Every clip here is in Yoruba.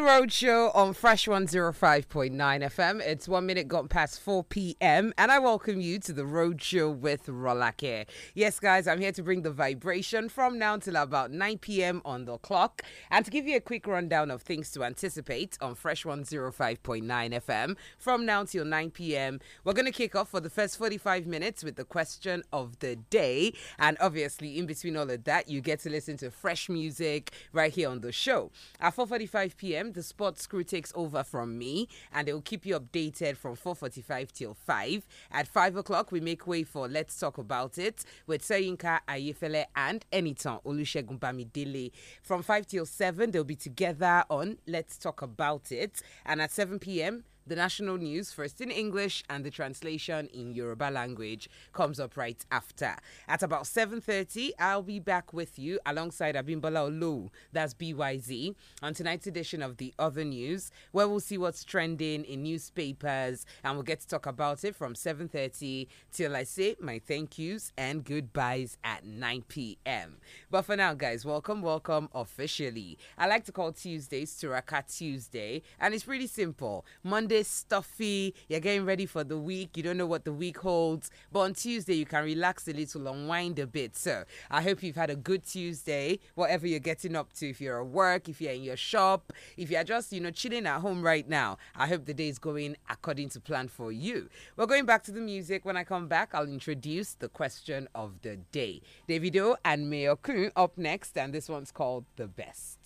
the Road Show on Fresh 105.9 FM. It's one minute gone past 4 p.m. And I welcome you to the Road Show with Rolake. Yes, guys, I'm here to bring the vibration from now till about 9 p.m. on the clock and to give you a quick rundown of things to anticipate on Fresh 105.9 FM from now till 9 p.m. We're going to kick off for the first 45 minutes with the question of the day. And obviously, in between all of that, you get to listen to fresh music right here on the show. At 4.45 p.m., the sports crew takes over from me, and they will keep you updated from 4:45 till 5. At 5 o'clock, we make way for Let's Talk About It with Sayinka Ayefele and Enitan Olusegun Bamidele. From 5 till 7, they'll be together on Let's Talk About It, and at 7 p.m the national news, first in English, and the translation in Yoruba language comes up right after. At about 7.30, I'll be back with you alongside Abimbola Olu, that's BYZ, on tonight's edition of The Other News, where we'll see what's trending in newspapers, and we'll get to talk about it from 7.30 till I say my thank yous and goodbyes at 9 p.m. But for now, guys, welcome, welcome officially. I like to call Tuesdays Turaka Tuesday, and it's pretty simple. Monday Monday stuffy. You're getting ready for the week. You don't know what the week holds. But on Tuesday, you can relax a little, unwind a bit. So I hope you've had a good Tuesday, whatever you're getting up to. If you're at work, if you're in your shop, if you're just, you know, chilling at home right now, I hope the day is going according to plan for you. We're going back to the music. When I come back, I'll introduce the question of the day. Davido and Mayor Kun up next, and this one's called The Best.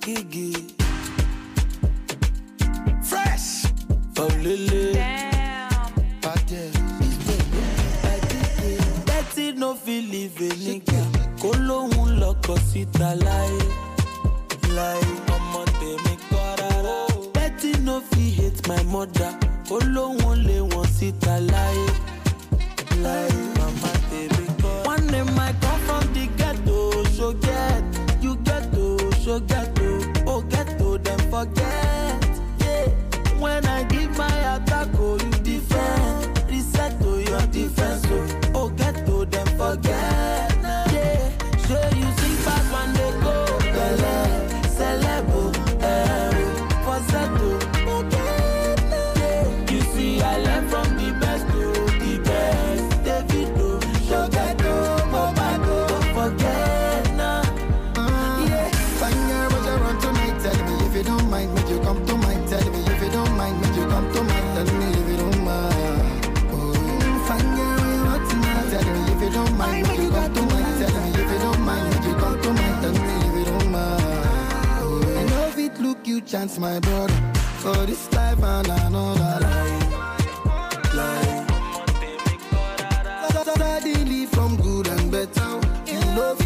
Kiki. Fresh. Oh, Lily. Damn. Betty no feel live a nigga. Kó lóhun lọ́kọ síta láyé. Láyé. Ọmọ tèmi kọ́ rárá. Betty no fit hate my mother. Kó lóhun lé wọn síta láyé. Láyé. Mama tèmi kọ́. One name I come from the ghetto, so get so ghetto, oh ghetto, them forget. Yeah, when I give my attack, oh you defend. Reset to your defense, oh, oh ghetto, them forget. chance, my brother. For this life and another life. Life. Suddenly from good and better, you know.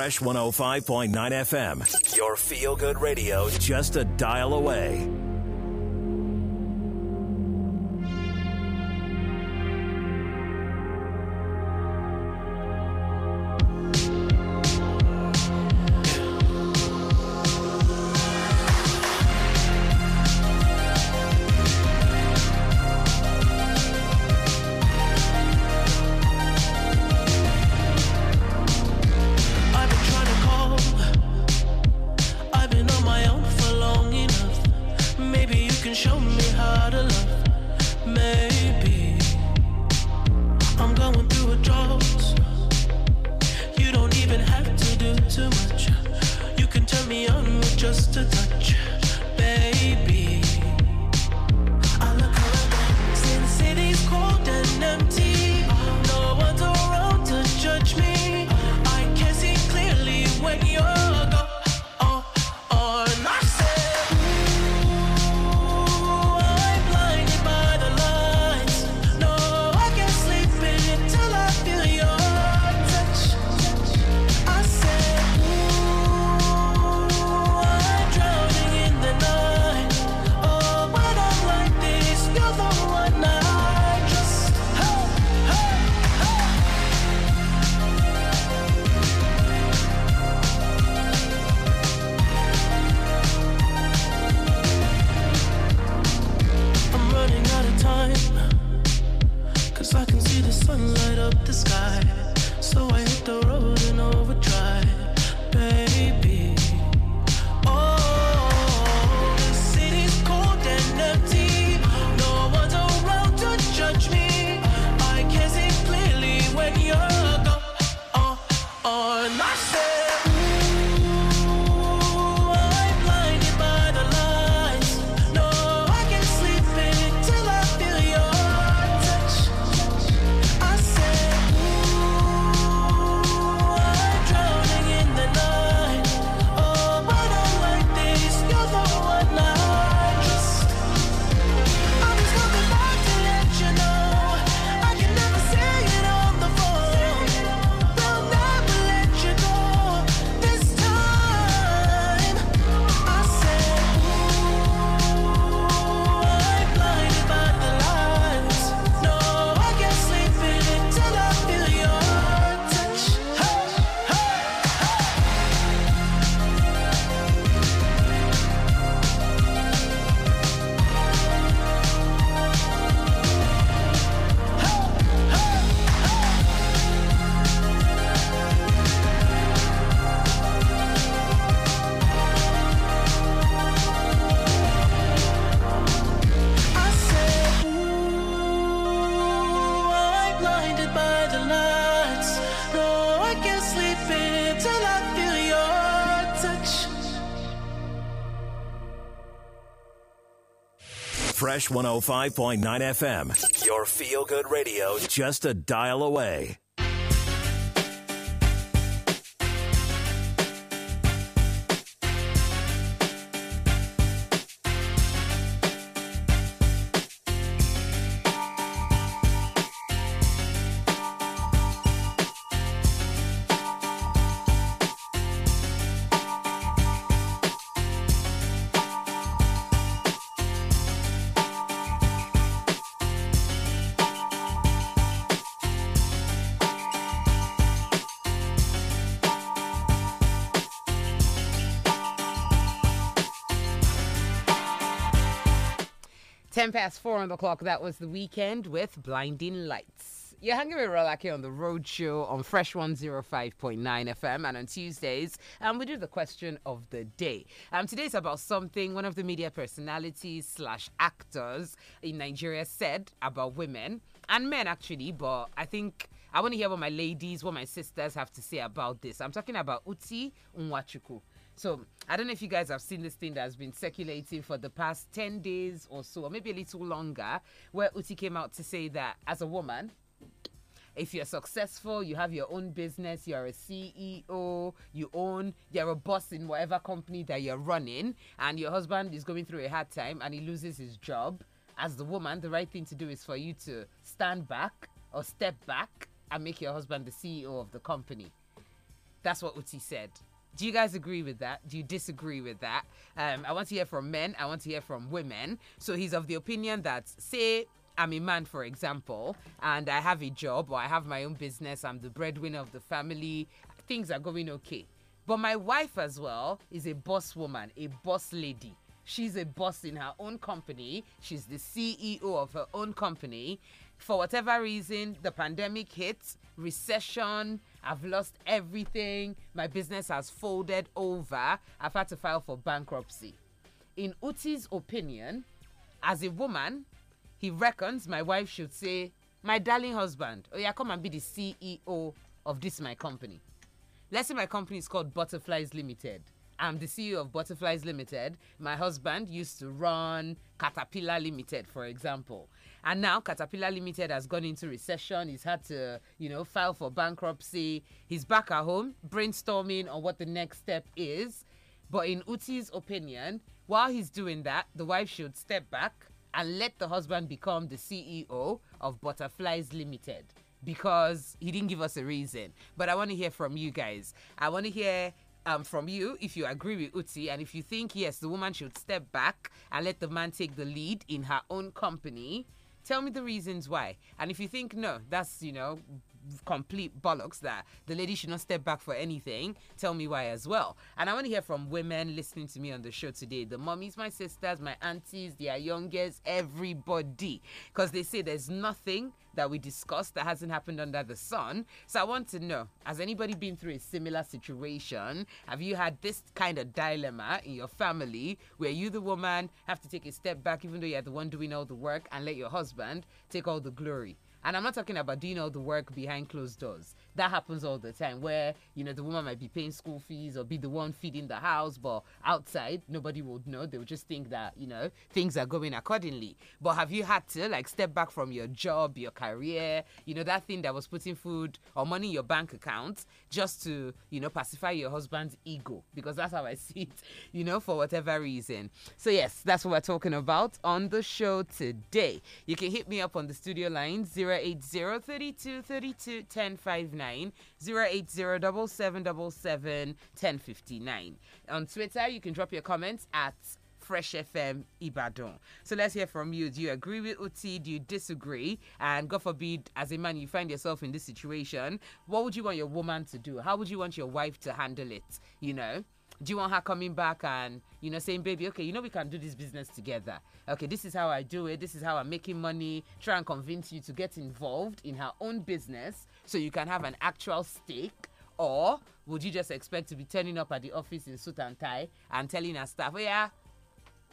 Fresh 105.9 FM. Your feel good radio, just a dial away. 105.9 FM, your feel good radio, just a dial away. past 4 on the clock. That was the weekend with Blinding Lights. You're hanging with Rolake on the Road Show on Fresh 105.9 FM, and on Tuesdays, and we do the question of the day. Um, today's about something one of the media personalities slash actors in Nigeria said about women and men, actually. But I think I want to hear what my ladies, what my sisters have to say about this. I'm talking about Uti Unwachuku. So I don't know if you guys have seen this thing that has been circulating for the past 10 days or so, or maybe a little longer, where Uti came out to say that as a woman, if you're successful, you have your own business, you're a CEO, you own, you're a boss in whatever company that you're running, and your husband is going through a hard time and he loses his job, as the woman, the right thing to do is for you to stand back or step back and make your husband the CEO of the company. That's what Uti said. Do you guys agree with that? Do you disagree with that? Um, I want to hear from men. I want to hear from women. So he's of the opinion that, say, I'm a man, for example, and I have a job or I have my own business, I'm the breadwinner of the family, things are going okay. But my wife, as well, is a boss woman, a boss lady. She's a boss in her own company. She's the CEO of her own company. For whatever reason, the pandemic hit, recession, I've lost everything. My business has folded over. I've had to file for bankruptcy. In Uti's opinion, as a woman, he reckons my wife should say, My darling husband, oh yeah, come and be the CEO of this my company. Let's say my company is called Butterflies Limited. I'm the CEO of Butterflies Limited. My husband used to run Caterpillar Limited, for example. And now Caterpillar Limited has gone into recession. He's had to, you know, file for bankruptcy. He's back at home brainstorming on what the next step is. But in Uti's opinion, while he's doing that, the wife should step back and let the husband become the CEO of Butterflies Limited because he didn't give us a reason. But I want to hear from you guys. I want to hear um, from you if you agree with Uti and if you think, yes, the woman should step back and let the man take the lead in her own company. Tell me the reasons why. And if you think, no, that's, you know, complete bollocks that the lady should not step back for anything. Tell me why as well. And I want to hear from women listening to me on the show today the mummies, my sisters, my aunties, their youngest, everybody. Because they say there's nothing that we discussed that hasn't happened under the sun. So I want to know has anybody been through a similar situation? Have you had this kind of dilemma in your family where you, the woman, have to take a step back, even though you're the one doing all the work, and let your husband take all the glory? And I'm not talking about doing all the work behind closed doors that happens all the time where you know the woman might be paying school fees or be the one feeding the house but outside nobody would know they would just think that you know things are going accordingly but have you had to like step back from your job your career you know that thing that was putting food or money in your bank account just to you know pacify your husband's ego because that's how i see it you know for whatever reason so yes that's what we're talking about on the show today you can hit me up on the studio line 080 32 32 1059 1059, On Twitter, you can drop your comments at Fresh FM Ibadan. So let's hear from you. Do you agree with Uti? Do you disagree? And God forbid, as a man, you find yourself in this situation. What would you want your woman to do? How would you want your wife to handle it? You know? Do you want her coming back and, you know, saying, baby, okay, you know, we can do this business together. Okay, this is how I do it. This is how I'm making money. Try and convince you to get involved in her own business so you can have an actual steak? Or would you just expect to be turning up at the office in suit and tie and telling our staff, oh, yeah,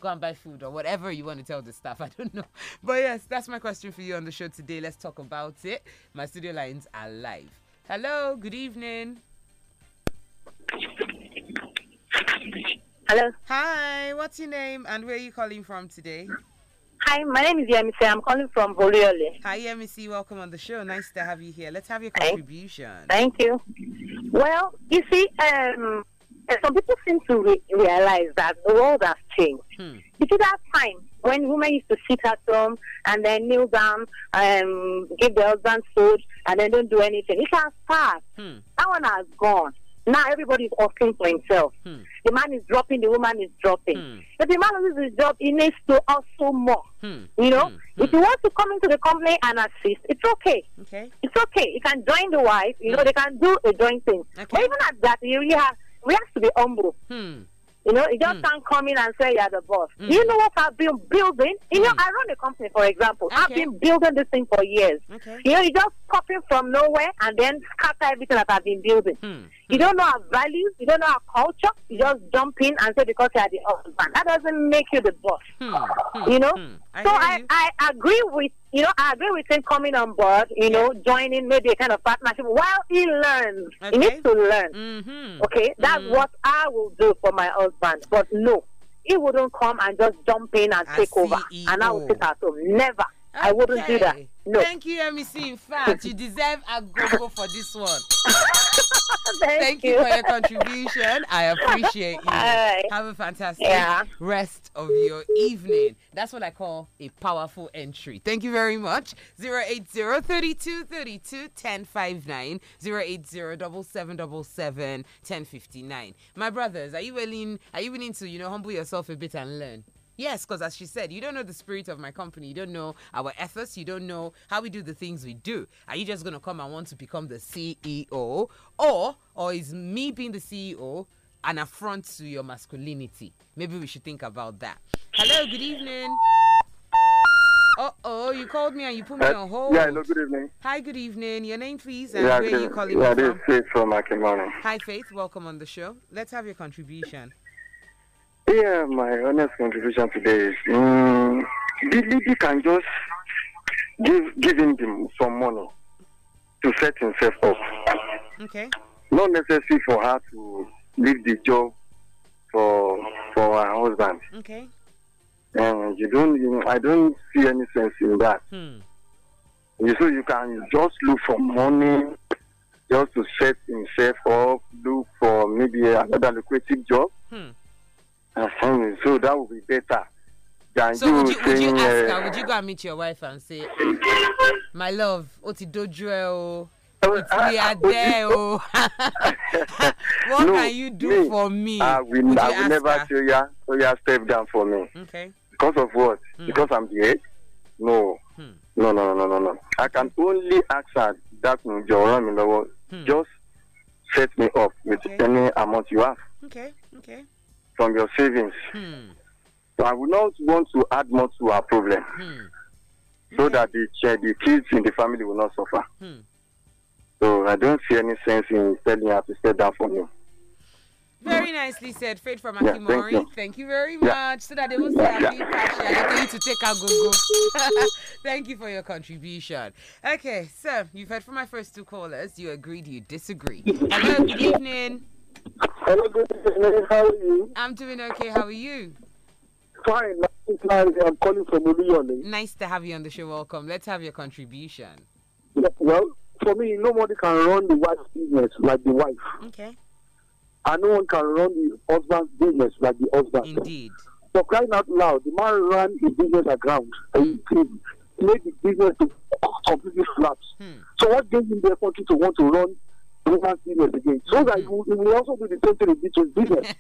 go and buy food or whatever you want to tell the staff. I don't know. But yes, that's my question for you on the show today. Let's talk about it. My studio lines are live. Hello, good evening. Hello. Hi, what's your name and where are you calling from today? Hi, my name is Yemisi. I'm calling from Boliole. Hi, Yemisi. Welcome on the show. Nice to have you here. Let's have your contribution. Thank you. Well, you see, um, eh, some people seem to re- realize that the world has changed. Hmm. You see, that time when women used to sit at home and then kneel down, um, give their husband food, and then don't do anything, it has passed. Hmm. That one has gone. Now everybody is offering for himself. Hmm. The man is dropping, the woman is dropping. Hmm. If the man loses his job, he needs to also more. Hmm. You know, hmm. if he wants to come into the company and assist, it's okay. Okay. It's okay. He can join the wife. You know, they hmm. can do a joint thing. Okay. But even at that, you really have we have to be humble. Hmm. You know, you just mm. can't come in and say you're the boss. Mm. You know what I've been building? You know, mm. I run a company, for example. Okay. I've been building this thing for years. Okay. You know, you just in from nowhere and then scatter everything that I've been building. Mm. You don't know our values. You don't know our culture. You just jump in and say because you're the husband. That doesn't make you the boss. Hmm. Hmm. You know? Hmm. I so I, I agree with you know I agree with him coming on board. You know, joining maybe a kind of partnership while he learns. Okay. He needs to learn. Mm-hmm. Okay, that's mm-hmm. what I will do for my husband. But no, he wouldn't come and just jump in and take CEO. over, and I will sit at home. Never. Okay. I wouldn't do that. No. Thank you, MEC. In fact, you deserve a go for this one. Thank, Thank you. you. for your contribution. I appreciate you. Right. Have a fantastic yeah. rest of your evening. That's what I call a powerful entry. Thank you very much. 080 32 1059 080 1059. My brothers, are you willing are you willing to, you know, humble yourself a bit and learn? Yes, because as she said, you don't know the spirit of my company. You don't know our efforts. You don't know how we do the things we do. Are you just going to come and want to become the CEO? Or, or is me being the CEO an affront to your masculinity? Maybe we should think about that. Hello, good evening. Uh oh, you called me and you put me uh, on hold. Yeah, hello, good evening. Hi, good evening. Your name, please, and yeah, where are you calling yeah, from? Yeah, this is Faith from Akimani. Hi, Faith. Welcome on the show. Let's have your contribution. Yeah, my honest contribution today is um, the lady can just give giving him some money to set himself up. Okay. Not necessary for her to leave the job for for her husband. Okay. And you don't, you know, I don't see any sense in that. Hmm. You so you can just look for money, just to set himself up, look for maybe another lucrative job. Hmm. so that would be better than so you would you, saying. would you ask her? Uh, would you go and meet your wife and say, "My love, Oti ti dojú ẹ o." We are there, oh. what no, can you do me, for me? I will, would I will never her? say, yeah, so yeah, step down for me. Okay. Because of what? Mm. Because I'm the head? No. Hmm. No, no, no, no, no. I can only ask her that Joram in the world. Hmm. Just set me up with okay. any amount you have. Okay, okay. from your savings. Hmm. So I would not want to add more to our problem hmm. so hmm. that the, the kids in the family will not suffer. Hmm. So I don't see any sense in telling her to step down from you. Very nicely said, Fred from yeah, Akimori. thank, you. thank you very much. Yeah. So that they won't say yeah. I'm yeah. to take our go go. thank you for your contribution. Okay, so you've heard from my first two callers. You agreed, you disagree. Hello, good evening. Hello, good evening. How are you? I'm doing okay. How are you? Fine. I'm calling from Oluyole. Nice to have you on the show. Welcome. Let's have your contribution. Yeah, well, for me, nobody can run the wife's business like the wife. Okay. And no one can run the husband's business like the husband. Indeed. so crying out loud, the man ran his business aground. Mm. He made the business completely flat. Hmm. So what gave him the opportunity to want to run human again. So that we will also do the same thing with business.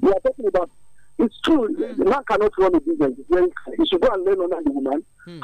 we are talking about it's true. Mm. man cannot run a business. He should go and learn under the woman. Mm.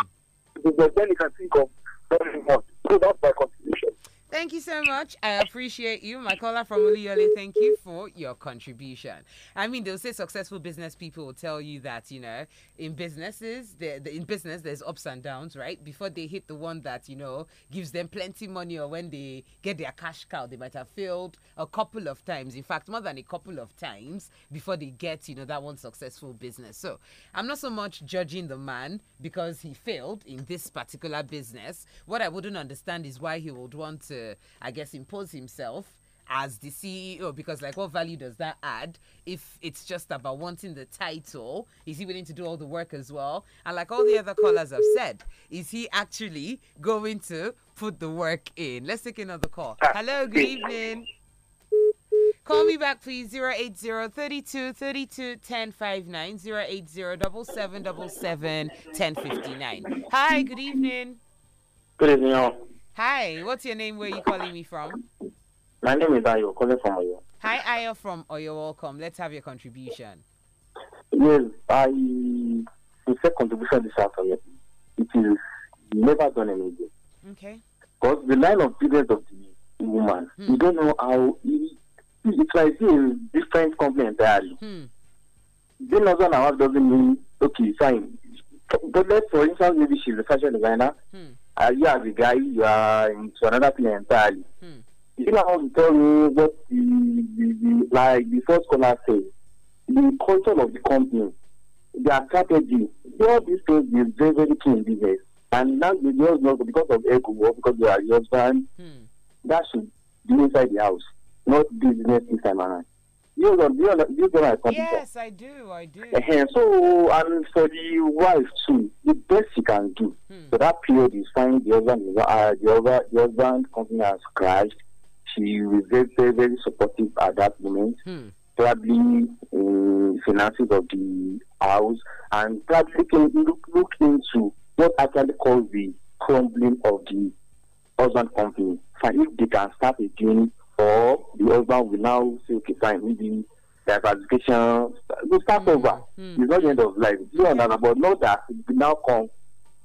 Because then he can think of very much. So that's my contribution. Thank you so much. I appreciate you. My caller from Oluyole, thank you for your contribution. I mean, they'll say successful business people will tell you that, you know, in businesses, the, in business, there's ups and downs, right? Before they hit the one that, you know, gives them plenty money or when they get their cash cow, they might have failed a couple of times. In fact, more than a couple of times before they get, you know, that one successful business. So I'm not so much judging the man because he failed in this particular business. What I wouldn't understand is why he would want to to, I guess, impose himself as the CEO because like what value does that add if it's just about wanting the title? Is he willing to do all the work as well? And like all the other callers have said, is he actually going to put the work in? Let's take another call. Ah, Hello, good evening. Call me back, please. 080 32 32 1059. 080 77 1059. Hi, good evening. Good evening, all. Hi, what's your name? Where are you calling me from? My name is Ayo, calling from Oyo. Hi, Ayo from Oyo. Welcome. Let's have your contribution. Yes, I the contribution this afternoon. It is never done in Okay. Because the line of business of the woman, hmm. you don't know how it, it's like being different company entirely. Then Being husband and doesn't mean okay, fine. But let's for instance, maybe she's a fashion designer. Hmm uh, you as a guy, you are into another thing entirely. Hmm. You know how to tell me what the, the, the like the first caller said, the culture of the company, their strategy, all these things is very, very key in business. And now the girls know because of ego, because they are your husband, hmm. that should be inside the house, not business this time around. You don't, you you don't have computer. Yes, I do, I do. And so, and for the wife too, the best you can do hmm. for that period is find the husband, uh, the other, the husband company has crashed. She was very, very, very supportive at that moment. Hmm. Probably uh, finances of the house, and probably can look look into what I can call the crumbling of the husband company. Find if they can start again or the husband will now say okay fine maybe education. go start mm. over mm. it's not the end of life you understand but not that now come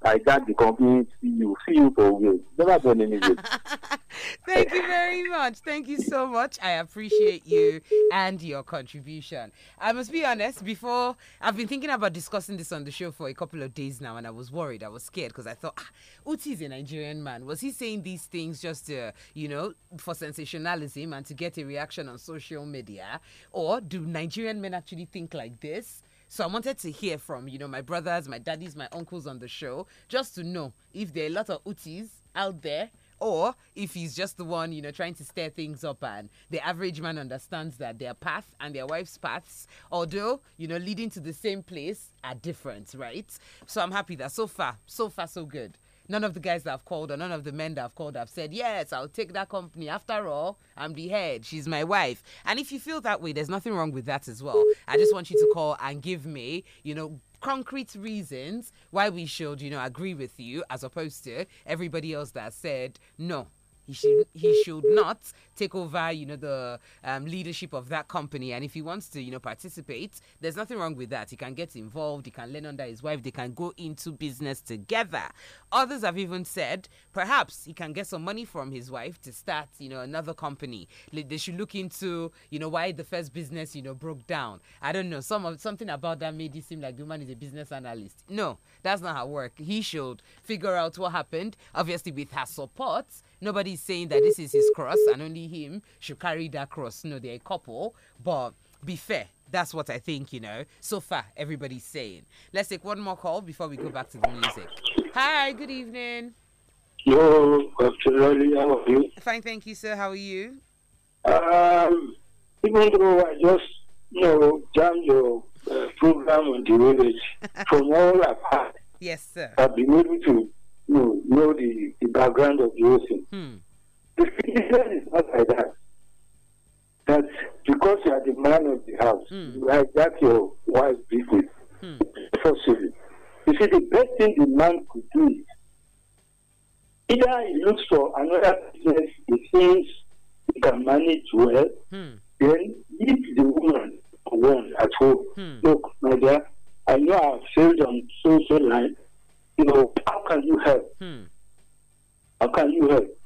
I got the company. See you. See you for real. Never done anything. Thank you very much. Thank you so much. I appreciate you and your contribution. I must be honest, before I've been thinking about discussing this on the show for a couple of days now, and I was worried. I was scared because I thought, ah, Uti is a Nigerian man. Was he saying these things just, you know, for sensationalism and to get a reaction on social media? Or do Nigerian men actually think like this? So I wanted to hear from, you know, my brothers, my daddies, my uncles on the show, just to know if there are a lot of utis out there or if he's just the one, you know, trying to stir things up and the average man understands that their path and their wife's paths, although, you know, leading to the same place, are different, right? So I'm happy that so far, so far, so good none of the guys that I've called or none of the men that I've called have said, Yes, I'll take that company. After all, I'm the head. She's my wife. And if you feel that way, there's nothing wrong with that as well. I just want you to call and give me, you know, concrete reasons why we should, you know, agree with you as opposed to everybody else that said, No, he should he should not take over, you know, the um, leadership of that company. And if he wants to, you know, participate, there's nothing wrong with that. He can get involved. He can learn under his wife. They can go into business together. Others have even said perhaps he can get some money from his wife to start, you know, another company. They should look into, you know, why the first business, you know, broke down. I don't know. Some of something about that made it seem like the man is a business analyst. No, that's not her work. He should figure out what happened, obviously with her support Nobody's saying that this is his cross and only him should carry that cross. No, they're a couple, but be fair. That's what I think, you know. So far, everybody's saying. Let's take one more call before we go back to the music. Hi, good evening. Hello, absolutely. How are you? Fine, thank you, sir. How are you? Um, even though I just, you know, done your uh, program on the village from all I've had, yes, sir. I've been able to know, know the, the background of the whole thing. Hmm. The Christian is not like that. That because you are the man of the house, hmm. you hijack your wife's business. Hmm. Forcefully. You see, the best thing the man could do is either he looks for another business he thinks he can manage well, hmm. then leave the woman alone at home. Hmm. Look, my dear, I know I've failed on so so nice you know, how can you help? Hmm. How can you help?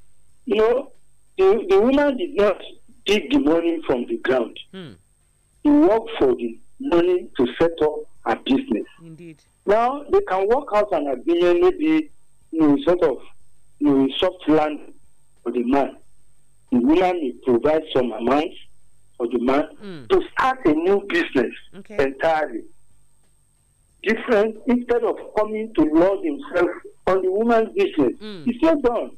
You know, the, the woman did not dig the money from the ground. Hmm. He worked for the money to set up a business. Indeed. Now they can work out an agreement, maybe you know, sort of you know, soft land for the man. The woman will provide some amount for the man hmm. to start a new business okay. entirely different instead of coming to Lord himself on the woman's business. Mm. It's not done.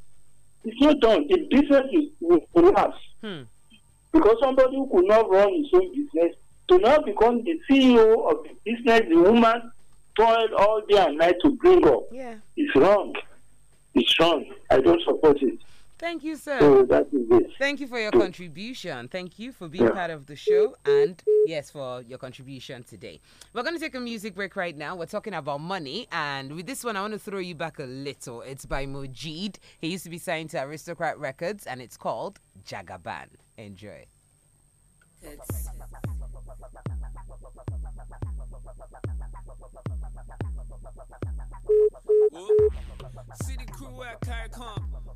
It's not done. The business is, will collapse. Mm. Because somebody who could not run his own business to now become the CEO of the business the woman toiled all day and night to bring up. Yeah. It's wrong. It's wrong. I don't support it. Thank you, sir. Oh, that is it. Thank you for your contribution. Thank you for being yeah. part of the show and, yes, for your contribution today. We're going to take a music break right now. We're talking about money. And with this one, I want to throw you back a little. It's by Mojid. He used to be signed to Aristocrat Records and it's called Jagaban. Enjoy. It's... crew at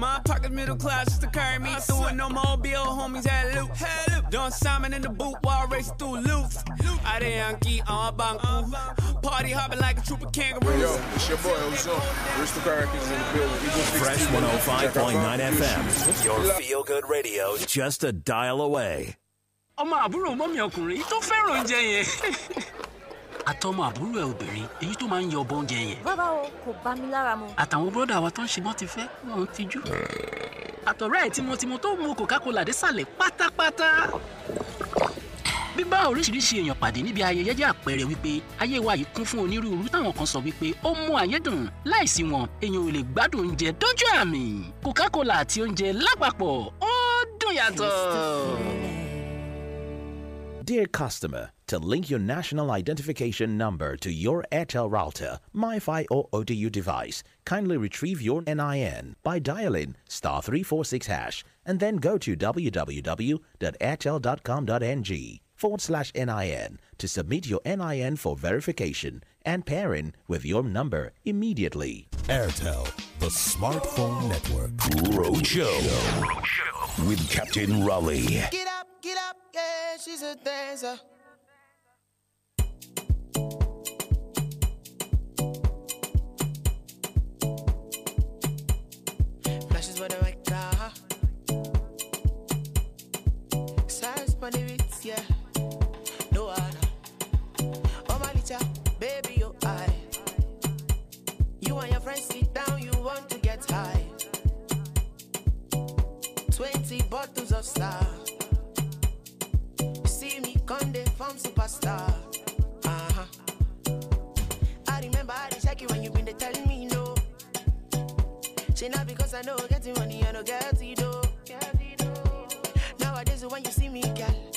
My pocket middle class just to carry me through it. No mobile, homies had loot. Don Simon in the boot while I race through loops. I didn't get on banku. Party hopping like a troop of kangaroos. yo, it's your boy Ozone. Aristocrat is in the building. Fresh 105.9 FM. Your feel good radio, just a dial away. ọmọ àbúrò mọ́mí ọkùnrin tó fẹ́ràn oúnjẹ yẹn. àtọmọ àbúrò ẹ obìnrin èyí tó máa ń yọ bọ́ńjẹ yẹn. rárá o kò bá mi lára mu. àtàwọn bọ́dà wa tó ń ṣe mọ́ ti fẹ́ wọn ti jú. àtọ̀rẹ́ ẹ̀ tímọ́tímọ́ tó mu coca-cola désàlẹ̀ pátápátá. bíbá oríṣiríṣi èèyàn pàdé níbi ayẹyẹ jẹ́ àpẹẹrẹ wípé ayé wa yìí kún fún onírúurú táwọn kan sọ wípé ó mú ayé láìsí wọn èèyàn ò lè gbádùn oúnjẹ dójú àmì coca-cola àti oúnjẹ lápapọ̀ ó dùn yàtọ̀. Dear customer, to link your national identification number to your Airtel router, MiFi or ODU device, kindly retrieve your NIN by dialing star 346 hash and then go to www.airtel.com.ng forward slash NIN to submit your NIN for verification and pairing with your number immediately. Airtel, the smartphone network. Roadshow. Roadshow. With Captain Raleigh. Get up, get up, yeah, she's a dancer. lobster. see me come they from superstar. Uh huh. I remember I check you when you been telling me no. Say not because I know getting money, I know get it though. Nowadays when you see me, girl.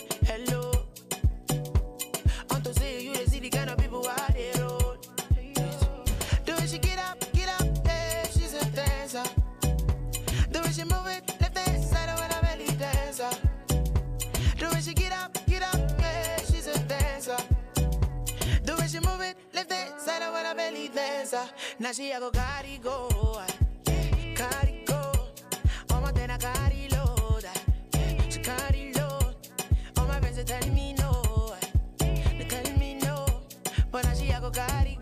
get up, get up, yeah, she's a dancer. The way she move it, lift it, side up with her belly dancer. Now she a go carry go, carry go. All my then I carry load, she carry load. All my friends they tell me no, they tell me no, but now she a go carry.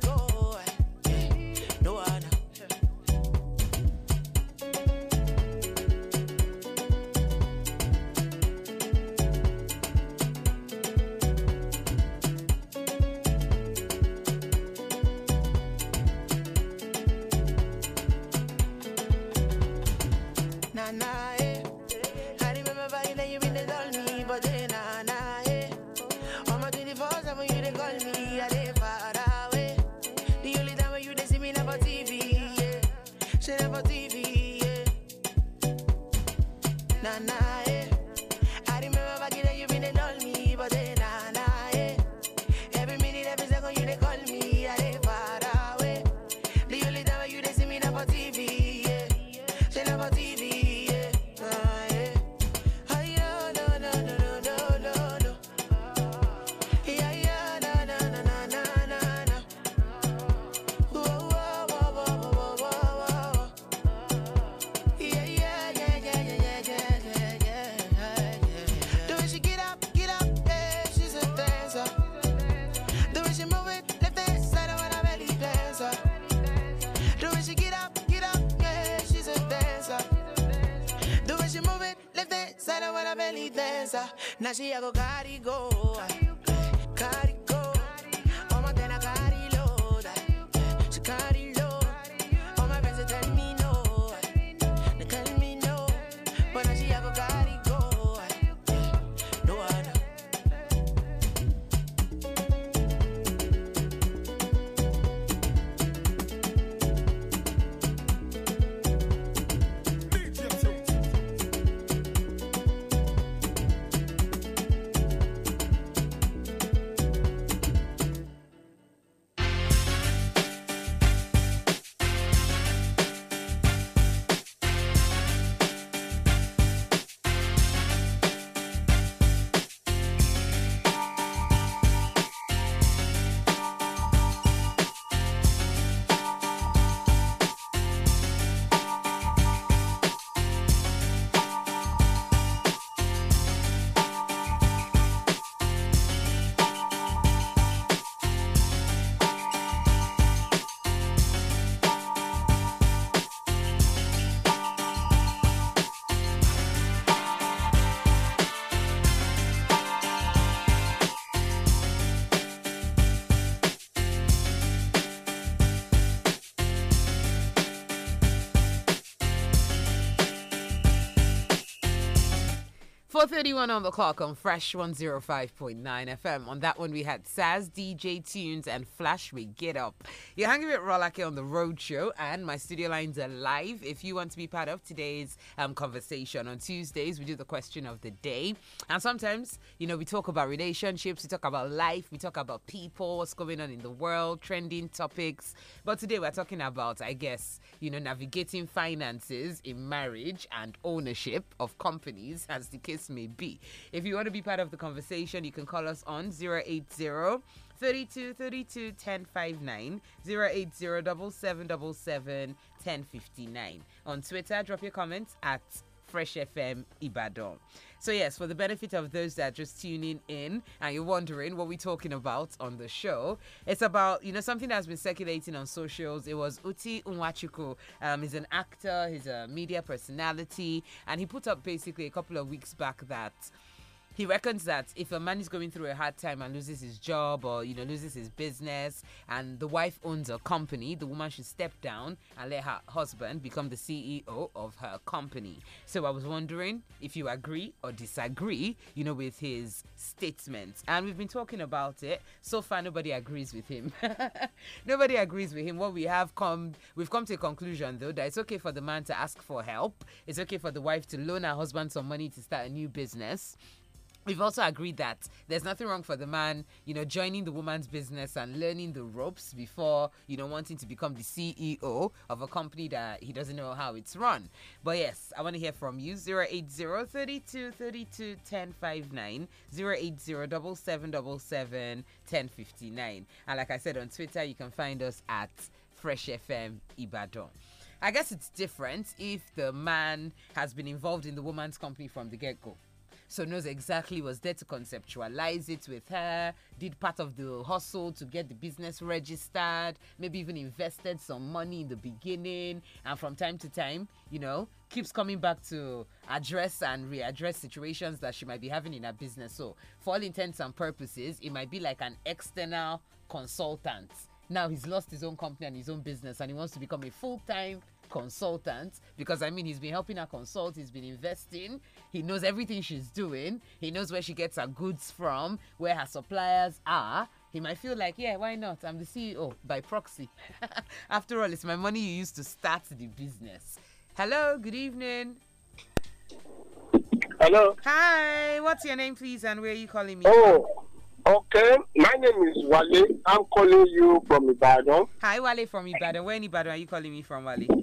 4.31 on the clock on Fresh 105.9 FM. On that one, we had Saz, DJ Tunes, and Flash We Get Up. You're hanging with Rolake on the Road Show, and my studio lines are live. If you want to be part of today's um, conversation, on Tuesdays, we do the question of the day. And sometimes, you know, we talk about relationships, we talk about life, we talk about people, what's going on in the world, trending topics. But today, we're talking about, I guess, you know, navigating finances in marriage and ownership of companies, as the case may be. If you want to be part of the conversation, you can call us on 080 32 32 1059 080 On Twitter, drop your comments at Fresh FM Ibadan. So, yes, for the benefit of those that are just tuning in and you're wondering what we're talking about on the show, it's about, you know, something that's been circulating on socials. It was Uti Unwachuku. Um, he's an actor, he's a media personality, and he put up basically a couple of weeks back that he reckons that if a man is going through a hard time and loses his job or you know loses his business and the wife owns a company the woman should step down and let her husband become the ceo of her company so i was wondering if you agree or disagree you know with his statement and we've been talking about it so far nobody agrees with him nobody agrees with him what we have come we've come to a conclusion though that it's okay for the man to ask for help it's okay for the wife to loan her husband some money to start a new business we've also agreed that there's nothing wrong for the man, you know, joining the woman's business and learning the ropes before, you know, wanting to become the CEO of a company that he doesn't know how it's run. But yes, I want to hear from you 080 32 1059. And like I said on Twitter, you can find us at Fresh FM Ibadan. I guess it's different if the man has been involved in the woman's company from the get go so knows exactly was there to conceptualize it with her, did part of the hustle to get the business registered, maybe even invested some money in the beginning, and from time to time, you know, keeps coming back to address and readdress situations that she might be having in her business. So, for all intents and purposes, it might be like an external consultant now he's lost his own company and his own business and he wants to become a full-time consultant because I mean he's been helping her consult, he's been investing, he knows everything she's doing, he knows where she gets her goods from, where her suppliers are. He might feel like, yeah, why not? I'm the CEO by proxy. After all, it's my money you used to start the business. Hello, good evening. Hello. Hi, what's your name, please, and where are you calling me? Oh, okay. My name is Wale. I'm calling you from Ibadan. Hi, Wale from Ibadan. Where in Ibadan are you calling me from, Wale?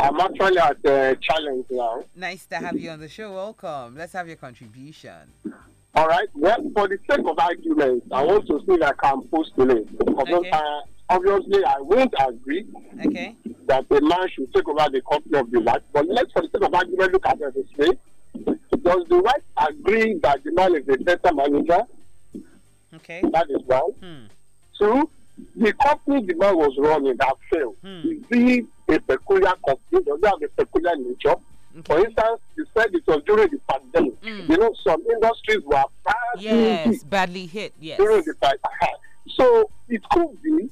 I'm actually at the challenge now. Nice to have you on the show. Welcome. Let's have your contribution. All right. Well, for the sake of argument, I want to see that I can postulate. Okay. I, obviously, I won't agree okay. that a man should take over the company of the wife. But let's, for the sake of argument, look at this way. Does the wife agree that the man is the better manager? Okay. That is one. Hmm. Two, the company the man was running that failed hmm. is being a peculiar company does have a peculiar nature. Okay. For instance, you said it was during the pandemic. Hmm. You know, some industries were badly yes, hit. badly hit. Yes, during the pandemic. So it could be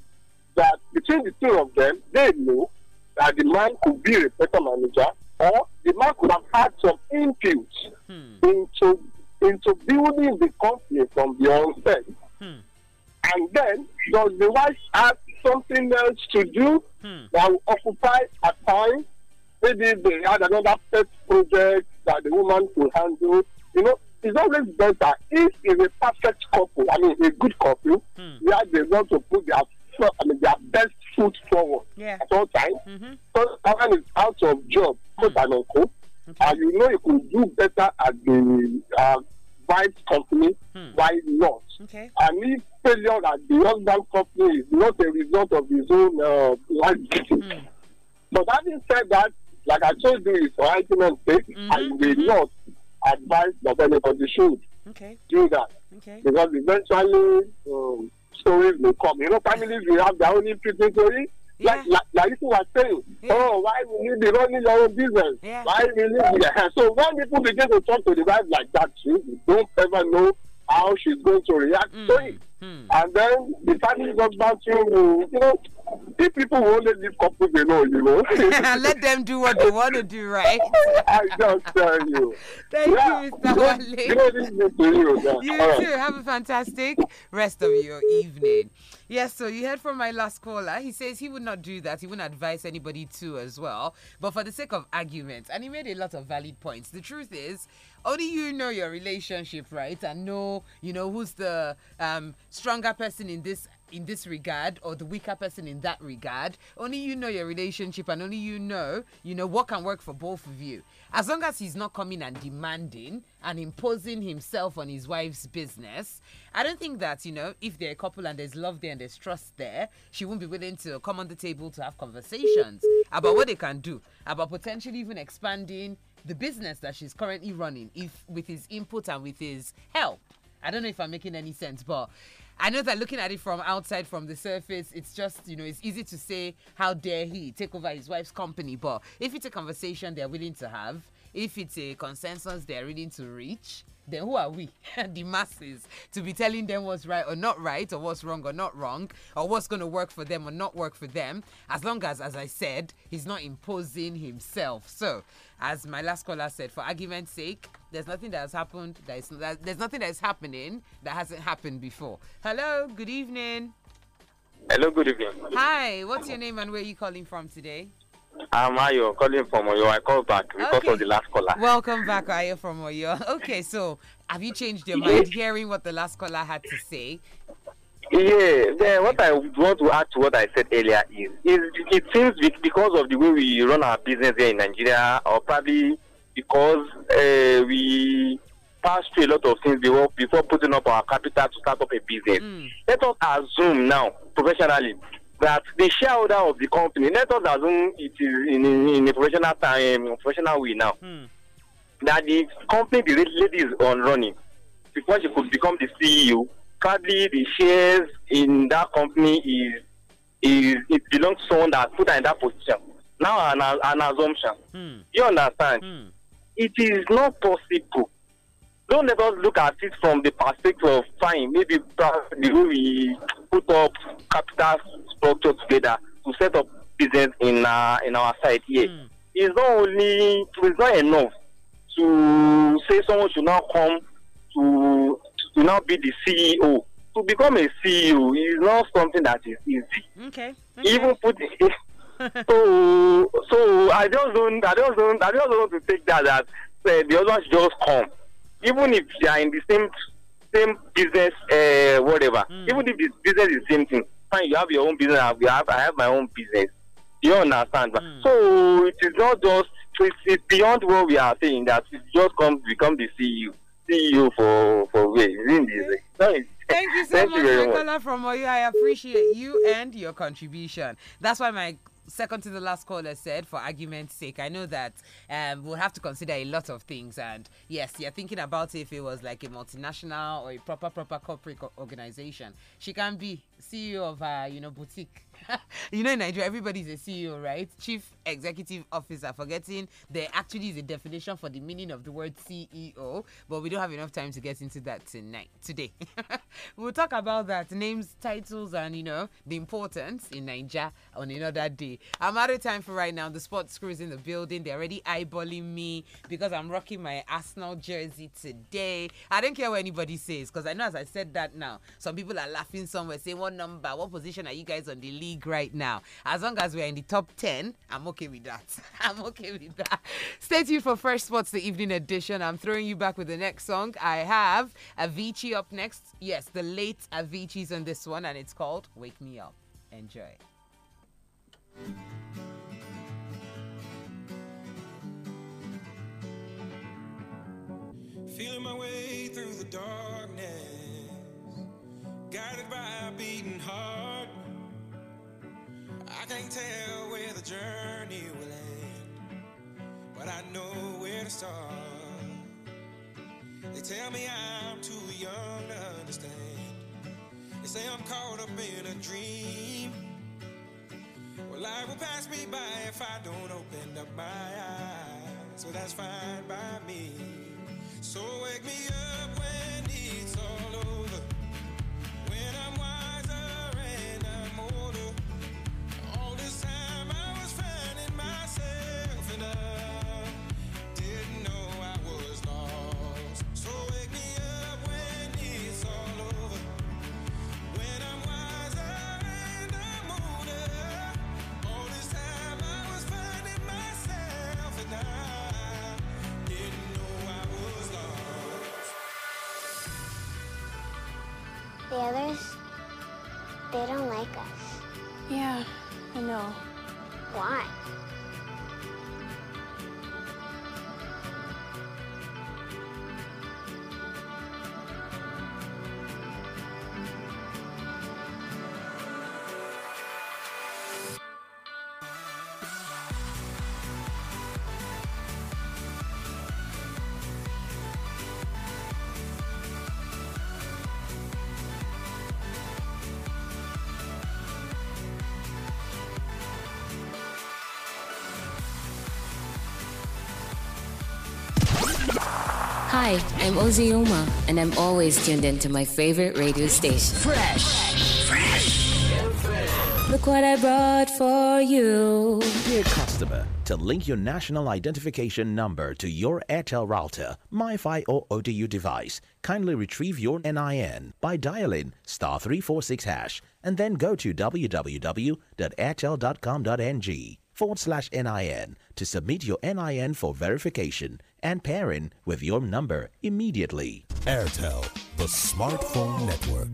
that between the two of them, they knew that the man could be a better manager, or the man could have had some input hmm. into into building the company from the onset. Hmm. And then, does the wife have something else to do hmm. that will occupy her time? Maybe they had another pet project that the woman could handle. You know, it's always better if it's a perfect couple, I mean, a good couple, hmm. where they want to put their I mean, their best foot forward yeah. at all times. Mm-hmm. someone is out of job, so mm. uncle, okay. and you know you could do better at the uh, buy company, hmm. why not? Okay. And if failure at the husband company is not a result of his own uh, liability, hmm. but having said that, like I told you, it's for argument's sake, mm-hmm. I will mm-hmm. not advise that anybody should okay. do that. Okay. Because eventually, um, stories will come. You know, families will have their own insecurity Yeah. Like, like, like people are saying, yeah. oh, why will you be running your own business? Yeah. Why will you be So when people begin to talk to the wife like that, you don't ever know how she's going to react mm. to it. Mm. And then the family goes back to, you know, if people want only leave couples alone, you know. Let them do what they want to do, right? I just tell you. Thank yeah. you, Mr. Wale. you, you too. Have a fantastic rest of your evening. Yes, so you heard from my last caller. He says he would not do that. He wouldn't advise anybody to as well. But for the sake of argument, and he made a lot of valid points. The truth is, only you know your relationship, right? And know, you know, who's the um, stronger person in this in this regard or the weaker person in that regard. Only you know your relationship and only you know, you know, what can work for both of you. As long as he's not coming and demanding and imposing himself on his wife's business, I don't think that, you know, if they're a couple and there's love there and there's trust there, she won't be willing to come on the table to have conversations about what they can do, about potentially even expanding the business that she's currently running if with his input and with his help. I don't know if I'm making any sense, but I know that looking at it from outside, from the surface, it's just, you know, it's easy to say, how dare he take over his wife's company. But if it's a conversation they're willing to have, if it's a consensus they're willing to reach, then who are we, the masses, to be telling them what's right or not right, or what's wrong or not wrong, or what's going to work for them or not work for them, as long as, as I said, he's not imposing himself. So as my last caller said, for argument's sake, there's nothing that has happened that is that, there's nothing that is happening that hasn't happened before. Hello, good evening. Hello, good evening. Hi, what's your name and where are you calling from today? I'm Ayo, calling from Oyo. I called back because okay. of the last caller. Welcome back, Ayo from Oyo. Okay, so have you changed your mind hearing what the last caller had to say? Yeah, then what I want to add to what I said earlier is, is it seems because of the way we run our business here in Nigeria, or probably because uh, we pass through a lot of things before, before putting up our capital to start up a business. Mm. Let us assume now, professionally, that the shareholder of the company, let us assume it is in, in, in a professional time, professional way now, mm. that the company the lady is on running before she could become the CEO probably the shares in that company is is it belongs to someone that put her in that position. Now an, an assumption. Mm. You understand? Mm. It is not possible. Don't let us look at it from the perspective of fine, maybe the way we put up capital structure together to set up business in uh, in our side here. Mm. It's not only it's not enough to say someone should not come to to now be the CEO. To become a CEO is not something that is easy. Okay. okay. Even putting so so I just don't I just don't I just don't want to take that that uh, the others just come. Even if they are in the same same business, uh, whatever. Mm. Even if the business is the same thing, fine. You have your own business. I have, I have my own business. You understand? Mm. So it is not just it's, it's beyond what we are saying that it just comes become the CEO see you for for Thank you so Thank much, you Nicola from Oyo. I appreciate you and your contribution. That's why my second to the last caller said, for argument's sake, I know that um, we'll have to consider a lot of things. And yes, you're thinking about if it was like a multinational or a proper, proper corporate organization. She can be CEO of, uh, you know, boutique you know, in Nigeria, everybody's a CEO, right? Chief Executive Officer. Forgetting there actually is a definition for the meaning of the word CEO, but we don't have enough time to get into that tonight, today. we'll talk about that names, titles, and you know the importance in Nigeria on another day. I'm out of time for right now. The sports crew is in the building. They're already eyeballing me because I'm rocking my Arsenal jersey today. I don't care what anybody says because I know as I said that now, some people are laughing somewhere saying, "What number? What position are you guys on the league?" league right now. As long as we're in the top 10, I'm okay with that. I'm okay with that. Stay tuned for Fresh Sports, the evening edition. I'm throwing you back with the next song. I have Avicii up next. Yes, the late Avicii's on this one, and it's called Wake Me Up. Enjoy. Feeling my way through the darkness, guided by a beating heart. I can't tell where the journey will end, but I know where to start. They tell me I'm too young to understand. They say I'm caught up in a dream. Well, life will pass me by if I don't open up my eyes. So that's fine by me. So wake me up when it's all over. love I'm Ozzy Uma, and I'm always tuned in to my favorite radio station. Fresh. Fresh. Look what I brought for you. Dear customer, to link your national identification number to your Airtel router, MiFi or ODU device, kindly retrieve your NIN by dialing star 346 hash and then go to www.airtel.com.ng forward slash NIN to submit your NIN for verification and pairing with your number immediately. Airtel, the smartphone network.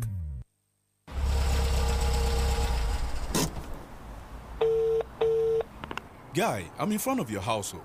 Guy, I'm in front of your household.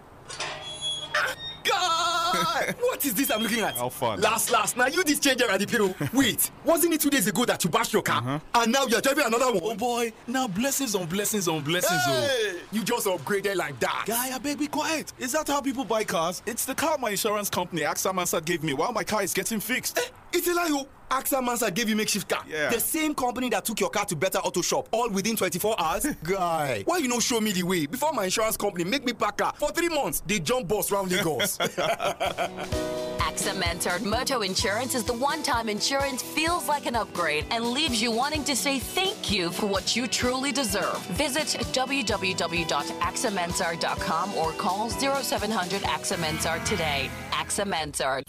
what is this I'm looking at? How fun. Last, last, now you this changer at the pillow. Wait, wasn't it two days ago that you bashed your car? Uh-huh. And now you're driving another one? Oh boy, now blessings on blessings on blessings. Oh. Hey! Oh. You just upgraded like that. Guy, I beg be quiet. Is that how people buy cars? It's the car my insurance company, AXA Mansard, gave me while my car is getting fixed. Eh? It's a lie, oh. AXA Mansa gave you makeshift car. Yeah. The same company that took your car to Better Auto Shop, all within 24 hours. Guy, why you no show me the way? Before my insurance company make me pack car for three months, they jump boss round Lagos. AXA mentored moto insurance is the one-time insurance feels like an upgrade and leaves you wanting to say thank you for what you truly deserve. Visit www.axamentor.com or call 0700 AXA Mentor today. AXA Mentor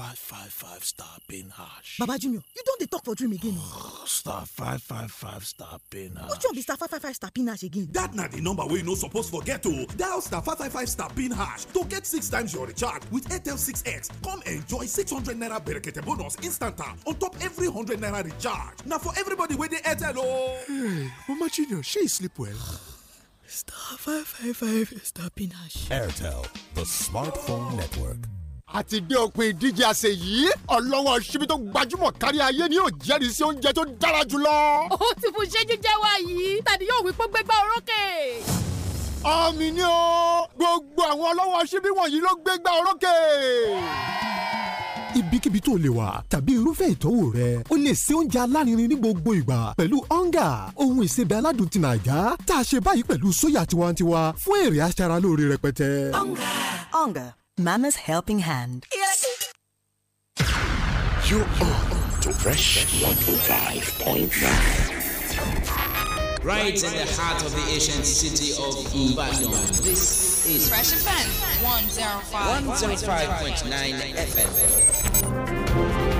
five five five star pin hash. Baba Junior, you don't talk for dream again o. Oh. star five five five star pin hash. Which one be star five five five star pin hash again? That na the number we no supposed forget o. Oh. Dial star five five five star hash to get six times your recharge with Airtel 6x. Come enjoy six hundred naira berekete bonus instant on top every hundred naira recharge. Now for everybody with the Airtel Oh, Hey, Mama Junior, she sleep well? Star 555 stop being hash. Airtel, the smartphone network. àti dé òpin ìdíje àṣẹ yìí ọlọ́wọ́ ṣíbí tó gbajúmọ̀ kárí ayé ni yóò jẹ́rìí sí oúnjẹ tó dára jùlọ. ó ti fún iṣẹ́ jíjẹ́ wa yìí tàbí yóò wí pé gbégbá orókè. àmì ni o gbogbo àwọn ọlọ́wọ́ ṣíbí wọ̀nyí ló gbégbá orókè. Ibikíbi tó lè wà tàbí irúfẹ́ ìtọ́wò rẹ o lè ṣe oúnjẹ alárinrin ní gbogbo ìgbà pẹ̀lú ọ̀ngà ohun ìsebẹ̀ aládùn ti Nàìjà tá a ṣe báyìí pẹ̀lú sóyà tiwantiwa fún èrè aṣaralóore rẹpẹtẹ. ọ̀ngà. ọ̀ngà Mama's helping hand. You're to Fresh 105.9. Right in the heart of the ancient city of Ibadan, this is Fresh FM 105.9 FM.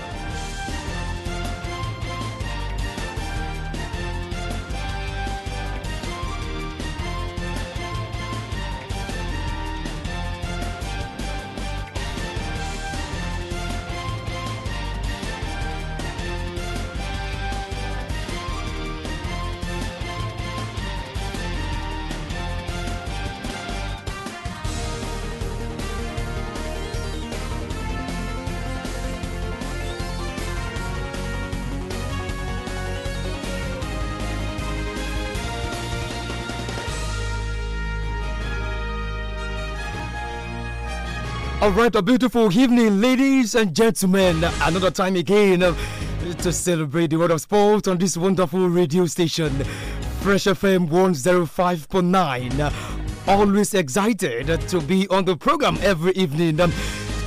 All right, a beautiful evening, ladies and gentlemen. Another time again uh, to celebrate the world of sport on this wonderful radio station, Fresh FM 105.9. Always excited to be on the program every evening um,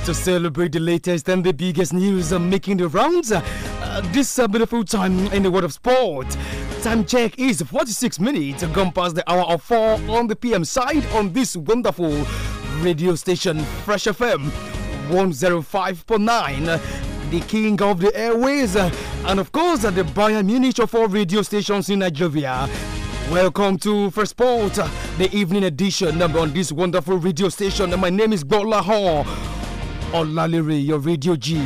to celebrate the latest and the biggest news um, making the rounds. Uh, this uh, beautiful time in the world of sport time check is 46 minutes gone past the hour of 4 on the PM side on this wonderful radio station Fresh FM 105.9, the king of the airways, and of course the Bayern Munich of all radio stations in Nigeria. Welcome to First Sport, the evening edition on this wonderful radio station. My name is Bola Hall. Olalere, your radio G.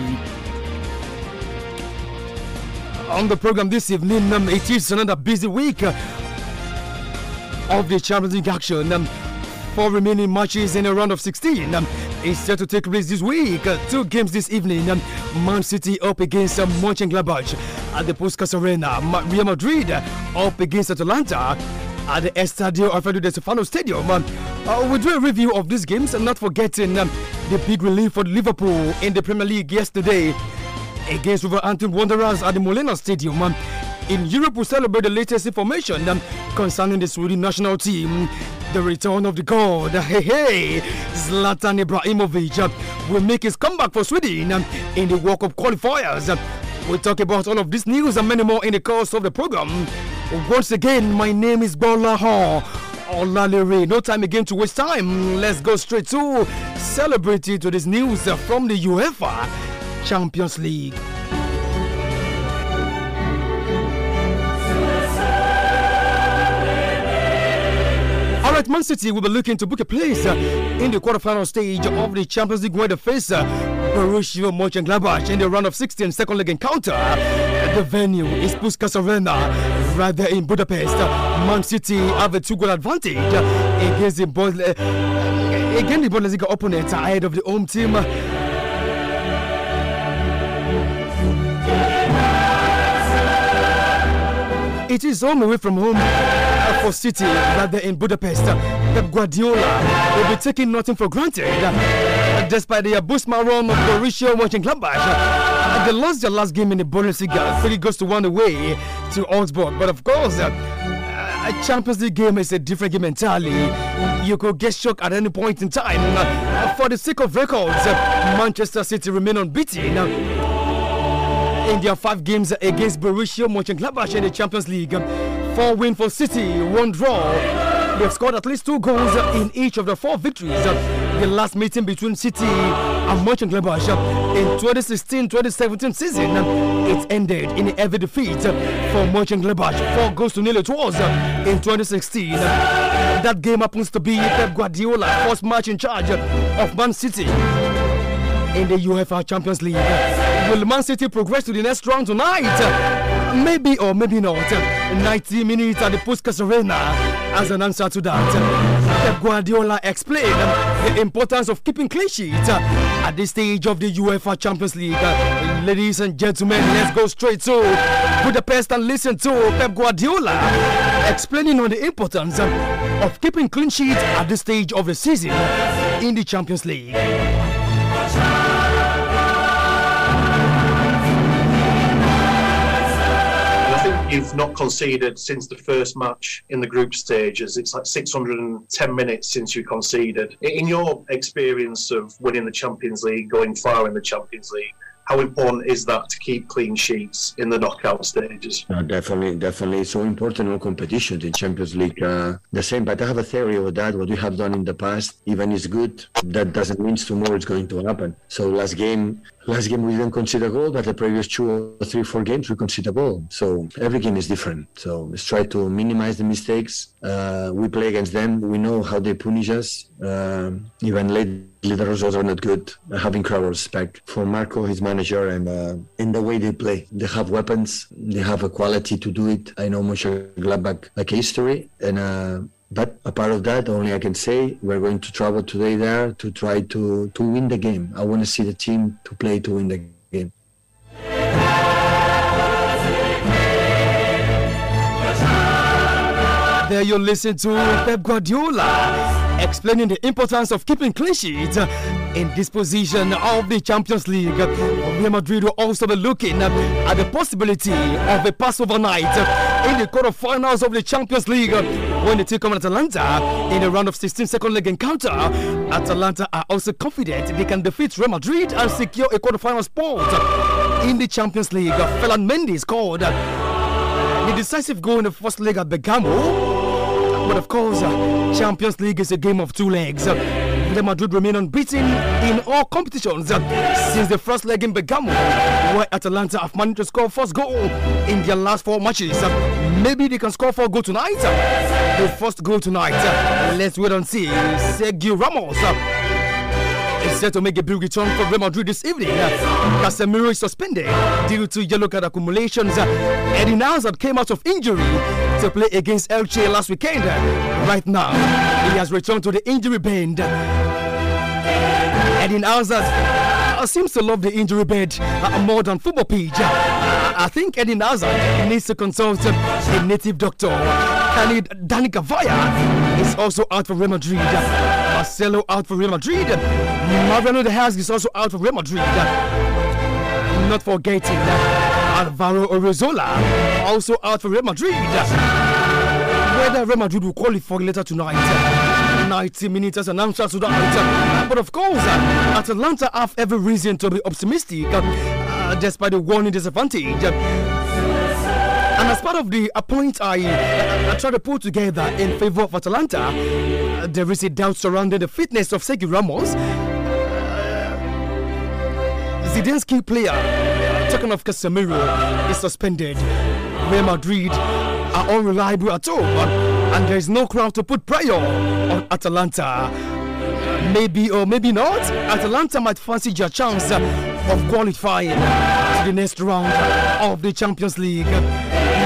On the program this evening, um, it is another busy week um, of the Champions League action. Um, Four remaining matches in a round of 16 um, It's is set to take place this week. Uh, two games this evening. Um, Man City up against uh, Mönchengladbach at the Puskas Arena. Real Madrid uh, up against Atalanta at the Estadio Alfredo de Stefano Stadium. uh, we'll do a review of these games and uh, not forgetting um, the big relief for Liverpool in the Premier League yesterday against Wolverhampton Wanderers at the Molina Stadium. Um, in Europe, we will celebrate the latest information um, concerning the Swedish national team the return of the god. Hey, hey, Zlatan Ibrahimovic uh, will make his comeback for Sweden um, in the World Cup qualifiers. Uh, we'll talk about all of this news and many more in the course of the program. Once again, my name is Bola Hall. Olalere. No time again to waste time. Let's go straight to celebrity to this news from the UEFA Champions League. right, Man City will be looking to book a place uh, in the quarterfinal stage of the Champions League where they face uh, Borussia Mönchengladbach in the round of 16 second leg encounter. The venue is Puskas Arena, right there in Budapest. Man City have a two-goal advantage uh, against the, uh, again the Bundesliga opponent ahead of the home team. It is home away from home for City rather in Budapest. Pep Guardiola will be taking nothing for granted. Despite the boost marom of Borussia Mönchengladbach, they lost their last game in the Bundesliga, three goes to one away to Augsburg. But of course, uh, a Champions League game is a different game entirely. You could get shocked at any point in time. For the sake of records, Manchester City remain unbeaten in their five games against Borussia Mönchengladbach in the Champions League. Four win for City, one draw. They've scored at least two goals in each of the four victories. The last meeting between City and Mönchengladbach in 2016-2017 season, it ended in a heavy defeat for Mönchengladbach. Four goals to nil it was in 2016. That game happens to be Pep Guardiola's first match in charge of Man City in the UEFA Champions League. Will Man City progress to the next round tonight? Maybe or maybe not. 90 minutes at the Puskas Arena as an answer to that. Pep Guardiola explained the importance of keeping clean sheet at this stage of the UEFA Champions League. Ladies and gentlemen, let's go straight to Budapest and listen to Pep Guardiola explaining on the importance of keeping clean sheet at this stage of the season in the Champions League. you've not conceded since the first match in the group stages. It's like 610 minutes since you conceded. In your experience of winning the Champions League, going far in the Champions League, how important is that to keep clean sheets in the knockout stages? No, definitely, definitely. So important in competitions in Champions League. Uh, the same, but I have a theory of that. What we have done in the past, even is good, that doesn't mean tomorrow it's going to happen. So last game, last game we didn't concede a goal, but the previous two or three, four games we concede a goal. So every game is different. So let's try to minimize the mistakes. Uh, we play against them. We know how they punish us. Uh, even lately, the results are not good. Having crowd respect for Marco, his manager, and uh, the way they play. They have weapons. They have a quality to do it. I know Moshe Gladbach like history, and uh, but apart of that, only I can say we're going to travel today there to try to, to win the game. I want to see the team to play to win the game. There you listen to Pep Guardiola explaining the importance of keeping clean sheets in disposition of the Champions League. Real Madrid will also be looking at the possibility of a Passover night in the quarterfinals of the Champions League when they take on Atalanta in the round of 16 second leg encounter. Atalanta are also confident they can defeat Real Madrid and secure a quarterfinal spot in the Champions League. Felan Mendes scored the decisive goal in the first leg at Bergamo. But of course, Champions League is a game of two legs. Real Madrid remain unbeaten in all competitions since the first leg in Bergamo, where Atalanta have managed to score first goal in their last four matches. Maybe they can score four goal tonight. The first goal tonight. Let's wait and see. Sergio Ramos set to make a big return for Real Madrid this evening. Casemiro is suspended due to yellow card accumulations. Eddie Nazard came out of injury to play against Elche last weekend. Right now, he has returned to the injury bend. Eddie Nazard uh, seems to love the injury bed uh, more than football pitch. Uh, I think Eddie Nazar needs to consult a native doctor and Danica is also out for Real Madrid. Marcelo out for Real Madrid. Mariano De Haas is also out for Real Madrid. Not forgetting Alvaro Orizola also out for Real Madrid. Whether Real Madrid will qualify later tonight. 90 minutes as an answer to that. But of course, Atalanta have every reason to be optimistic uh, despite the warning disadvantage. And as part of the a point I, I, tried to pull together in favor of Atalanta, uh, there is a doubt surrounding the fitness of Sergio Ramos. Uh, Zidane's key player, taken off Casemiro, is suspended. Real Madrid are unreliable at all, and there is no crowd to put pressure on Atalanta. Maybe or maybe not, Atalanta might fancy their chance of qualifying to the next round of the Champions League.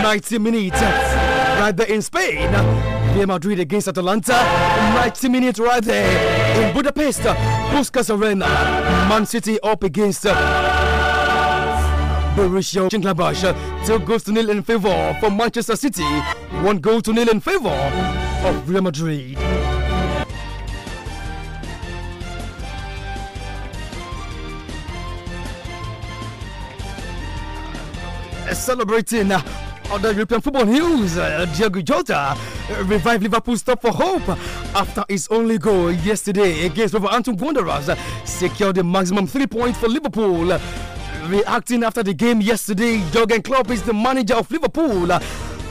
90 minutes. Right there in Spain. Real Madrid against Atalanta. 90 minutes right there in Budapest. Puskas Arena. Man City up against uh, Borussia Mönchengladbach. Two goals to nil in favor for Manchester City. One goal to nil in favor of Real Madrid. Celebrating uh, on the European football news uh, Diogo Jota uh, revived Liverpool's stop for hope after his only goal yesterday against Wolverhampton Wanderers uh, secured the maximum three points for Liverpool. Uh, reacting after the game yesterday, Jurgen Klopp is the manager of Liverpool.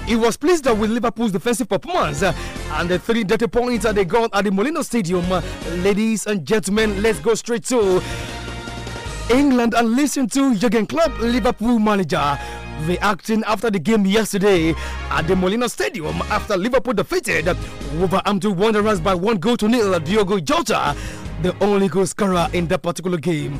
He was pleased with Liverpool's defensive performance uh, and the three dirty points that they got at the Molino Stadium. Uh, ladies and gentlemen, let's go straight to England and listen to Jurgen Klopp, Liverpool manager reacting after the game yesterday at the Molina Stadium after Liverpool defeated Wolverhampton Wanderers by one goal to nil. Diogo Jota, the only goal scorer in that particular game.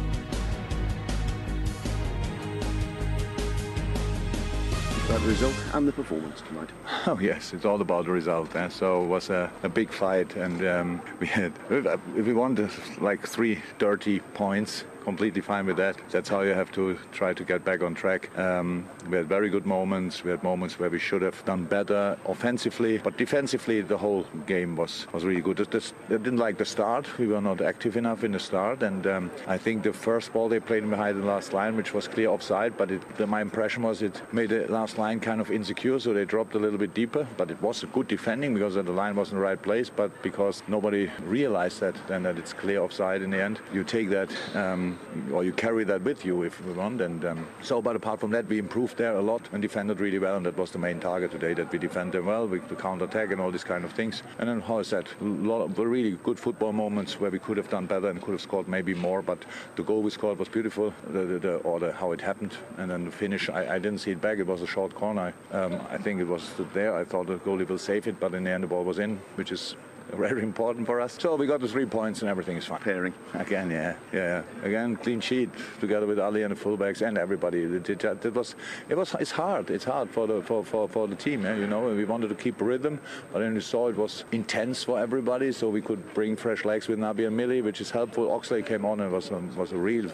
That result and the performance tonight. Oh yes, it's all about the result. Eh? So it was a, a big fight, and um, we had if we won like three dirty points completely fine with that. That's how you have to try to get back on track. Um, we had very good moments. We had moments where we should have done better offensively, but defensively, the whole game was, was really good. They didn't like the start. We were not active enough in the start, and um, I think the first ball they played behind the last line, which was clear offside, but it, the, my impression was it made the last line kind of insecure, so they dropped a little bit deeper. But it was a good defending because the line was in the right place, but because nobody realized that, then that it's clear offside in the end. You take that. Um, Mm. or you carry that with you if you want. And um, so, but apart from that, we improved there a lot and defended really well. And that was the main target today that we defend them well, we the counter attack and all these kind of things. And then, how is that? A lot of really good football moments where we could have done better and could have scored maybe more. But the goal we scored was beautiful, the, the, the, or how it happened. And then the finish, I, I, didn't see it back. It was a short corner. Um, I think it was there. I thought the goalie will save it, but in the end, the ball was in, which is very important for us. So we got the three points and everything is fine. Pairing. Again, yeah. Yeah. Again, clean sheet together with Ali and the fullbacks and everybody. It, it, it was, it was, it's hard. It's hard for the, for, for, for the team, yeah? you know. We wanted to keep rhythm, but then we saw it was intense for everybody, so we could bring fresh legs with Nabi and Millie, which is helpful. Oxley came on and was a, was a real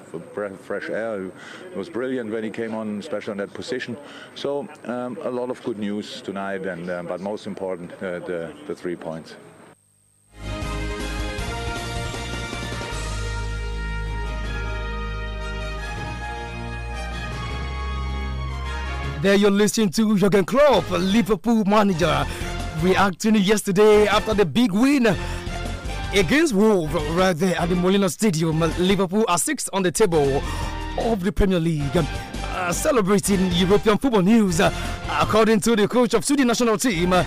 fresh air. It was brilliant when he came on, especially on that position. So um, a lot of good news tonight, and uh, but most important, uh, the, the three points. There you're listening to Jurgen Klopp, Liverpool manager, reacting yesterday after the big win against Wolves right there at the Molina Stadium. Liverpool are sixth on the table of the Premier League. Uh, celebrating European football news, uh, according to the coach of Sweden national team, uh,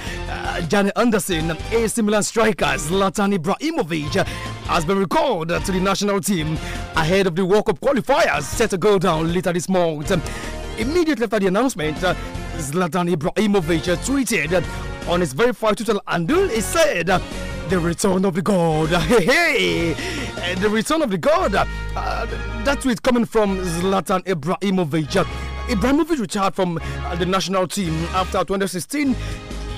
Andersen, Anderson, AC Milan striker Zlatan Ibrahimovic uh, has been recalled to the national team ahead of the World Cup qualifiers set to go down later this month. Immediately after the announcement, uh, Zlatan Ibrahimovic uh, tweeted on his verified Twitter handle, he said, uh, the return of the God. Hey, hey. the return of the God. Uh, that tweet coming from Zlatan Ibrahimovic. Ibrahimovic retired from the national team after 2016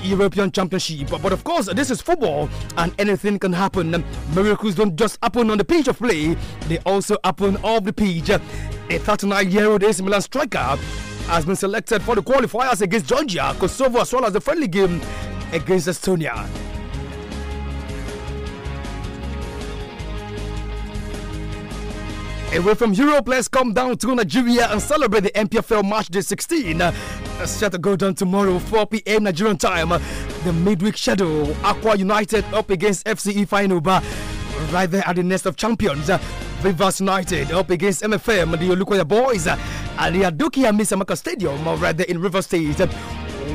European Championship. But of course, this is football and anything can happen. Miracles don't just happen on the pitch of play, they also happen off the pitch. A 39 year old AC Milan striker has been selected for the qualifiers against Georgia, Kosovo, as well as the friendly game against Estonia. Away from Europe, let's come down to Nigeria and celebrate the MPFL Match Day 16. A to go down tomorrow, 4 p.m. Nigerian time. The midweek shadow, Aqua United up against FCE Fainuba. Right there at the nest of champions. Rivers United up against MFM, the Olukoya Boys. And the at Misamaka Stadium right there in River State.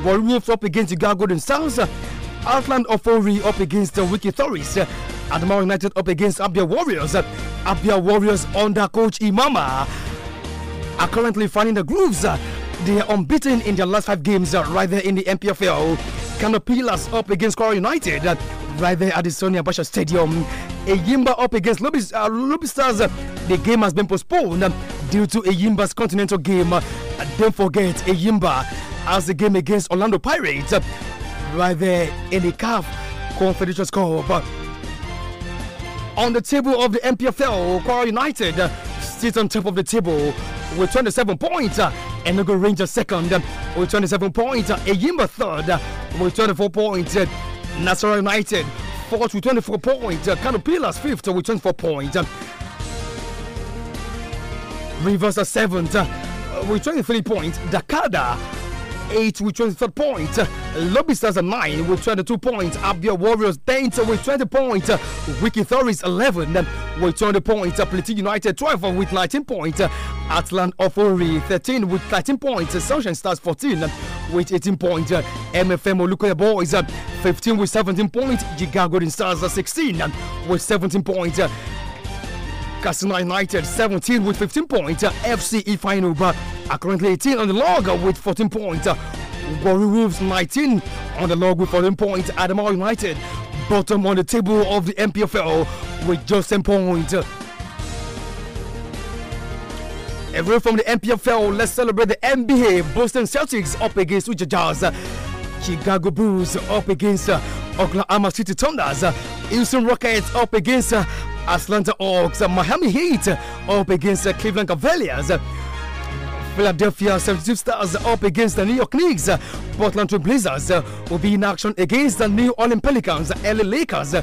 Warriors up against the Golden Stars. Outland Ofori up against the Wiki Thoris. Adamawa United up against Abia Warriors. Abia Warriors under coach Imama are currently finding the grooves. They are unbeaten in their last five games uh, right there in the MPFL. Canopilas up against Kora United uh, right there at the Sonia Basha Stadium. Yimba up against Lobis uh, The game has been postponed uh, due to Yimba's continental game. Don't forget Yimba has a game against Orlando Pirates right there in the CAF Confederations Cup on the table of the MPFL. Quora United sits on top of the table with 27 points. Enugu Rangers second with 27 points. Ayimba third with 24 points. Nassau United fourth with 24 points. Canopilas fifth with 24 points. Rivers are seventh with 23 points. Dakada 8 with 23 points. Lobby 9 with 22 points. Abia Warriors 10 with 20 points. Wiki Thoris 11 with 20 points. Plateau United 12 with 19 points. Atlant Ofori 13 with 13 points. Sunshine Stars 14 with 18 points. MFM Olukoya Boys 15 with 17 points. Giga Golden Stars 16 with 17 points. Casino United 17 with 15 points. FC Final are currently 18 on the log with 14 points. Warri Wolves 19 on the log with 14 points. Adamo United bottom on the table of the MPFL with just 10 points. Everyone from the MPFL, let's celebrate the NBA. Boston Celtics up against Utah Jazz. Chicago Bulls up against uh, Oklahoma City Thunders. Houston Rockets up against uh, Atlanta Hawks, uh, Miami Heat uh, up against the uh, Cleveland Cavaliers. Philadelphia 72 Stars up against the New York Knicks. Portland Trail Blazers will be in action against the New Orleans Pelicans. LA Lakers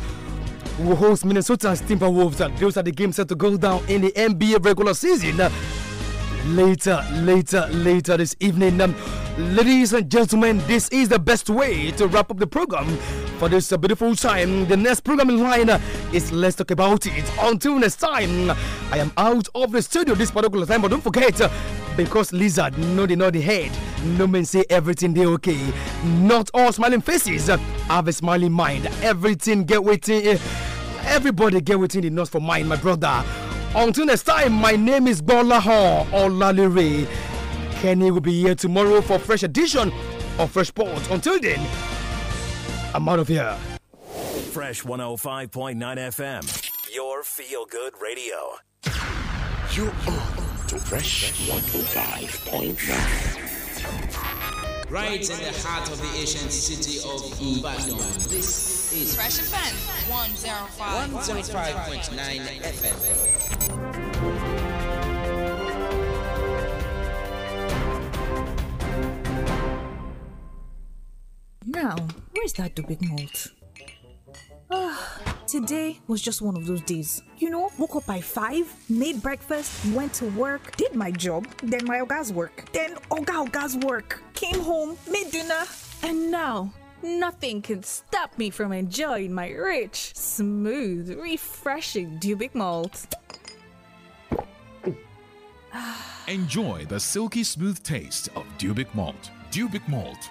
will host Minnesota Timberwolves. Those are the games set to go down in the NBA regular season. Later, later, later this evening. Um, ladies and gentlemen, this is the best way to wrap up the program for this beautiful time. The next programming line uh, is Let's Talk About It. Until next time, I am out of the studio this particular time, but don't forget, uh, because lizard know they know the head no man say everything they okay not all smiling faces uh, have a smiling mind everything get waiting everybody get waiting the nose for mine my brother until next time my name is bola ho olalere kenny will be here tomorrow for fresh edition of fresh port until then I'm out of here. Fresh 105.9 FM, your feel good radio. You are to Fresh 105.9. Right in the heart of the ancient city of Ibadan. This is Fresh FM 105.9 105.9 105. FM. Now, where's that Dubik malt? Ah, today was just one of those days. You know, woke up by 5, made breakfast, went to work, did my job, then my oga's work, then oga oga's work, came home, made dinner, and now nothing can stop me from enjoying my rich, smooth, refreshing Dubik malt. Enjoy the silky smooth taste of Dubik malt. Dubik malt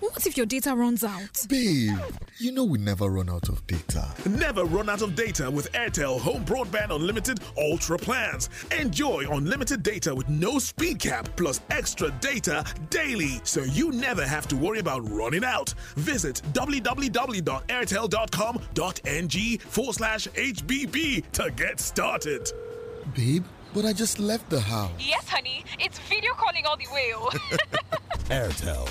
What if your data runs out? Babe, you know we never run out of data. Never run out of data with Airtel Home Broadband Unlimited Ultra plans. Enjoy unlimited data with no speed cap plus extra data daily so you never have to worry about running out. Visit www.airtel.com.ng forward slash HBB to get started. Babe, but I just left the house. Yes, honey. It's video calling all the way. Oh. Airtel.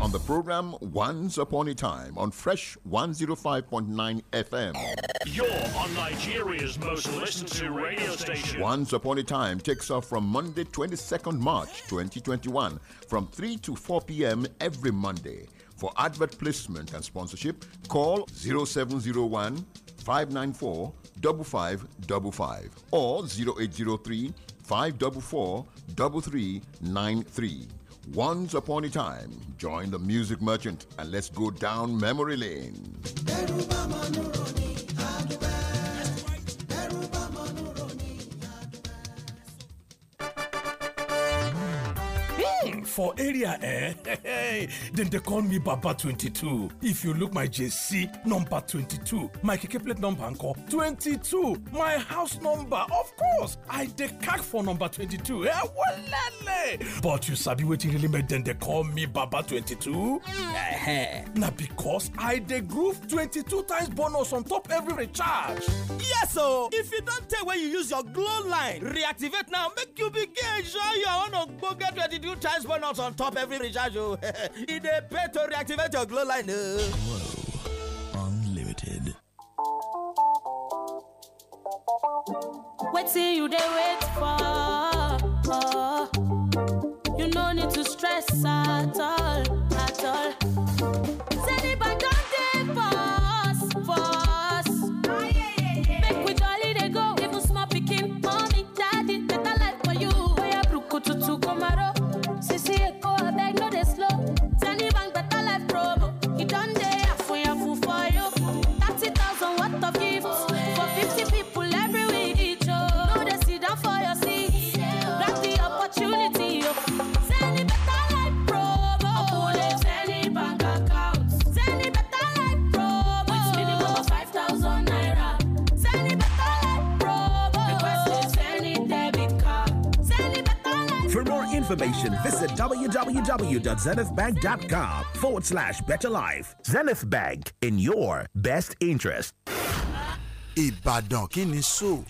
on the program Once Upon a Time on Fresh 105.9 FM. You're on Nigeria's most listened to radio station. Once Upon a Time takes off from Monday, 22nd March 2021, from 3 to 4 p.m. every Monday. For advert placement and sponsorship, call 0701 594 or 0803 544 3393. Once upon a time, join the music merchant and let's go down memory lane. for area eh then they call me Baba 22. If you look my JC number 22, my keke plate number encore 22, my house number, of course, I the cack for number 22. Eh, walale. But you sabi wetin really make dem they call me Baba 22? Mm-hmm. Na because I the groove 22 times bonus on top every recharge. Yes o, oh. if you don't tell where you use your glow line reactivate now make you begin enjoy your own ogbonge 22 times bonus on top every recharge oh. it they pay to reactivate your glow line. Oh. Glow Unlimited. What's see you they wait for? Oh? You no need to stress at all, at all. information, visit www.zenithbank.com forward slash better life. Zenith Bank, in your best interest. Ibadan Kini Soo,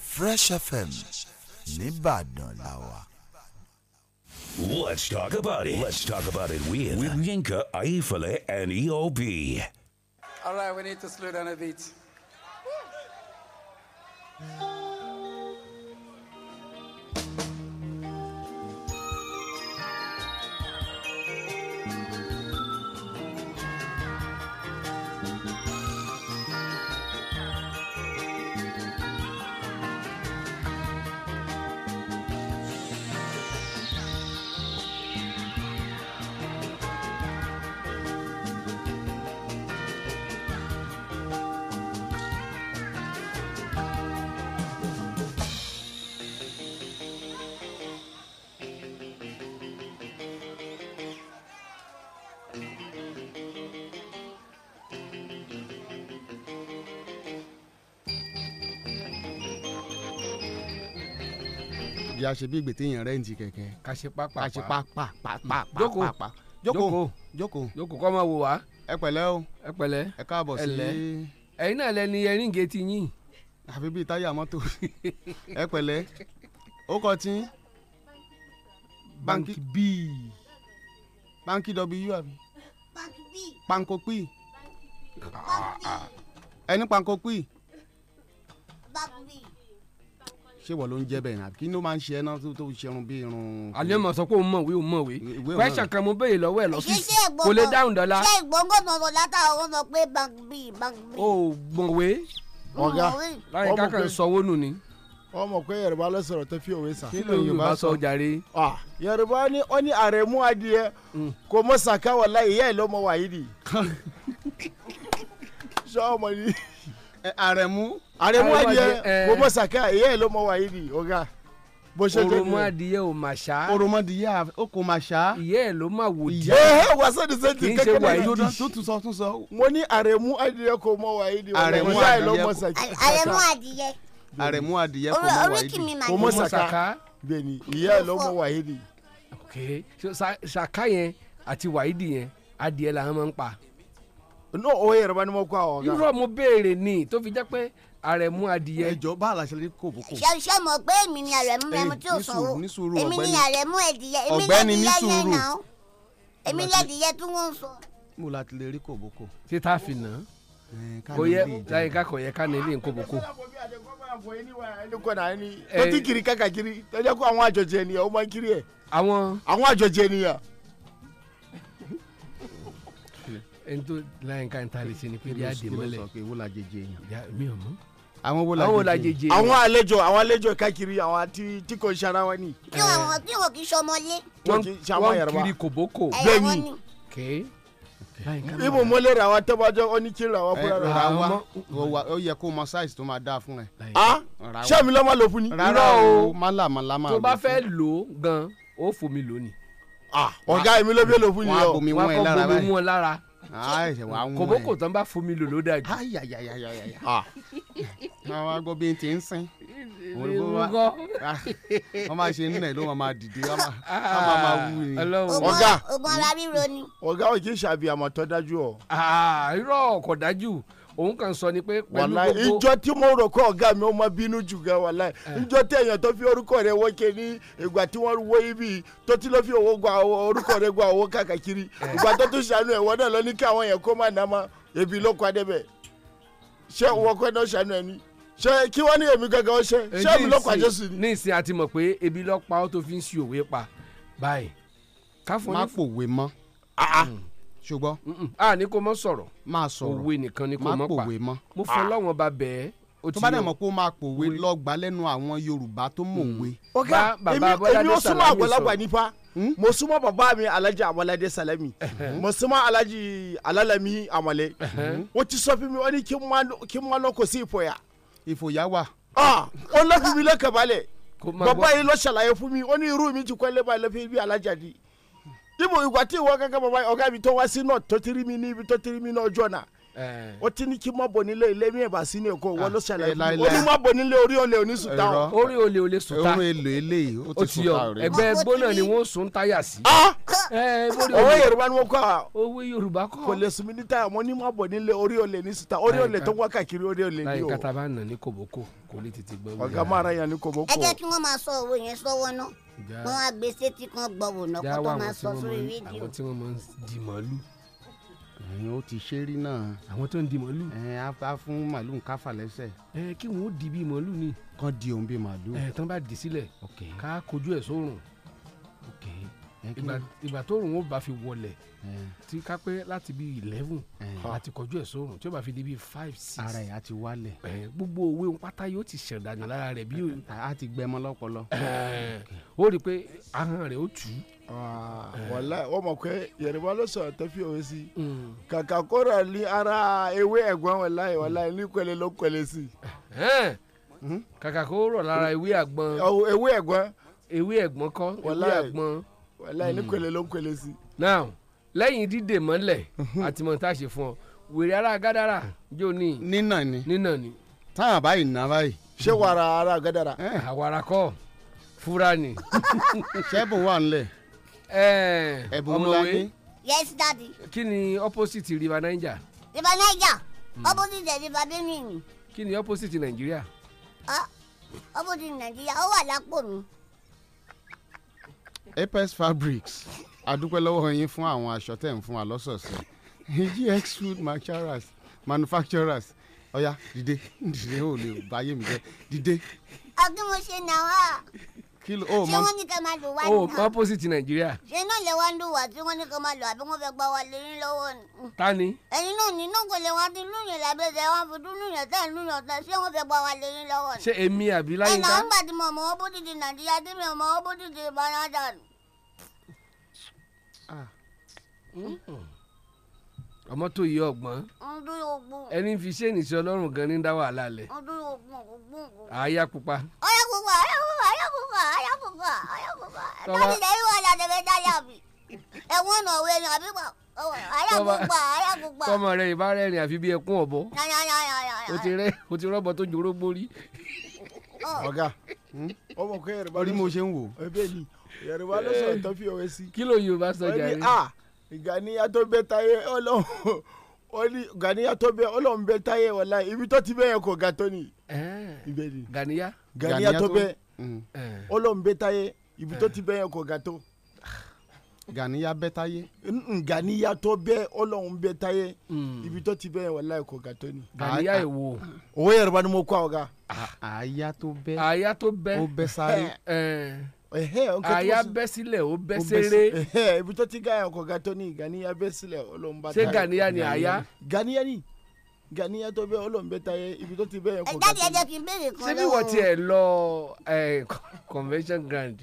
Fresh FM, Nibadan Lawa. Let's talk about it. Let's talk about it with, with Yinka, Aifale, and EOB. All right, we need to slow down a bit. ṣe bí gbèté yẹn rẹ́ǹtì kẹ̀kẹ́. ká ṣe pápá ká ṣe pápá pápá pápá. joko, joko, joko, kọ́ máa wò wá. ẹ pẹ̀lẹ́ o ẹ pẹ̀lẹ́ ẹ káàbọ̀ sí. ẹ̀yin náà lẹni ẹrin géètì yín. àfi bíi táyà mọ́tò ẹ pẹ̀lẹ́ ó kọ tí. banki b banki w àbí. banki b pankopii ẹni pankopii. ṣé wọ́n ló ń jẹ́ bẹ́ẹ̀ náà kí ló máa ń ṣe ẹ́ náà tó ṣerun bí irun. alẹ́ mọ̀ sọ pé òun mọ̀wé òun mọ̀wé question kan mo béèrè lọ́wọ́ ẹ̀ lọ́fíìsì kò lè dáhùn dọ́là. ṣé ìgbóngàn náà látàwọn sọ pé bank b o mọ̀wé ọ̀gá láyé kákan sọ̀wọ́ nù ni ọmọ pé yorùbá ló sọ̀rọ̀ tó fi òwe sà. kí ló yorùbá sọ jàre. Ah, yorùbá ní ó ní àrẹ̀mú adìẹ mm. kò mọ̀ sàkáwọ̀ láyé ìyá ẹ̀ lọ́mọ wàyí ni. sọ ọmọ yìí àrẹ̀mú. àrẹ̀mú adìyẹ bọ́bọ́ sàkà ìyá ẹ̀ ló mọ wà yìí ọ̀gá bó ṣe jẹ́ òròmọ adìyẹ ò mà ṣá. òròmọ adìyẹ ò kò mà ṣá. ìyá ẹ̀ ló mà wò di. ẹ wà sẹ́ni sẹ́ni kékeré yìí kì í ṣe tún sọ tún sọ. mo ní àrẹ̀mú adìyẹ kò mọ wà yìí àrẹ̀mú adìyẹ àrẹ̀mú adìyẹ kò mọ wà yìí kò mọ sàkà bẹ́ẹ̀ni ìyá ẹ̀ ló mọ wà yìí. ok sàkà yẹn àti wà yìí yẹn adìyẹ làwọn máa ń pa no o yẹrẹ bá ní mo kó àwọn ọgá. irọ́ mo béèrè ni tó fi jẹ́ pé àrẹ̀mú adìyẹ. ẹjọ bá àlàṣẹ lè kó boko. ṣé ṣé mo pé èmi ni àrẹ̀mú eh, ẹmu tí ò sanwó èmi ni àrẹ̀mú ẹdìyẹ èmi lẹ́dìyẹ yẹn náà èmi lẹ́dìyẹ tí wọ́n ń sọ. mo láti lè rí kó boko. ṣé tá a eh, láyé ká yẹ ká ní ilé tó ti kiri kákàkiri tọ́jà kó àwọn àjọjẹ ènìyàn ó máa kiri ẹ̀. àwọn. àwọn àjọjẹ ènìyàn. ntò láyìn ká n ta ni pé bí a dè mọ́lẹ̀. kí ló sọ pé wọ́n la jẹjẹ yẹn. mi ò mọ̀. àwọn wọ́n la jẹjẹ yẹn. àwọn àlejò àwọn àlejò káàkiri àwọn tí kò ṣara wọn ni. kí wọn kí wọn kì í ṣọmọlé. wọn kiri kòbókò. bẹ́ẹ̀ni ibo mo lè ra wa tẹ́bọ́jọ́ ó ní kí ra wa fúnra rẹ̀ ra wa yẹ kó mọ size tó máa dáa fún ẹ. Ah, a ṣé mi lọ́ lò fún ni. rárá o málámàlá máa lò fún. tó bá fẹ́ lò ó gan ó fò mí lónìí. Ah, ọ̀gá mi bí ó lò fún yìí o. wọ́n á bomi wọ́n ẹ lára báyìí kòbókò tán bá fomi lò ló dájú. àwọn aago bíi ti ń sìn ah. wọ́n máa ṣe nílẹ̀ ló máa dìde wọ́n máa wú ni. ọ̀gá ọ̀gá ọ̀gá òjì ṣàbí àmọ̀tọ́ dájú ọ. Ah, irọ́ kò dájú òun kàn sọ ni pé pẹ̀lú gbogbo. wàláì ìjọ tí mo rò kọ́ ọ̀gá mi ó máa bínú jù gan wàláì eh. ìjọ tí èèyàn tó fi orúkọ rẹ wọ́kẹ́ ní ìgbà tí wọ́n wọ́ ibi tó ti lọ́ fi owó gba orúkọ rẹ gba owó káàkiri eh. ìgbà tó tún ṣàánú ẹ̀wọ́ náà lọ ní kí àwọn yẹn kó má nàá ma ebi ló kọ́ adébẹ̀ ṣé wọ́n kọ́ náà ṣàánú ẹni ṣe kí wọ́n ní èmi gangan ṣe eh, ṣé èmi ló pa Jésù ni. ní ìsìn ṣùgbọ́n. a ní kó mọ sọ̀rọ̀. máa sọ̀rọ̀ òwe nìkan ni kó mọ pa mo fọ ah. lọ́wọ́n ba bẹ́ẹ̀ tó bá dẹ̀ mọ̀ pé ó máa pòwe lọ́gbà lẹ́nu àwọn yorùbá tó mọ̀wé. Mm. ọ̀gá èmi ó súnmọ́ àgbàlagbà nípa hmm? mo súnmọ́ bàbá mi alhaji amalade salami mo súnmọ́ alhaji alalami amale ó ti sọ fún mi ó ní kí n má lọ kò sí ìfòyà. ìfòyà wà. ó lọ́kùnrin lẹ́kàbalẹ̀ mi ó ní mi ti kọ́ ẹ lẹ́bàá ibo ìgbà tí ìwọ kankan bàbá ọ̀gá mi tó wá sí náà tó tiri mi ní ibi tó tiri mi náà ọjọ́ náà ó ti ní kí má bọ̀ nílé ilé mi ẹ̀bà sí ní èkó wọ́n ah, ló ṣàlàyé ó ní má bọ̀ nílé orí olè òní sùtá o. orí olè olè sùtá orí olè ilé ó ti sùtá rẹ. ẹgbẹ́ gbóná ni wọ́n sùn táyà sí. Ah! owó yorùbá ni wọ́n kọ́ a. owó yorùbá kọ́. kò lè sunmi ní táyà wọn ní má bọ̀ nílé orí olè ní sùtá orí olè tó wá káàkiri orí olè ni o. láyé kátà bá nà ní kòbókò kò ní tètè gbẹ wọn á gbé sétí kan gbọ̀wọ̀ náà kó tó máa sọ sórí rédíò. àwọn tí wọn máa ń di màálù. ẹyin ó ti ṣe rí náà. àwọn tó ń di màálù. ẹ á bá fún màálù káfà lẹ́sẹ̀. ẹ kí wọn ó di bíi màálù ni. kán di òun bíi màálù. ẹ tán bá dì sílẹ̀. ká kojú ẹ̀ sórùn. ok ìgbà tóòrùn ó bá fi wọlẹ̀ tí kápẹ́ láti bí eleven àti kọjú ẹ̀ sóòrùn tí ó bá fi di bí five six. ara ẹ̀ á ti wálẹ̀. gbogbo òwe ń pátá yóò ti ṣàn lára rẹ̀ bí. a ti gbẹmọ lọpọlọ. ó rí i pé ahọ́n rẹ̀ ó tù ú. wàlá wọn mọ̀ pé yorùbá ló sọ̀rọ̀ tó fi òwe sí i mm. kàkà kó ní ara ewé ẹ̀gbọ́n wàlá wàlá ní kọ́lé ló kọ́lé sí i. Hmm? kàkà kó rọ̀ lára ewé àgbọn. ewé àgbọn. ewé àgbọn kọ́ ewé àgbọn wàláhí ní hmm. kwele ló ń kwele sí. now lẹ́yìn dídè mọ́lẹ̀ àti mọ̀tá fún ọ wèrè ara gádàrà jó ní. nínà ni nínà ni. táwọn àbáyìí nà báyìí. ṣé wàrà ara gádàrà. àwàrà kọ fúra ni. ṣẹ́bù wà ńlẹ̀. ẹ̀bùn ńlá ni. yes daddy. kí ni opposite river niger. river niger hmm. opposite river benue. kí ni opposite nàìjíríà. Ah, opposite nàìjíríà ó wà lápò mi. Apex Fabrics adúpẹ́ lọ́wọ́ yín fún àwọn aṣọ tẹ̀ ń fún wa lọ́sọ̀ọ̀sẹ̀ GX Food manufacturers manufacturers ọ̀ya dìde dìde ò lè báyé mi jẹ́ dìde. ọdún mo ṣe nà wá. kí ló ó mọ ṣé wọn ní ká máa lò wá nìyà. o mọ pósìtì nàìjíríà. ṣé náà lè wá ń lò wá tí wọn ní ká máa lò àbí wọn fẹ́ gbá wa lé ní lọ́wọ́ ni. ta ni. ẹyin náà ní náà kò lè wá di lóyún lábẹ́ ẹ̀ wọ́n fi dún lóyún tẹ́ lóyún tẹ́ ṣé wọ́n fẹ́ gbá wa lé ní lọ́wọ́ ṣé èmi àbí láyé ká. ẹ̀ náà ń gbàdúmọ̀ mọ́ bódìdì nàìjíríà Ah. Mm. ọmọ tó yí ọgbọ́n ẹni fi ṣé nìṣẹ́ ọlọ́run gan ní dá wàhálà lẹ̀ àyà pupa. àyà pupa àyà pupa àyà pupa àyà pupa àyà pupa láti lè wà láti lè dá yàbí ẹ̀wọ̀n náà wẹ̀ ní àbí pa àyà pupa àyà pupa. tọmọ rẹ ìbá rẹ rìn àfi bí ẹkún ọ̀bọ o ti rẹ o ti rọbọ tó jòrò gbórí. ọ̀gá hmm? ọmọ kẹrẹ bá rí mo ṣe ń wò yorùbá ló sọ ìtọ́ fi òwe sí. kí ló yorùbá sọ jàre. Ah, ìgànnìyà tó bẹ táyé ọlọ́run oni ganiya tó bẹ Ọlọ́run bẹ táyé wàlá ibi tó ti bẹ yẹn kò ga tó ni. ganiya eh, ganiya tó bẹ mm. eh. Ọlọ́run bẹ táyé ibi tó eh. ti bẹ yẹn kò ga tó. ganiya bẹ táyé. ganiya tó bẹ Ọlọ́run bẹ táyé mm. ibi tó ti bẹ yẹn wàlá kò ga tó ni. ganiya ye wo. o yẹrẹ ni mo kọ́ ọ aya ah, tó bẹ. aya tó bẹ. o bẹ sáré àyà bẹ́ sílẹ̀ ó bẹ́ sẹ́rẹ́. ibi tó ti gáyà ọkọ̀ ga tó ní Ganiya bẹ́ sílẹ̀ olóńgbà táyé. ṣé Ganiya ni àyà. Ganiya ni Ganiya tó bẹ́ olóńgbà táyé ibi tó ti bẹ́ ọkọ̀ ga tó ní. ẹ̀dá ni ẹ̀jẹ̀ kì í bèrè kan lọ́wọ́. ṣé bí wọ́n ti ẹ̀ lọ convention ground.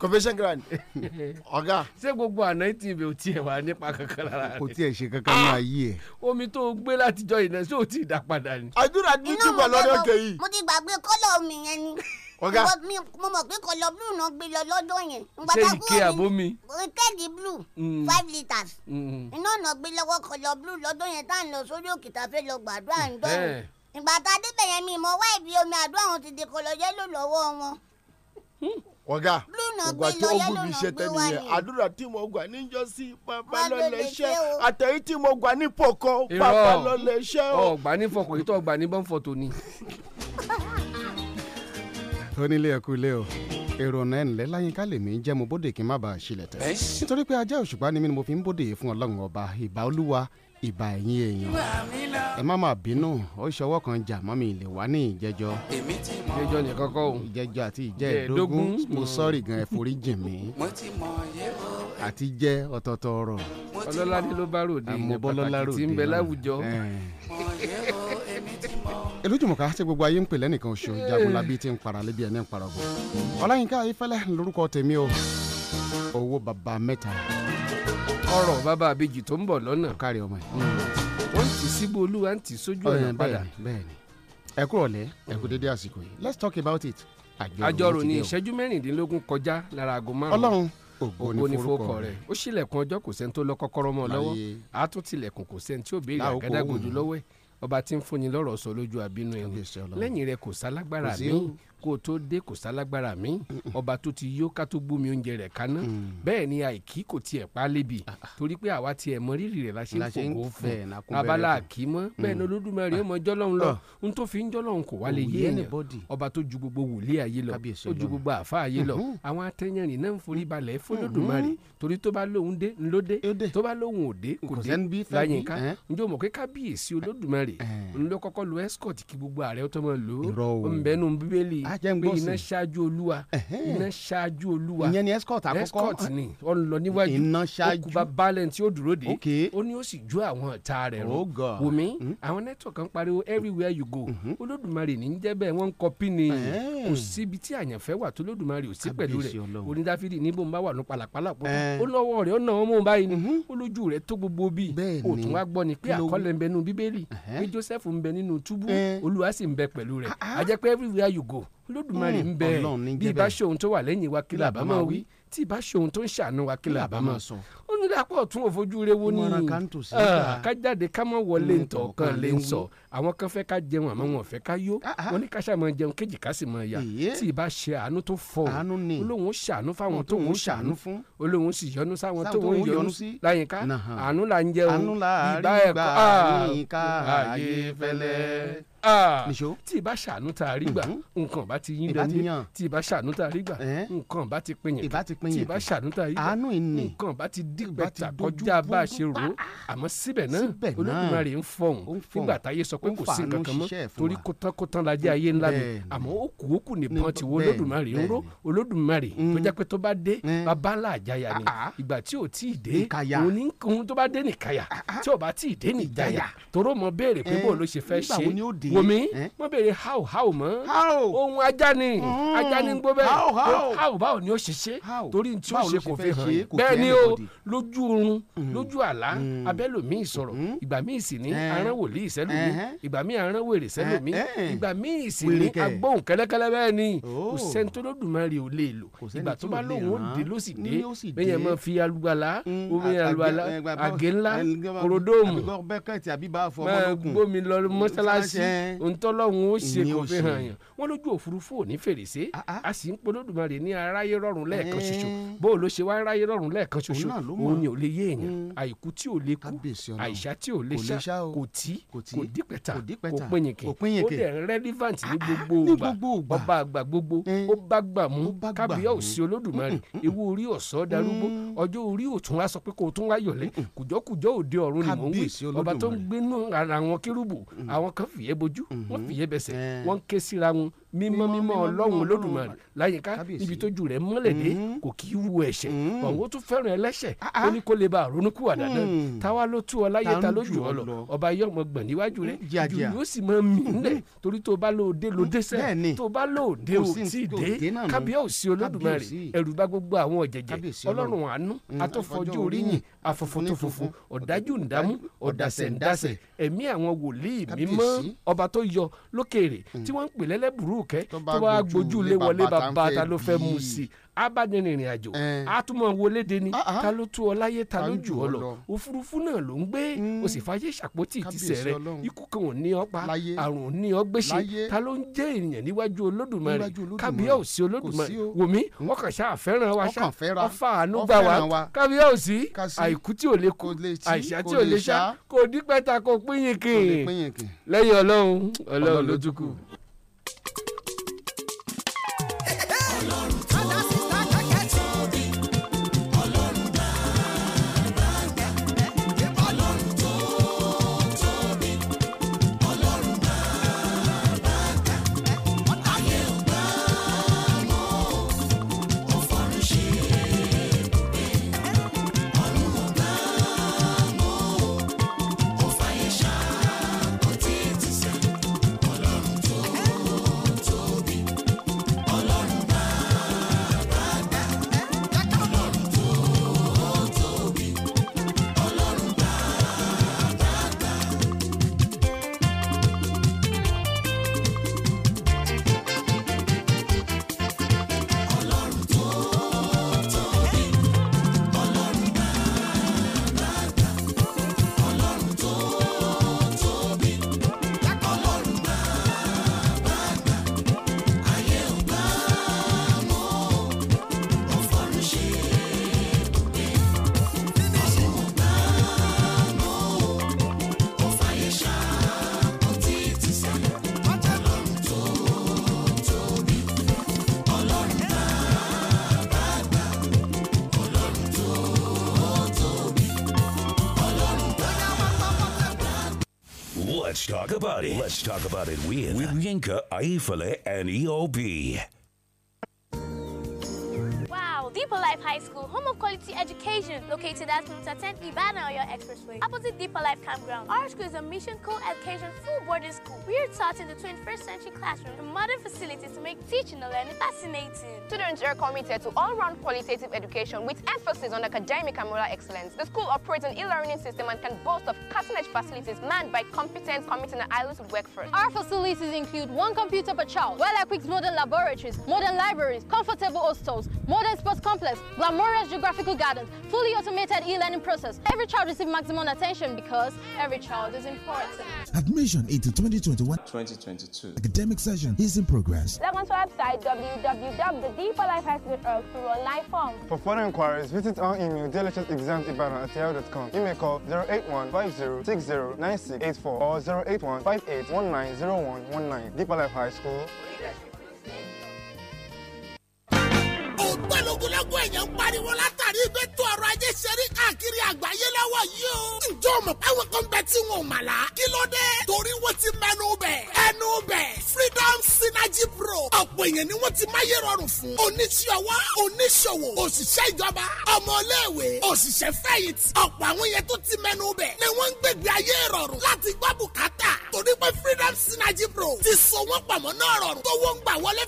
convention ground ọ̀gá. ṣé gbogbo àná tí ibè ò tiẹ̀ wà nípa kankan lára rẹ̀. kò tiẹ̀ ṣe kankan náà yí ẹ̀. omi tó gbé látijọ́ ìnáṣẹ́ ò tí ì dá padà ni. àdúrà ní túbọ̀ lọ́dọ̀ kẹ́yìn. mo ti gbàgbé kọ́lọ̀ mi yẹn ni ọ̀gá mo mọ̀ pé kọlọ blue náà gbé lọ lọ́dọ̀ yẹn. ṣé ike àbómi. kẹ́ẹ̀kì blue mm. five litres. iná náà gbé lọ́wọ́ kọlọ blue lọ́dọ̀ yẹn tá à ń lọ sórí òkè tá a fẹ́ lọ gbàdúrà ń dọ́ yẹn. ìgbà tá a débẹ̀ yẹn mi mọ̀ wá ibi omi àdúrà wọn ti di kọlọ yẹ́lò lọ́wọ́ wọn. ọ̀gá ògbà tí ó gùn bí iṣẹ́ tẹ́lẹ̀ yẹn àdúrà tí mo gbà níjọ́ sí bàbá lọ́lẹ́ṣẹ́ àtẹ̀yí tí mo gbà ní pọ̀kọ́ bàbá lọ́lẹ́ṣẹ́ o. ọ̀gbà ní fọkàn yìí tó ọgbà ní bọ́ǹfọ̀tò ni. onílé ẹkú ilé o èrò ọ̀nà ẹ̀ǹlẹ́ láyínká lèmi ń jẹ́ mo bóde kí n má bàa ṣílẹ̀ tẹ̀. nítorí pé ajá òṣùpá ni mí ni mo fi ń bóde fún ọlọ́run ọba ìbà olúwa ìbà ẹ̀yin èèyàn. ẹ má má bínú ó ṣọwọ́ kan jà mọ́ mi lè wá ní ìjẹ́jọ́. ìjẹ́jọ́ ní kọ́kọ́ o. ìjẹ́jọ́ àti ìjẹ́ ìdógún mo sọ́ọ̀rì gan ẹ forí jìn mí. àti jẹ́ ọ̀tọ̀ọ̀tọ̀ ọ̀rọ̀. ọlọ́ládé ló bá ròde elójúmọ̀ká tí gbogbo ayé ń pè lẹ́nìkan oṣù jagunlabi ti ń para lébi ẹni ń para ọgbọ́n ọláyínká ayífẹ́lẹ́ lórúkọ tèmi o owó baba mẹ́ta. ọ̀rọ̀ bàbá abéjì tó ń bọ̀ lọ́nà. kárí ọmọ yìí. wọ́n hmm. ti síbò olúwa ń sójú ọ̀nà padà. bẹ́ẹ̀ni ẹ kú ọ̀lẹ́ ẹ kú dédé àsìkò yìí let's talk about it. àjọrò ní ìṣẹ́jú mẹ́rìndínlógún kọjá lára aago márùn-ún. ọlọ́run ògo ni forúkọ rẹ ó ṣílẹ̀kùn ọjọ́ kò sẹ́ni tó lọ́kọ́kọ́rọ́ mọ́ lọ́wọ́ àátúntilẹ̀kùn kò sẹ́ni tí ó béèrè àgádágodo lọ́wọ́ ẹ̀ ọba tí ń fúnni lọ́rọ̀ sọ lójú àbínú ẹni lẹ́yìn rẹ̀ kò sálágbára mi kó o tó dé kò sálágbára mi ọba tó ti yó ká tó gbómi oúnjẹ rẹ̀ kaná hmm. bẹ́ẹ̀ ni àìkí kò tiẹ̀ pa ah, ah. torí pé àwa tiẹ̀ mọ rírì rẹ̀ la ṣe ń fòkó fún abala àkí mọ́ hmm. bẹ́ẹ̀ ni olódùmarè ọmọ jọlọ́run lọ ah. n tó fi ń jọlọ́run kò wálé yé èèyàn ọba tó ju gbogbo wòlé ayé lọ ó ju gbogbo àfa ayé lọ hmm. àwọn atẹ́yẹrin náà ń forí balẹ̀ fún olódùmarè torí tó bá lóhun dé ló dé tó bá lóhun ò dé kò dé láyìn ká njó mọ̀ pé kábíyèsí olódùmarè ńlọ kọ́kọ́ lu escort kí gbogbo ààrẹ tó mọ̀ lò ó ń Ah, pé iná ṣáájú olúwa iná ṣáájú olúwa ìyẹn ni escort àkọ́kọ́ escort ni ó lọ níwájú iná ṣáájú okuba balẹ̀ tí ó dúró de ó ní ó sì jó àwọn ọ̀tá rẹ̀ rọ oh wòmí hmm? àwọn network kan pariwo everywhere you go mm-hmm. olódùmarè ní jẹ́ bẹ́ẹ̀ wọ́n ń kọpí ni kò síbi tí àyànfẹ́ wà tó olódùmarè ò sí pẹ̀lú rẹ̀ onídàáfídì níbo ń bá wà ní pàlàpàlà pọ̀ ó lọ́wọ́ rẹ̀ ó nà wọ́n mú un báyìí olójú mm-hmm. rẹ̀ tó gbogbo bíi òtún wá gbọ́ ni pé àkọlẹ̀ ń bẹ nínú bíbélì pé Joseph ń bẹ nínú túbú olúwa sì ń bẹ pẹ̀lú rẹ̀ àjẹpẹ́ ah, ah. everywhere you go olódùmarè hmm, ń bẹ bí ìbá ṣe ohun tó wà lẹ́yìn wa kí làbá máa wí tí ìbá ṣe ohun tó ń ṣàánú wa kí sọ ó ní dàpọ̀ tún òfojú rẹ wo ni ah, ká jáde ká mọ̀ wọlé ntọ̀ kan lè ń sọ àwọn kan fẹ́ ká jẹun àmọ́ wọn fẹ́ ká yó ah, ah. wọn ní káṣá máa jẹun kejì ká sì máa yà tí ì bá ṣe àánú tó fọ olóhùn ṣàánú fáwọn tó ń ṣàánú fún olóhùn sì yọ́nú sáwọn tó ń yọ́nú sí láyìnká àánú là ń jẹun ìgbà ẹ̀kọ́ àyíká ayé fẹ́lẹ́ tí ìbá ṣàánú tá a rí gbà mhm. nǹkan bá ti yín dání tí ìbá ṣàánú tá a rí gbà nǹkan bá ti pinyìn tí ìbá ṣàánú tá a rí gbà nǹkan bá ti dìgbà tí kọjá bá a ṣe rò àmọ́ síbẹ̀ náà Olódùmarè ń fọhùn nígbà táyé sọ pé kò sí nǹkan kan mọ́ torí kótán kótán lajẹ́ ayé ńlá mi àmọ́ ó kù ó kù nìbọn tí wo Olódùmarè ń ró Olódùmarè mm. tó jẹ́ pé tó bá dé mm. bàbá ńlá àjáyà ni ah, ah. ìgbà tí ò tí ì dé òun ní òun tó bá dé nìkayà ah, tí ò bá tí ì dé nìjayà toró mọ béèrè pé eh, bó ló ṣe fẹ́ ṣe wòmí eh? mọ béèrè how how mọ́ ohun ajá ni mm. ajá ni gbó bẹ́ẹ̀ how how báwo ni ó ṣe ṣe torí tí ó ṣe kò fi hàn bẹ́ẹ̀ ni ó lójú oorun mm. lójú àlá mm. abẹ́lòmíì sọ̀rọ̀ mm. ìgbà míì sì ní eh. aràn wòlíì sẹ́lòmíì eh. ìgbà míì aràn wèrè sẹ́lòmíì eh, ìgbà míì sì ní agbóhùn kẹ́lẹ́kẹ́lẹ́ bẹ́ẹ̀ ni oh. kò sẹ́ńtólódùmarè ò lè lò ìgbà tó bá lóun ó dé ló sì dé bẹ́ẹ̀ yẹn máa fi alugbala omi alugbala àgé ńlá korodomu máa gbómi lọ mọ́sálásí òǹtọ́lọ́hún ó ṣe kò fi hàn yàn wọ́n lójú òfurufú ò ní fèrèsé ah, ah. a sì ń polódùmarè ní aráyé rọrùn lẹ́ẹ̀kan ṣoṣo bó o ló ṣe wá aráyé rọrùn lẹ́ẹ̀kan ṣoṣo òun ni ò lè yé èèyàn mm. àìkú tí ò lè kú àìsá tí ò lè sá kò tí kò dípẹ̀tà kò pinyìnkì ó dẹ̀ relevant ní ah, ah, gbogbo ògbà ọba àgbà gbogbo eh, ó bá gbà mú kábíyá òsì olódùmarè mm, mm, ewu orí ọ̀sọ́ darúgbó ọjọ́ orí òtún wá sọ pé kò tún wá yọ̀lẹ́ kùjọ́kùjọ́ òde ọ̀run ni mò ń wí ọba tó ń gbénú ara àwọn kérúbù àwọn kan fìyẹ́ bojú mm-hmm. wọ́n fìyẹ́ bẹsẹ̀ eh. wọ́n ké síra wọn mímọ́ mímọ́ ọlọ́run olódùmarè láyìíká ibi tójú rẹ̀ mọ́lẹ̀ dé mm-hmm. kò kí í wu ẹ̀ṣẹ̀ ọ̀hún ó tún fẹ́ràn ẹlẹ́ṣẹ̀ ah, ah. ó ní kó lè bá ronúkú àdá náà hmm. táwa ló tú ọ láyé ta lójú ọ lọ ọba yóò mọ gbọ̀n níwájú rẹ jù yóò sì mọ mí hmm. nílẹ̀ torí tó bá lóde lóde sẹ́ tó bá lóde ò tí ì dé kábíyèsí olódùmarè ẹ̀rù bá gbogbo àwọn ọ̀jẹ̀jẹ̀ ọlọ́run àánú hmm. atọ́fọjú oríyìn afọfọtọfọfọ ọ̀dájú ǹdámú ọ̀dàsẹ̀ ǹdàsẹ̀ ẹ̀mí àwọn wòlíì mímọ́ ọba tó yọ lókèrè mm. tí wọ́n ń pè lẹ́lẹ́bùrú kẹ́ tó bá gbójú lé wọlé bàbá ta ló fẹ́ mu sí i abánirin àjò àtúmọ̀ wọléde ni ah, ah. ta ló tú ọ láyé ta ló jù ọ lọ òfurufú náà ló ń gbé mm. o sì fàyè ṣàpótì ìtìsẹ̀ rẹ ikú kan ò ní ọ pa àrùn ò ní ọ gbéṣe ta ló ń jẹ́ èèyàn níwájú olódùmarè kábíyèsí olódùmarè wòmí hmm? ọkàn ṣáà fẹ́ràn wa ṣá ọfà àánú gbà wá kábíyèsí àìkú tí ò lè kú àìsà tí ò lè ṣá kò dípẹ́ ta kò pínyìn kì í lẹ́yìn ọlọ́run ọlọ́run ló tún kù. about it. Let's talk about it with, with Yinka, Aifale, and EOB. Wow, Deeper Life High School, home of quality education, located at Munta 10th Ibadan, your expressway. Opposite Lifetime Ground. Our school is a mission co-education full boarding school. We are taught in the 21st century classroom and modern facilities to make teaching and learning fascinating. Students are committed to all-round qualitative education with emphasis on academic and moral excellence. The school operates an e-learning system and can boast of cutting-edge facilities manned by competent, committed and islands skilled workforce. Our facilities include one computer per child, well-equipped modern laboratories, modern libraries, comfortable hostels, modern sports complex, glamorous geographical gardens, fully automated e-learning process. Every child receives maximum attention because every child is important. Admission into 2021-2022 academic session is in progress. Log on to our website www.thedeeperlifehack.org through online form. For further inquiries, visit our email dlhsexamsibadan at yahoo.com. You may call 081 or 081 58 Deeper Life High School. ogunlọ́gọ̀ èèyàn ń pariwo látàrí ibi tó ọrọ̀ ajé ṣerí káàkiri àgbáyé lọ́wọ́ yìí o. ǹjọ́ mọ̀ báwọn kan bẹ tí wọn ò mà lá. kí ló dé? torí wọ́n ti mẹ́nu bẹ̀. ẹnu bẹ̀ freedom synergy pro. ọ̀pọ̀ èèyàn ni wọ́n ti máyé rọrùn fún. oníṣòwò oníṣòwò òṣìṣẹ́ ìjọba ọmọléèwé òṣìṣẹ́ fẹ̀yìntì. ọ̀pọ̀ àwọn yẹn tó ti mẹ́nu bẹ̀ ni wọ́n ń gbègbè ayé rọrùn láti gbọ́ freedom synergy pro ti so wọ́n pamọ́ náà rọrùn. tó wọ́n gbà wọlé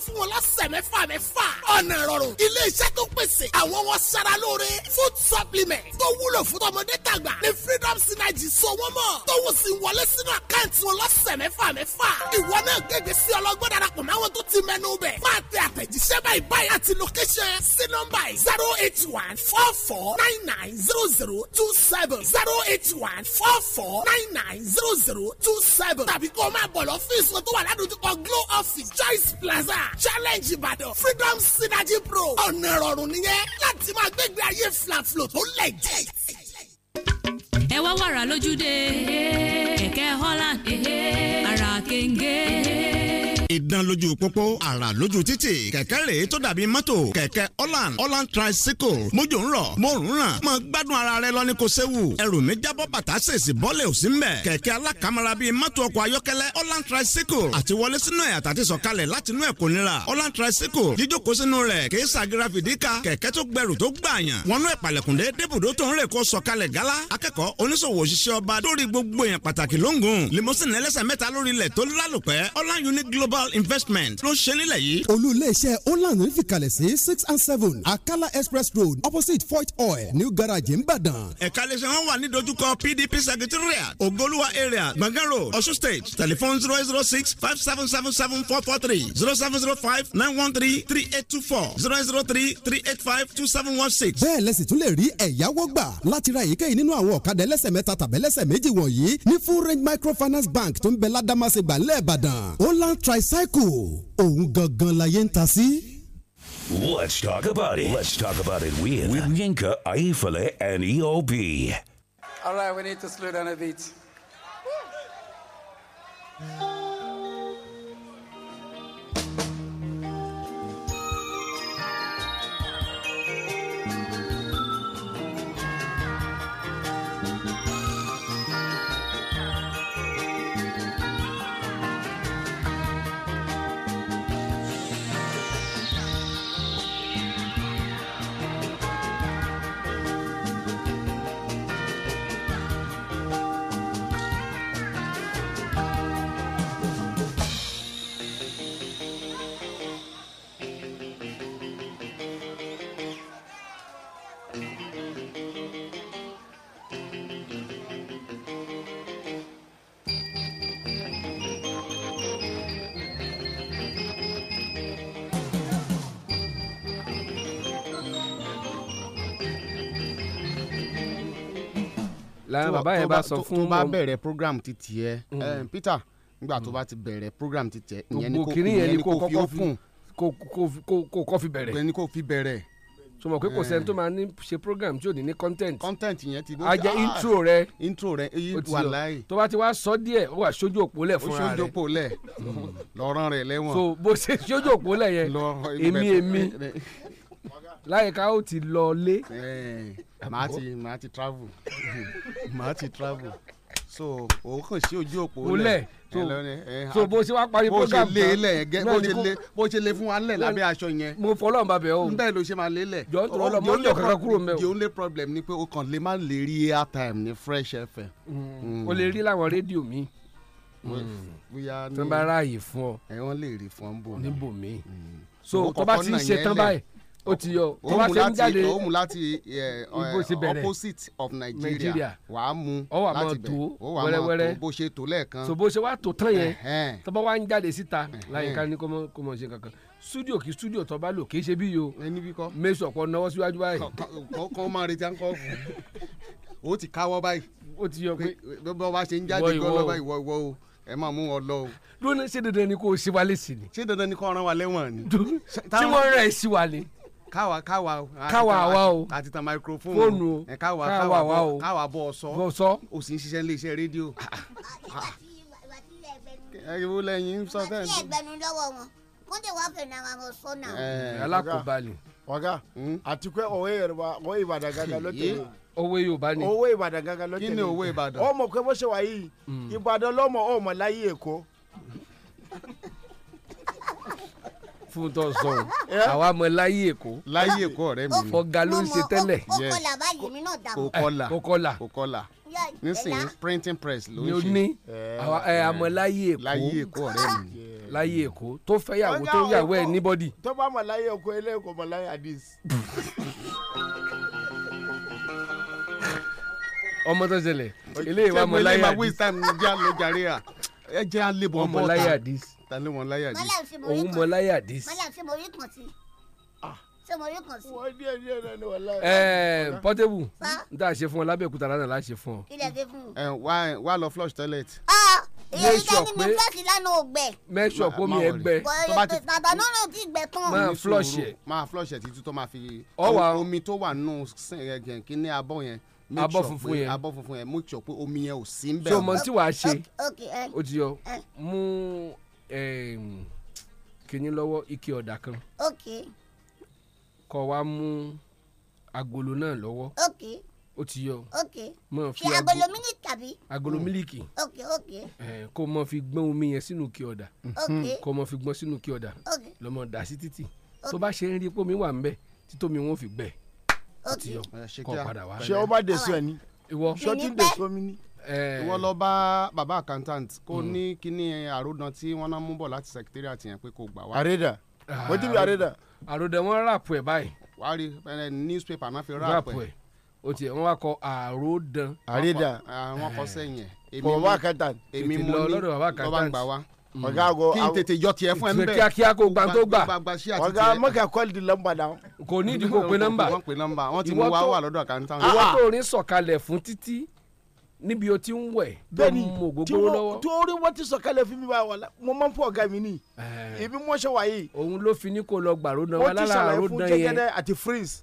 tún pèsè àwọn wọn sara lóore food supplement tó wúlò fún tọmọdé tàgbà ní freedom synergy so wọ́n mọ̀ tó wù sí wọlé sínú àkáǹtì wọn lọ́sẹ̀ mẹ́fà mẹ́fà ìwọ náà gègé sí ọlọ́gbọ́n darapọ̀ mọ́ àwọn tó ti mẹ́nu bẹ̀ máa tẹ àtẹ̀jíṣẹ́ báyìí báyìí àti location sí nọ́mbà yìí zero eight one four four nine nine zero zero two seven zero eight one four four nine nine zero zero two seven tàbí kó o máa bọ̀ lọ́fíìsì tó wà ládùúgbò glow office choice plaza challenge ìbàdàn freedom synergy pro ọ̀nà ẹ̀rọ ìrọ̀rùn nìyẹn láti máa gbégbé ayé flaflo tó lẹ̀ jẹ́. ẹ wá wàrà lójúde kẹ̀kẹ́ holland ara kẹ̀ǹgẹ́ ìdán lójú pópó àrà lójú títì kẹ̀kẹ́ rèé tó dàbí mọ́tò kẹ̀kẹ́ holland holland tricycle mójò ń rọ̀ mo ń ràn mọ gbádùn ara rẹ lọ ní kò séwu ẹrù mi jábọ́ bàtà ṣèṣì bọ́lẹ̀ ò sí mbẹ̀ kẹ̀kẹ́ alákàmọ́ra bíi mọ́tò ọkọ̀ ayọ́kẹ́lẹ́ holland tricycle àti wọlé sínú ẹ̀ àtàtì sọ̀kalẹ̀ láti inú ẹ̀ kò nira holland tricycle jíjókòó sínú rẹ̀ kì í ṣàgìrà fìdíkà kẹ̀kẹ́ tó gbẹrù tó gbààyàn wọnú ẹ̀ pàlẹ̀kùndé débùdó tó ń rè kó sọ̀kalẹ̀ gálá akẹ́kọ̀ọ́ oníṣòwò òṣìṣẹ́ ọba lórí gbogbo èèyàn global global investment ló ṣe nílẹ̀ yìí. olú iléeṣẹ́ holland ń fìkàlẹ̀ sí six and seven akala express road opposite fort oil new garage nìbàdàn. ẹ̀ka iléeṣẹ́ wọn wà ní dojúkọ pdp secretariat ogoluwa area gbọ̀ngàn road osun state telephone zero zero six five seven seven seven four four three zero seven zero five nine one three three eight two four zero zero three three eight five two seven one six. bẹ́ẹ̀ lẹ́sìn tún lè rí ẹ̀yáwó gbà láti ra èyíkéyìí nínú àwọn ọ̀kadà ẹlẹ́sẹ̀ mẹ́ta tàbẹ́lẹ́sẹ̀ méjì wọ̀nyí ní full range microfinance bank tó ń bẹ ládàmásẹ̀gbà ńlẹ̀ ìbàdàn holland tri òun gangan láyé ń ta sí. Let's talk about it. Let's talk about it with, with Yinka, Aifale, and EOB. All right, we need to slow down a bit. lẹ́yìn bàbá yẹn bá sọ fún. tó bá bẹ̀rẹ̀ program ti tiẹ̀ mm. eh, Peter nígbà tó bá ti bẹ̀rẹ̀ program ti tiẹ̀ ìyẹn ni kò fi ó fún kò kọ́ fi bẹ̀rẹ̀. ìyẹn ni kò fi bẹ̀rẹ̀ so mọ̀ pé kò sẹ́ni tó eh. máa ní ṣe program tí ò ní ní content. content yẹn ti. a jẹ ah! intro rẹ. intro rẹ eyi eh, wà láàyè. tó bá ti wá sọ díẹ̀ ó wà sójú òpó lẹ̀ fúnra rẹ̀. ó sójú òpó lẹ̀ mm. lọ́rán rẹ̀ lẹ́wọ̀n. so bó ṣe sójú òpó lẹ̀ yẹn èmi èmi láyìíká ó ti lọ lé. màá ti màá ti travel màá ti travel so òun kàn sí ojú òpó lẹ so bó ṣe wá parí program bó ṣe lé lẹ gẹ bó ṣe lé bó ṣe lé fún wa lẹ lábẹ́ aṣọ yẹn. mo fọlọ́ nba bẹ̀ o. n bẹ́ẹ̀ ló ṣe máa lé lẹ̀. jọ n tọrọ lọ mọ n yọ kankan kúrò mẹ o. the only problem ni pé o kàn lè má lè rí airtime ní fresh fm. Mm. o lè rí láwọn rédíò mi. Mm. bóyá ní tó bá ráàyè fún ọ. ẹ wọn lè rí mm. so tó bá ti ń ṣe tán báyìí ó ti yọ tó bá ṣe ń jáde ó mú láti opposite of Nigeria wà á mú láti bẹ̀ ó wà á máa tó bó ṣe tó lẹ́ẹ̀kan. so bó ṣe wá tó tán yẹn tó bá wá ń jáde síta láyìíká ní kó mọ̀ ṣe kankan studio kí studio tó bá lò kì í ṣe bí yo mẹ́sọ̀ pọ̀ náwó síwájú báyìí. kọ́kọ́ máa retí à ń kọ́ fún o ti káwọ́ báyìí. ó ti yọ pé bó bá ṣe ń jáde gbọ́ lọ́ba ìwọ ìwọ o ẹ máa mú wọn lọ o. dúró ṣé dandan ni kó o ṣíwálé sí ni. ṣé dandan ni kó o rán wa lẹ́wọ̀n ni. tí wọ́n rẹ̀ ṣíwálé. káwa káwa káwa wa o àti o káwa káwa bọ ọsọ bọ ọsọ o sì ń nílé rédíò. lẹ́yìn sọ náà. alákòbalẹ̀. ọ̀gá hmm? àti pé yorùbá ìbàdàn ni ìbàdàn kí ni ìbàdàn. ọmọ ṣe hmm. ìbàdàn lọ́mọ ọmọ láyé èkó. fún tó sọ àwa mọ láyé èkó láyé èkó ọ̀rẹ́ mi ni ọ̀gá ló ń ṣe tẹ́lẹ̀ kókọlà báyìí mi nísìnyí printing press ló ń ṣe ni àwa ẹ àmọ láyé èkó láyé èkó ọ̀rẹ́ mi ni láyé èkó tó fẹ́ yàwó tó yàwó ẹ ní bọ́dì. tó bá mọ láyé èkó ẹlẹ́kọ̀ọ́ mọ láyé àdìs. ọmọ tó ṣẹlẹ̀ eléyìí wà mọ láyé àdìs. ẹ jẹ́ àlebọ̀ ọmọ láyé àdìs ta ló mọ láyà dé òun mọ láyà dé sí. malam ṣe mo rí kàn sí ah. ṣe mo rí kàn sí. wọ́n díẹ̀ díẹ̀ náà ni wọ́n láyà. ẹẹ Portable n tà ṣe fún ọ lábẹ́òkúta lánàá la ṣe fún ọ. ilẹ̀ fi fún. ẹ wá wá lọ flush toilet. Ah, èyí tẹ́ ni mi fẹ́ẹ̀sì lánàá ò gbẹ. make sure kó mi ẹ gbẹ. bàbá náà ló ti gbẹ tán. máa flush ẹ. máa flush ẹ títí tó máa fi. ọwà omi tó wà nù kíní abọ́ yẹn abọ́ funfun yẹn abọ́ funfun yẹn make sure pé omi yẹn ò sí ń bẹ̀. so mọ̀ tí wàá ṣe ó ti yọ mú kinní lọ́wọ́ ike ọ̀dà kan. ok. kó wá mú agolo náà lọ́wọ́. ok. ó ti yọ. ok. mọ fi agolo mílíkì tàbí. agolo mm. mílíkì. ok ok. kó mọ fi gbọ́n omi yẹn sínú ike ọ̀dà. ok. Mm-hmm. kó mọ fi gbọ́n sínú ike ọ̀dà. ok. lọ́mọ dà sí títì. ok tó bá ṣe ń rí pómi wà ń bẹ̀ títómi wọn ò fi gbẹ. o ti yọ kó padà wá. ṣé ó bá dé sọ ẹ ní. ìwọ ṣé ó ti dé sọ mi ní. Eh. ìwọ lọ bá bàbá accountant kó hmm. ní kíní àròdàn tí wọ́n náà mú bọ̀ láti secretariat yẹn pé kó gbà wá. àrèdà ah, wọ́n ti rí àrèdà. àròdà wọn ràpù ẹ̀ báyìí. wàá rí eh, newspaper náà fi ràpù ẹ̀ o tiẹ̀ wọ́n wá kọ àròdàn. àrèdà ah, ah, wọ́n kọ sẹ́yìn ẹ̀. kò bàbá accountant. èmi mo ní lọ́ba ń gbà wá hmm. ọ̀gá àgọ kí n tètè yọ tiẹ̀ fún ẹ nbẹ kíákíá kó gbà tó gbà ọ̀gá mọkà kọlì di nọ́mbà náà. kò ní ìdí kò pe nọ́mbà wọn ti mú wa wà lọ́dọ̀ àkántà. ìwọ níbi o ti ń wẹ̀ tó ń mú ògógóró lọ́wọ́. torí wọ́n ti sọ̀kalẹ̀ fún mi bá wà lá mo máa ń fọ ọ̀gá mi ní. èmi wọ́n ṣe wáyé. òun ló fi ní kó lọ gbàrú náà wà lára àrò dán yẹn. o ti ṣàlàyé fún jẹ́gẹ́dẹ́ àti freeze.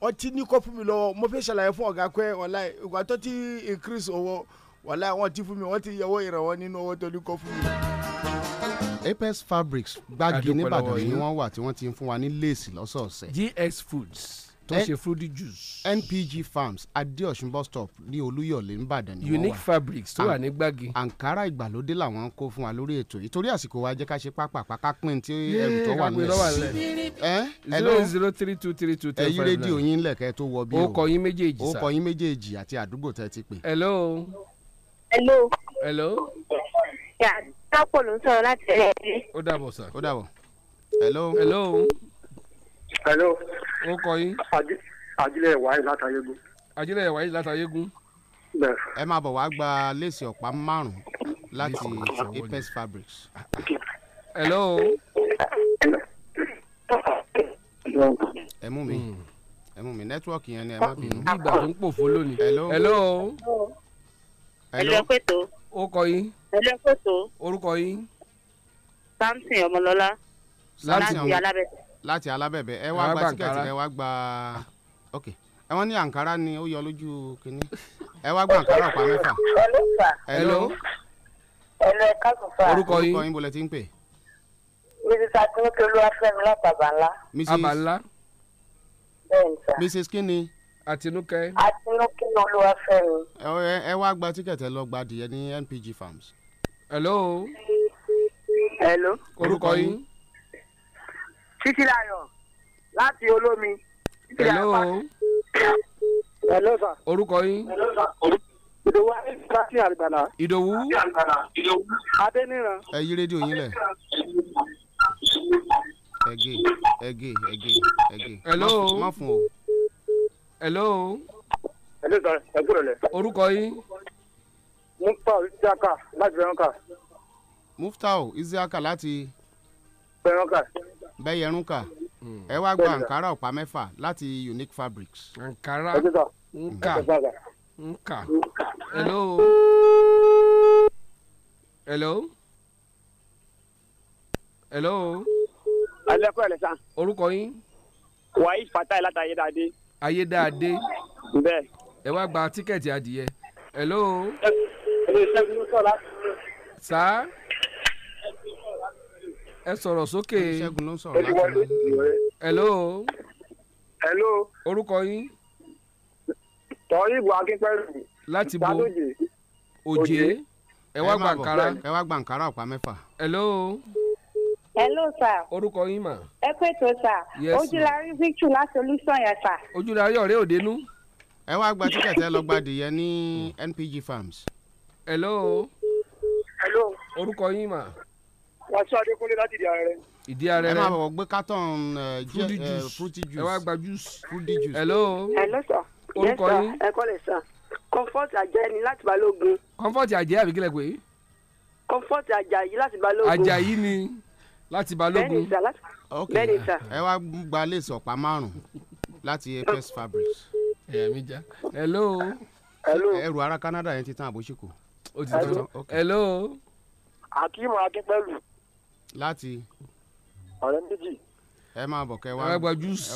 ọtí ní kọ́ fún mi lọ́wọ́ mo fẹ́ ṣàlàyé fún ọ̀gá pé wàlá ìgbà tó ti increase owó wàlá wọn ti fún mi wọ́n ti yẹwọ́ ìrànwọ́ nínú owó tó ní kọ́ fún mi. Apex Fabrics gbági nìbàdàn ni wọ́n wà tí wọ́n ti ń fún wa ní léèsì lọ́sọ̀ọ̀sẹ̀. GX Foods tó ṣe fruity juice. npg farms adeosun bus stop ní olúyọ̀lé nìbàdàn ni wọ́n wà. unique fabrics tó wà ní gbági. ankara ìgbàlódé làwọn ń kó fún wa lórí ètò yìí torí àsìkò wa jẹ́ ká ṣe pápá pápá pín tí ẹrù tó wà nílẹ̀. ẹ hello zero three two three two ten five nine. ẹyin rédíò yín lẹ̀kẹ́ tó wọ bí o. o kọ yín méjèèjì sá. o kọ yín méjèèjì àti àdúgbò tẹ́ ti pè. hello. hello. hello. Ya pọ̀ ló ń sọ̀rọ̀ láti rẹ̀ ẹ́. ó dàbọ̀ sà. ó dàbọ̀. hello. hello. hello? hello. ó kọ yín. ajílẹ̀ wáyé látàyégún. ajílẹ̀ wáyé látàyégún. ẹ máa bọ̀ wá gba léèsì ọ̀pá márùn-ún láti apex fabrics. hello. ẹ mú mi hmm. ẹ mú mi nẹ́tíwọ́ọ̀kì yẹn ni ẹ má bínú. bí ìgbà tó ń pòfó lónìí. hello. hello. hello pẹ̀tọ́. ó kọ yín. hello pẹ̀tọ́. orúkọ yín. samson ọmọlọ́lá. samson ọmọlọ́lá láti alábẹ̀bẹ̀ ẹ wá gba tíkẹ́ẹ̀tì ẹ wá gba ok ẹ wọ́n ní àǹkárá ni ó yọ lójú kínní ẹ wá gba àǹkárá ọ̀pá mẹ́fà. hello. hello ẹ káàbọ̀ fà. orúkọ yín orúkọ yín bọ̀lẹ̀ tí ń pè. mrs akinwuke olúwafẹ́mi láti àbànlá. mrs àbànlá. bẹ́ẹ̀ni sà. mrs kínni. àtinúkẹ́. àtinúkẹ́ olúwafẹ́mi. ẹ wá gba tíkẹ́ẹ̀tì ẹ lọ gba adìyẹ ní npg farms. hello. hello. orúkọ yín títílayọ̀ láti olómi. hello. hello sir. orúkọ yín. ìdòwú adéníran sí àgbàlá. ìdòwú. adéníran. ẹ yí rédíò yín lẹ̀. ẹgẹ ẹgẹ ẹgẹ ẹgẹ. hello. má fún o. hello. hello sir ẹ kúrò lẹ. orúkọ yín. muftau isiaka láti bẹ̀rẹ̀ ká. muftau isiaka láti. bẹ̀rẹ̀ ká bẹ́yẹ̀rún kà ẹ wá gba ankara ọ̀pá mẹ́fà láti unique fabrics. ankara nka nka hello hello hello. alẹ́ kọ́ ẹ̀ lẹ́sàn. orúkọ yín. wàhíì fatai láti ayédáadé. ayédáadé. bẹ́ẹ̀. ẹ wá gba tíkẹ́ẹ̀tì adìyẹ. hello. ẹ ẹ ṣẹ́gun sọ̀rọ̀. sáà ẹ sọ̀rọ̀ sókè. olùṣègùn ló ń sọ̀rọ̀ láti ilé. hello. hello. orúkọ yín. tọ́yìnbó akínpẹ̀rù. láti bo òjé ẹ wá gbàǹkárá. ẹ wá gbàǹkárá ọ̀pá mẹ́fà. hello. hello sir. orúkọ yín mà. ẹ pé tó sir. yes ma ojúlarí victor láti olùsọ̀yà sir. ojúlarí ọ̀rẹ́ òdenú. ẹ wá gba tíkẹ̀tì ẹ lọ gbadìyẹ ní NPG Farms. hello. hello. orúkọ yín mà wàṣọ adékúnlé láti di ààrẹ. ìdí ààrẹ rẹ ẹ máa bọ̀ gbé carton uh, uh, fruity juice ẹ wá gba juice fruity juice. hello. hello sir. orúkọ yín. ẹ kọ́ lè sà comfort àjẹ́ ni láti balógun. comfort àjẹ́ àbí kílẹ̀ pé. comfort àjàyí láti balógun. àjàyí ni láti balógun. bẹ́ẹ̀ni sà láti ok ẹ wá gba lace ọ̀pá márùn láti apes fabrics. ẹ mi já hello. hello. ẹrù ara Canada yẹn ti tán àbóṣekù. ó ti tán hello. Akeem Akínpẹ̀lú. láti. ọ̀rẹ́ méjì. ẹ máa bọ̀ kẹ́ wá gba juice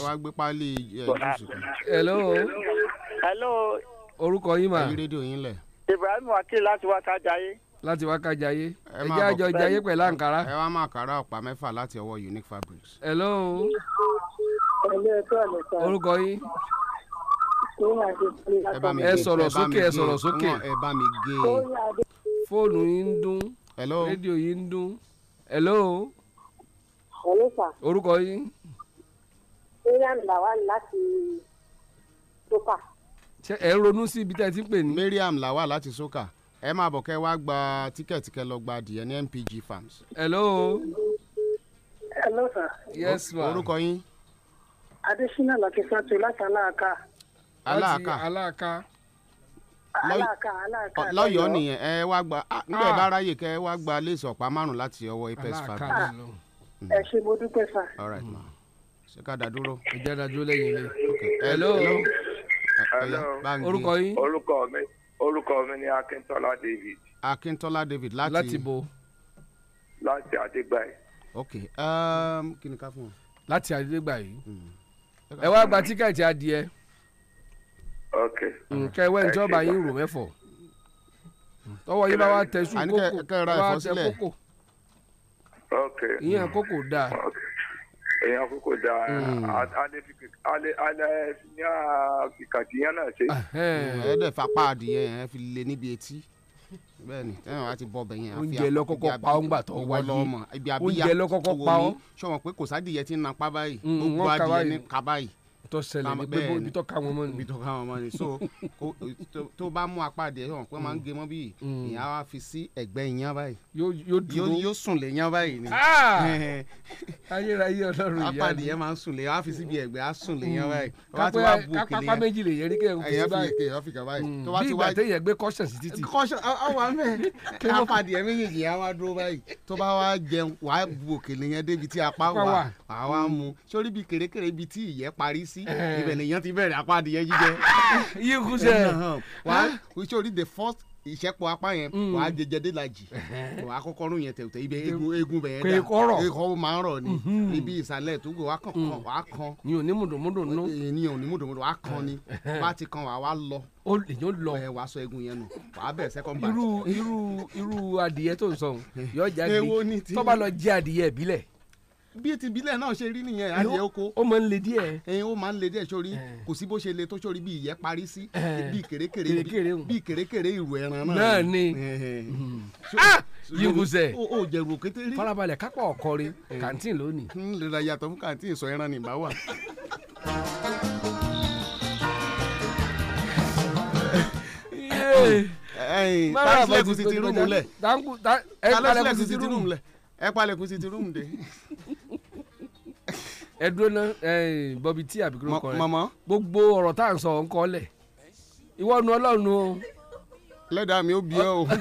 orúkọ yín ibrahim wakil láti wá láti wá ẹ jẹ́ àjọ pẹ̀lú àǹkárá. ẹ wá mẹ́fà láti ọwọ́ unique fabrics. hello. orúkọ ẹ sọ̀rọ̀ sókè ẹ sọ̀rọ̀ sókè. hello. hello sir. orúkọ yín. mariam lawal láti soka. ṣé ẹ ronú sí ibi tẹ́ ẹ ti ń pè ní. mariam lawal láti soka ẹ máa bọ̀ kẹ́ wá gba tíkẹ́ẹ̀tì kẹ́ lọ gba adìyẹ ní MPG Farms. hello. hello sir. yes ma. orúkọ yín. adesina lakisatu láti aláàká. aláàká aláàká lọ́yọ̀ọ́ nìyẹn ẹ wá gba nígbà ẹ ah. bá ráyè kẹ ẹ wá gba léèsì ọ̀pá márùn láti ọwọ́ apex fabric. Hmm. ẹ ṣe mo dúpẹ́ sá. ṣé ká dá dúró. ẹ jẹ́ dá dúró lẹ́yìn ilé. hello. hello. orúkọ yín. orúkọ mi orúkọ mi ni akíntola david. akíntola david láti. láti bo. láti adégbàyí. ok um, kí ni ká fún ọ. láti adégbàyí. Hmm. ẹ wá gba tíkẹ́ẹ̀tì adìẹ. Mm, kẹ wẹ́ njọ́ bá yín rò mẹ́fọ̀ tọwọ́ yín bá wa tẹ̀sù kókò wa tẹ kókò ìyẹn kókò dáa. èèyàn kókò dáa mm. alẹ́ fi ní àkàdìyàn náà ṣe. ẹ fapá ẹ fi lé e níbi etí bẹ́ẹ̀ni tẹnana wa ti bọ bẹyẹn oúnjẹ lọkọkọ ńgbà tó wáyé oúnjẹ lọkọkọ pé kò sádìyẹ ti pa báyìí ó mm, adìyẹ ní tó ṣẹlẹ̀ ni pé ibi tó ká wọn mọ́ ni. ibi tó ká wọn mọ́ ni so tó bá mú apá adìẹ hàn pé máa ń mm. gé mọ́ bíi mm. ìyá wa fi sí ẹ̀gbẹ́ ìyán báyìí. yóò dúró yóò sùn lè yán báyìí ni. Ah! ayérayé ọlọ́run ìyá mi. apá adìẹ máa ń sùn lè yán wá fi síbi ẹ̀gbẹ́ á sùn lè yán mm. báyìí. kápá méjì lè yẹrí kí ẹ̀kú fi sí báyìí. bí ìgbà téèyàn gbé kọ́ṣẹ̀ sí títì. kọ́ṣẹ̀ àwọn mẹ́ẹ̀ apá adìẹ méjèèjì yẹn á wá dúró báyìí tó bá wá jẹun wàá bu òkèlè yẹn débi tí apá wà wàá wá mu sórí bíi kèrèkèrè sí eh. ibẹ̀ nìyẹn ti bẹ̀rẹ̀ apá adìyẹ jíjẹ. iye kù sẹ. wàá sórí the first ìṣẹ́pọ̀ apá yẹn mm. wàá jẹjẹ dé lajì wàá kọ́kọ́ rún yẹn tẹ̀wọ̀tẹ̀ ibẹ̀ egun egun bẹ̀ yẹn dà kékọ́rọ̀ kékọ́ máa ń rọ̀ ni mm-hmm. ibi ìsàlẹ̀ tó gbé wàá kàn kàn mm. wàá kan. ni ò ní mùdùmùdù nù. ni ò ní mùdùmùdù wàá kan ni bá ti kan wàá wá lọ. ó lè yóò lọ ẹ wàá sọ egun yẹn nù wàá bẹ̀ second batch. irú irú irú adìyẹ tó ń sọ yọ jáde tó lọ jẹ adìyẹ ìbílẹ̀ bí ti ìbílẹ̀ náà ṣe rí nìyẹn adìẹ oko ó máa ń le díẹ̀ ẹyin ó máa ń le díẹ̀ sórí kò sí bó ṣe le tó sórí bí ìyẹ́ parí sí bí kèrékèré bí kèrékèré ìrù ẹran náà náà ni yingusẹ hmm. ah! ah! o jẹrù kété rí farabalẹ̀ kápá ọ̀kọ́rin kàǹtìn lónìí. n hmm, lè ra yàtọ̀ fún kàǹtìn sọ ẹran nìbá wà. palẹ̀kùn sí ti rúùmù lẹ̀ ẹ palẹ̀kùn sí ti rúùmù lẹ̀ ẹ palẹ̀kùn sí ti rúùmù dé. ẹ dúró ná bọbi tí àbí kúrò kan rẹ gbogbo ọ̀rọ̀ tá à ń sọ ọ̀ ń kọ́ lẹ̀ ìwọ nu ọlọ́run o. lẹ́dàá mi ó bí ẹ o.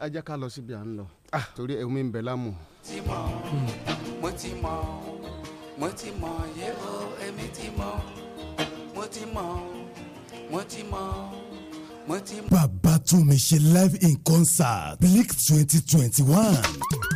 ajá ká lọ síbi à ń lọ ah. torí ẹ̀mí ń bẹ lámù. mo ti mọ mo ti mọ yé o èmi ti mọ mo ti mọ mo ti mọ mo ti ṣe live in concert Bleak 2021.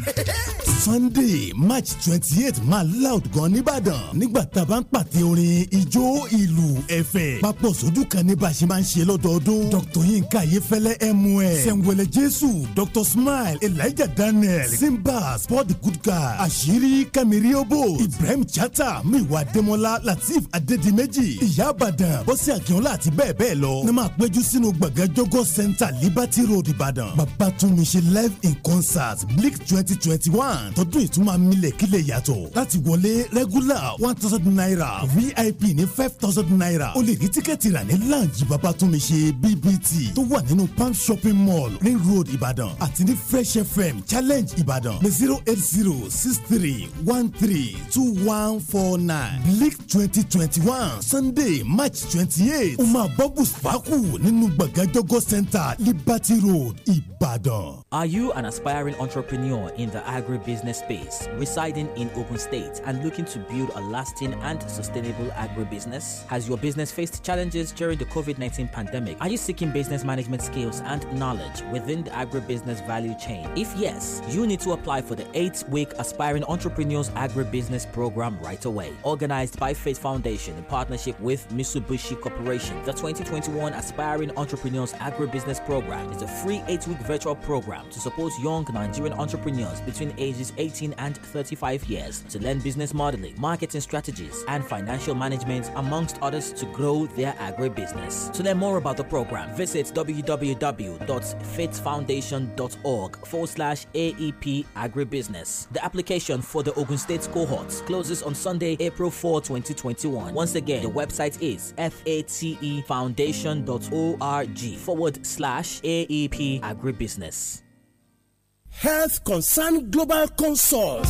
sunday march twenty eight máa loud gan nìbàdàn nígbà tá a bá ń pàtẹ orin ijó ìlú ẹ̀fẹ̀ papọ̀ sójú kan ní bá a ṣe máa ń ṣe lọ́dọọdún dr yinka ayefẹlẹ mun sẹ̀ǹwẹ̀lẹ̀ jésù dr smile elijah daniel simba sport good guy àṣírí kamiri obo ibrahim chata miwa demola latif adedimeji ìyá àbàdàn bọ́sẹ̀ akínọ́lá àti bẹ́ẹ̀ bẹ́ẹ̀ lọ ní máa péjú sínú gbọ̀ngàn jọgọ́ center liberty road ìbàdàn babatunmi ṣe live in concert Blake twenty twenty twenty one tọdún ìtumọ̀ milẹ̀ kílẹ̀ yàtọ̀ láti wọlé regular one thousand naira vip ní five thousand naira o lè rí tíkẹ́ẹ̀tì rà ní lounge babatunmise bbt tó wà nínú palm shopping mall ring road Ibadan. àti ní fresh fm challenge Ibadan. ní zero eight zero six three one three two one four nine bleak twenty twenty one sunday march twenty eight ó máa bọ́ bùsùpákù nínú gbọ̀ngàn center liberty road Ibadan. are you an aspiring entrepreneur in the agribusiness space, residing in open states and looking to build a lasting and sustainable agribusiness? Has your business faced challenges during the COVID 19 pandemic? Are you seeking business management skills and knowledge within the agribusiness value chain? If yes, you need to apply for the eight week Aspiring Entrepreneurs Agribusiness Program right away. Organized by Faith Foundation in partnership with Mitsubishi Corporation, the 2021 Aspiring Entrepreneurs Agribusiness Program is a free eight week virtual program to support young Nigerian entrepreneurs between ages 18 and 35 years to learn business modeling, marketing strategies, and financial management, amongst others, to grow their agribusiness. To learn more about the program, visit www.fitfoundation.org forward slash AEP Agribusiness. The application for the Ogun State cohort closes on Sunday, April 4, 2021. Once again, the website is fatefoundation.org forward slash AEP Agribusiness. Health Concern Global Consult.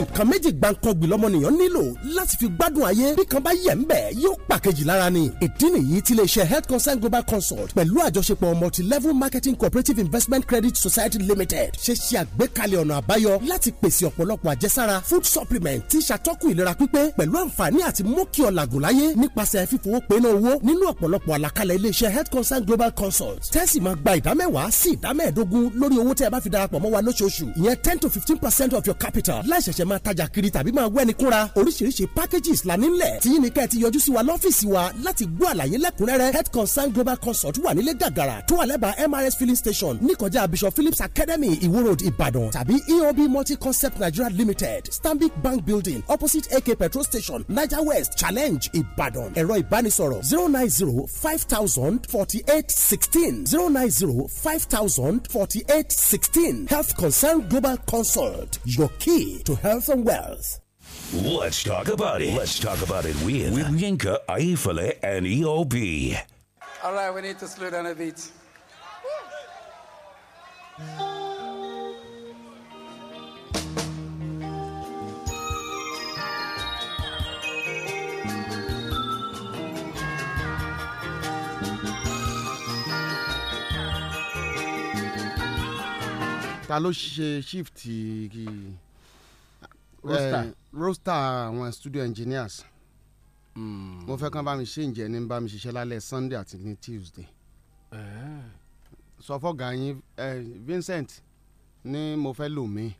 nǹkan méjì gbàǹkangbì lọ́mọnìyàn nílò láti fi gbádùn ayé bí kan bá yẹ̀ ń bẹ̀ yóò pàkejì lára ni ìdí nìyí tí iléeṣẹ́ health concern global consult pẹ̀lú àjọṣepọ̀ level marketing cooperative investment credit society limited ṣe ṣe àgbékalẹ̀ ọ̀nà àbáyọ láti pèsè ọ̀pọ̀lọpọ̀ àjẹsára food supplement tí ṣàtọ́kù ìlera pípé pẹ̀lú àǹfààní àti mú kí ọ làgùn láyé nípasẹ̀ fífowó péná owó nínú ọ̀pọ̀lọpọ̀ àlàkalẹ̀ iléeṣẹ́ health concern global consult tẹ́sí máa gba ìdámẹ́wàá sí ìdámẹ́ẹ̀dógún lórí owó tẹ́ ẹ bá fi darapọ̀ mọ́ ten to fifteen percent of your capital láìṣẹ̀ṣẹ̀ tẹ̀ máa tajà kiri tàbí máa wẹ́ni kúnra oríṣiríṣi packages la nílẹ̀ tí yín ni kẹ́ ti yọjú sí wa lọ́fíìsì wa láti gbọ́ àlàyé lẹ́kùnrẹ́rẹ́ health concern global consult wà nílé gàgàrà tó wà lẹ́bàá mrs filling station níkọjá bishop phillips academy iwo road Ibadan tàbí eob multi concept nigeria limited stanbic bank building opposite ak petrol station niger west challenge Ibadan ẹ̀rọ ìbánisọ̀rọ̀ zero nine zero five thousand forty eight sixteen zero nine zero five thousand forty eight sixteen health concern global consult your key to health. Nelson Wells. Let's talk about it. Let's talk about it with, with Yinka, Aifale, and EOB. All right, we need to slow down a bit. ta ló ṣe roster eh, àwọn studio engineers hmm. mo fẹ́ kán bá mi ṣe ǹjẹ́ ní bá mi ṣiṣẹ́ lálẹ́ sunday àti ní tuesday eh. sọ fọ́gà yín eh, vincent ní mo fẹ́ lò mí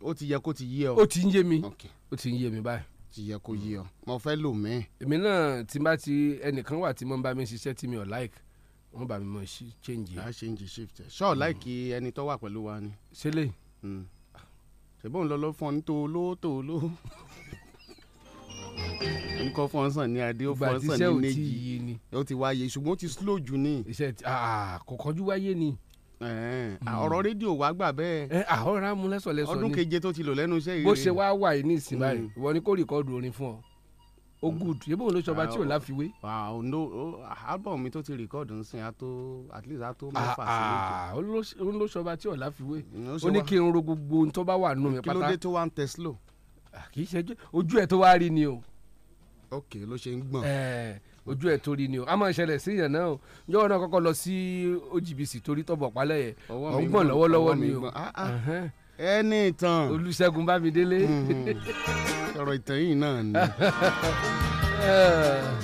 o ti yẹ kó ti yé ọ. ó ti ń yé mi ó ti ń yé mi báyìí ti yẹ kó yé ọ mo fẹ́ lò mí. èmi náà tí n bá ti ẹnìkan wà tí mo ń bá mi ṣiṣẹ́ tí mi ò like wọn bá mi mọ change. a change shift ẹ ṣọ́ọ̀ láìkí ẹni tó wà pẹ̀lú wa ni. ṣẹlẹ̀ ṣùgbọ́n òun lọ lọ fún ọ ní tòóló tòóló n kò fọ́n sàn ní adé ó fọ́n sàn ní méjì ó ti wáyé ṣùgbọ́n ó ti slow jù ní. iṣẹ́ kò kọjú wáyé ni. Hmm. ọ̀rọ̀ rédíò wá gbà bẹ́ẹ̀. ọ̀rọ̀ amúlẹ́sọ̀lẹ́sọ ni ọdún keje tó ti lò lẹ́nu iṣẹ́ yìí. bó ṣe wá wà yìí ní ìsìn báyìí hmm. wọ́n ní kó rìkọ́dù orin fún ọ ó good yẹ bóun ló sọ ọba tí ò ah, láfiwé. Ah, album mi tó ti record ń sìn ato at least ato ah, mẹ́fà sí méje. ó ló sọ ọba tí ò láfiwé ó ní kí n ro gbogbo ohun tó bá wà nù mí pátá. kí ló dé tó wá ń tẹ slow. kì í ṣe ojú ẹ̀ tó wá rí ni o. ok ló ṣe ń gbọ̀n. Eh, ojú ẹ̀ tó rí ni o a máa ṣẹlẹ̀ sí ìyàn náà o yọ̀wọ́ náà kọ́kọ́ lọ sí OGBC torí tọ́bọ̀ pálẹ̀ yẹ ọ̀gbọ̀n lọ́wọ́lọ́wọ́ ni o. ọwọ́ mi gbọ́n ẹni ìtàn. olùṣègùn bámidélé. sọ̀rọ̀ hmm. ìtàn yìí náà ni.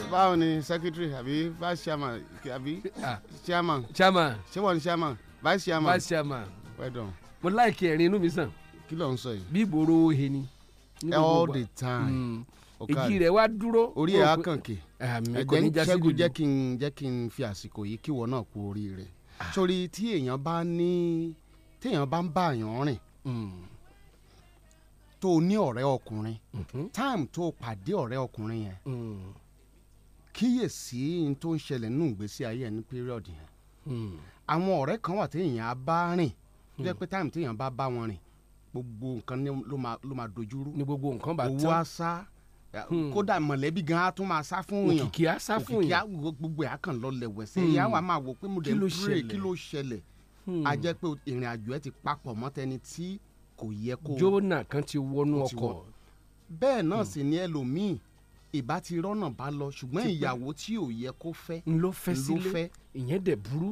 báwo ni secretary àbí vice chairman àbí ah. chairman. chairman. ṣé wọ́n ni chairman vice chairman. vice chairman. wẹ́dọ̀n. mo láìkí ẹ̀rín inú mi sàn. kí ló ń sọ yìí. bí ìgboro ohe ni. all the time. Hmm. èjì rẹ̀ wá dúró. orí ẹ̀ á kàn kì. ẹ̀jẹ̀ ń ṣẹ́gun jẹ́ kí n jẹ́ kí n fi àsìkò yìí kí wọ́n náà kú oríire. Ah. sórí tí èèyàn bá ní téèyàn bá ń bá àyàn rìn tó o ní ọ̀rẹ́ ọkùnrin mm-hmm. time tó o pàdé ọ̀rẹ́ ọkùnrin yẹn mm. kíyèsí n tó ń ṣẹlẹ̀ nínú ìgbésí ayé ẹni period yẹn mm. àwọn ọ̀rẹ́ kan wà téèyàn bá rìn tó jẹ́ mm. pé time téèyàn bá bá wọn rìn gbogbo nǹkan ló máa dojúrú ní gbogbo nǹkan bá tán owó á sá hmm. kódà mọ̀lẹ́bí gan á tún máa sá fún yàn òkìkí á sá fún yàn òkìkí á gbogbo ẹ̀ á kàn lọ lẹ̀wẹ̀sẹ̀ hmm. yà wà máa wò pé mo dẹ̀ ń pray kí ló ṣẹlẹ̀ Hmm. a jẹ́ pé ìrìn àjò ẹ ti papọ̀ mọ́ tẹni tí kò yẹ kó. Jónà kan ti wọnú ọkọ̀. bẹ́ẹ̀ náà hmm. sì ni ẹlòmíì ìbá ti rọ́nà bá lọ ṣùgbọ́n ìyàwó tí ò yẹ kó fẹ́. n ló fẹ́ sílé ìyẹn dẹ̀ burú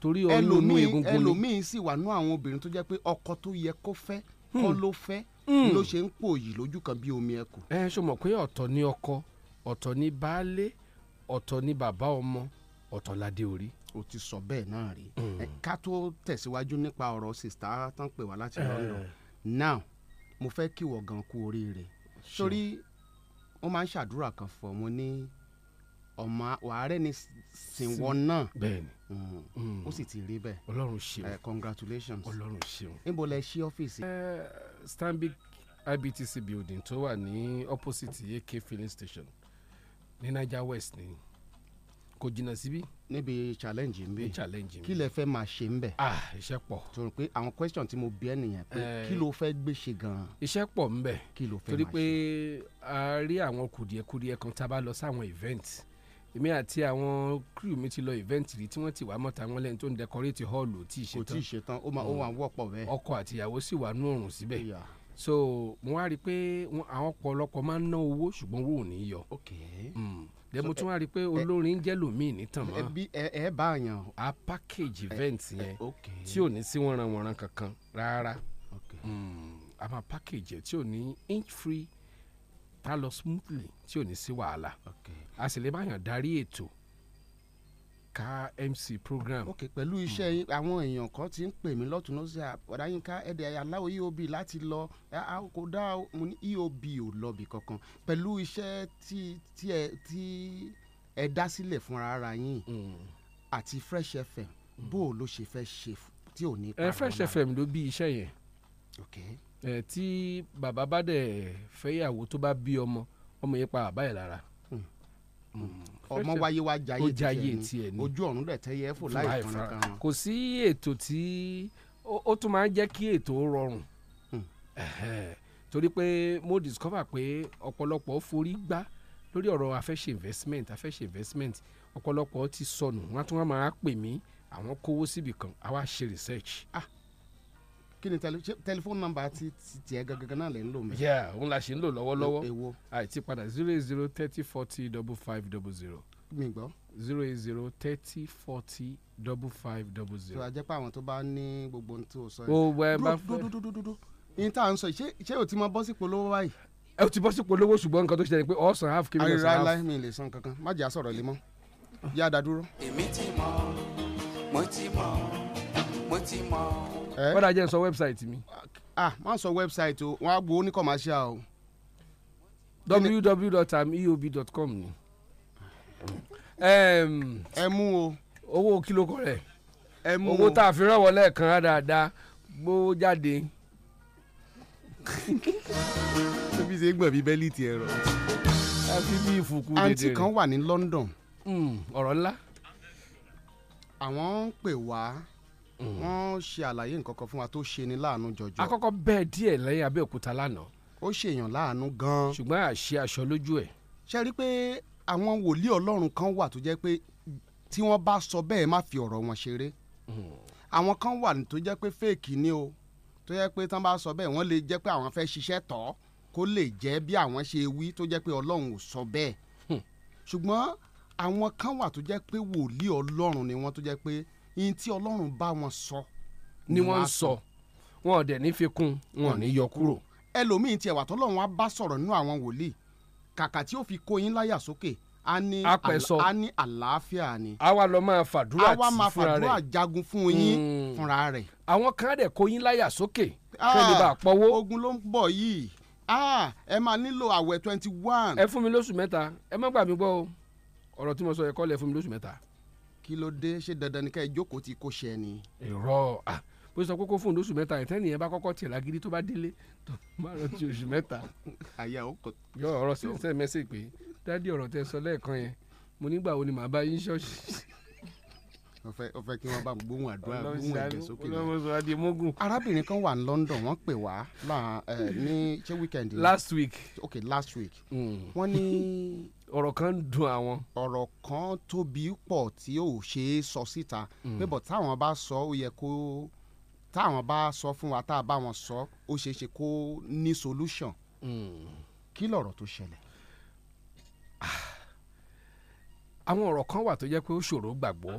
torí ọyún inú egungun ni. ẹlòmíì sì wà nú àwọn obìnrin tó jẹ́ pé ọkọ tó yẹ kó fẹ́ kọ́ hmm. ló fẹ́ ló ṣe ń pò yìí lójú kan bí omi ẹkù. ẹ ṣe mọ̀ pé ọ̀tọ̀ ni ọkọ ọ̀tọ̀ ni baálé ọ̀tọ̀ ni bàbá ọmọ ọ̀tọ̀ ládé orí o ti sọ bẹ́ẹ̀ náà rí hmm. ká tó tẹ̀síwájú nípa ọ̀rọ̀ sista tán pè wá láti eh. London now mo fẹ́ kí wọ́n gan kú oríire torí wọ́n máa ń ṣàdúrà kan fún mo ní ọmọ wàárẹ̀ ni sìnwọ́n náà bẹ́ẹ̀ni hmm. ó sì ti rí bẹ́ẹ̀ ọlọ́run ṣeun eh, congratulations ọlọ́run ṣeun níbo lẹ ṣí ọ́fíìsì. Eh, Stanbic IBTC building tó wà ní opposite AK filling station ní Niger West ni kò jìnnà síbí. níbi challenge ń bẹ challenge ń bẹ kí lẹ fẹ́ máa ṣe ń bẹ. ah iṣẹ́ pọ̀. torí pé àwọn question tí mo bí ẹ nìyẹn pé eh, kí ló fẹ́ gbé ṣe gan-an. iṣẹ́ pọ̀ ń bẹ kí ló fẹ́ máa ṣe. torí pé a rí àwọn kùdìẹ̀kudiẹ kan tá a bá lọ sáwọn event èmi àti àwọn crew mi ti lọ event rí tí wọ́n ti wà mọ́ta wọn lẹ́ni tó ń decorate hall ò tí ì ṣetán. kò tí ì ṣetán ó máa ó wà mm. wọ́pọ̀ bẹ́ẹ̀. ọkọ àtìyàwó sì wà nú òrùn síbẹ̀ so mo wá rí i pé àwọn ọ̀pọ̀lọpọ̀ máa ń ná owó ṣùgbọ́n owó ò ní yọ. okay. Mm dẹ mo tún eh, wá rí i pé eh, olórin ń jẹ́ lòmíì nítàn mọ́ ẹ eh, bá yàn á package event yẹn tí ò ní sí wọ́nranwọ́nran kankan rárá hmm, a máa package yẹn tí ò ní inch free tá lọ smoothly tí ò ní sí wàhálà a sì lè bá yàn darí ètò Ọláyínká MC program. ok pẹ̀lú iṣẹ́ yín hmm. àwọn èèyàn kan ti ń pè mí lọ́tún náà sí Ọláyínká ẹ̀dẹ̀ aláwọ̀ EOB láti lọ kò dá mo ní EOB ò lọ́bì kankan pẹ̀lú iṣẹ́ tí tí ẹ tí ẹ dá sílẹ̀ fúnra ara yín hmm. àti Fresh FM hmm. bó o ló ṣe fẹ́ ṣe tí ò ní. Fresh FM ló bí iṣẹ́ yẹn tí bàbá bá dẹ̀ fẹ́yàwó tó bá bí ọmọ ọmọ yẹn pa bàbá lára. Mm. ọmọ wáyé wá jayé tiẹ̀ ni ojú ọ̀run dẹ̀ tẹ́yẹ fò láì kankan. kò sí ètò tí ó tún máa ń jẹ́ kí ètò rọrùn hmm. torí pé mo discover pé ọ̀pọ̀lọpọ̀ forí gbá lórí ọ̀rọ̀ afẹ́ṣe investment afẹ́ṣe investment ọ̀pọ̀lọpọ̀ ti sọnù wọ́n á tún wá máa pè mí àwọn kówó síbì kan àwa ṣe research. ah kí ni tẹlifóònù nọ́mbà ti tiẹ̀ gangan náà lè ń lò mí. yà òun la ṣe ń lò lọ́wọ́lọ́wọ́ èwo àìtí padà zero eight zero thirty forty double five double zero. mi gbọ́. zero eight zero thirty forty double five double zero. tó a jẹ́ pé àwọn tó bá ní gbogbo ohun tó sọ yìí. o wẹ bá fẹ́. dúdúdúdúdú yín tá à ń sọ yìí ṣé o ti mọ bọ́sì polówó báyìí. ẹ o ti bọ́sì polówó ṣùgbọ́n nǹkan tó ṣe ni pé ọ̀sán half kí mi lè san half. ayọ̀rọ̀ mi lè san kankan má kọ́dà eh? jẹ́ n sọ website mi. ah má sọ wẹ́bsáìtì o wọ́n á gbowó ní commercial o. www.ameob.com e ni. ẹ mú o. owó kìló kọ rẹ̀ owó tá a fi rán wọlé kan dáadáa gbó jáde. tóbi ṣe gbọ̀n bíi bẹ́lí ti ẹ̀rọ. àfi bí ìfùkù dédé rẹ̀. àǹtí kan wà ní London. Hmm, ọ̀rọ̀ ńlá. àwọn ń pè wá. Mm. wọ́n ṣe àlàyé nǹkan kan fún wa tó ṣe ni láàánú jọjọ. akọkọ bẹ́ẹ̀ díẹ̀ lẹ́yìn abẹ́òkúta lánàá. ó ṣèyàn láàánú gan-an. ṣùgbọ́n àṣẹ aṣọ lójú ẹ̀. ṣe rí i pé àwọn wòlíì ọlọ́run kan wà tó jẹ́ pé tí wọ́n bá sọ bẹ́ẹ̀ má fi ọ̀rọ̀ wọn ṣeré. Mm. àwọn kan wà tó jẹ́ pé fèèkì ni o tó jẹ́ pé tán bá sọ bẹ́ẹ̀ wọ́n lè jẹ́ pé àwọn fẹ́ ṣiṣẹ́ tọ́ kó lè jẹ́ bí àwọn ṣe wí tó jẹ́ pé ọlọ́run ò sọ bẹ́ẹ̀ hmm. ṣùgbọ́n àwọn kan wà tó jẹ́ pé wòlíì ọlọ́run ni wọ́n tó jẹ́ pé yín tí ọlọ́run bá wọn sọ. ni wọ́n ń sọ wọn ò dẹ̀ ní fi kún wọn ò ní yọ kúrò. ẹlòmíín tiẹ̀ wà tọ́lọ́run á bá sọ̀rọ̀ nínú àwọn wòlíì kàkà tí ó fi kó yín láyà sókè a ní a ní àlàáfíà ni. a wá lọ máa fàdúrà tí fúnra rẹ̀ a wá máa fàdúrà jagun fún yín hmm. fúnra rẹ̀. àwọn kan dẹ̀ kó yín láyà sókè ah, kẹ́ni bá pọ́wó. ogun ló ń bọ̀ yìí ah, ẹ máa nílò àwẹ̀ twenty one. ẹ fún mi lóṣù mẹ́ta ẹ má gbà mí gbọ́ o ọ̀rọ̀ tí mo sọ yẹ kọ́ lẹ̀ fún mi lóṣù mẹ́ta kí ló dé ṣé dandan ni ká ẹ jókòó tí kò ṣe ni. irọ́ à bó sọ kókó fún oṣù mẹ́ta ìtẹ́ nìyẹn bá kọ́kọ́ tiẹ̀ lágídí tó bá délé tó má lọ ti oṣù mẹ́ta. àyà ó kọ. yọ ọ̀rọ̀ sẹsẹ mẹsẹ pé dádì ọ̀rọ̀ tẹ́ sọ lẹ́ẹ̀kan yẹn mo nígbà wo ni màá bá yín ṣọ́ọ̀ṣì. ọfẹ ọfẹ kí wọn bá gbóhùn àdúrà gbóhùn ẹ̀bẹ̀ sókè náà. arábìnrin kan wà ní London wọ́n pè wá ní ṣé weekend. last week. ok last week. Hmm. wọ́n ní ọ̀rọ̀ kan ń dùn àwọn. ọ̀rọ̀ kan tóbi pọ̀ tí ò ṣe é sọ síta mm. pé bọ̀ táwọn bá sọ ó yẹ kó táwọn bá sọ fún wa tá a bá wọn sọ ó ṣeé ṣe kó ní solution mm. kí lọ̀rọ̀ tó ṣẹlẹ̀. Ah. àwọn ọ̀rọ̀ kan wà tó jẹ́ pé ó ṣòro gbàgbọ́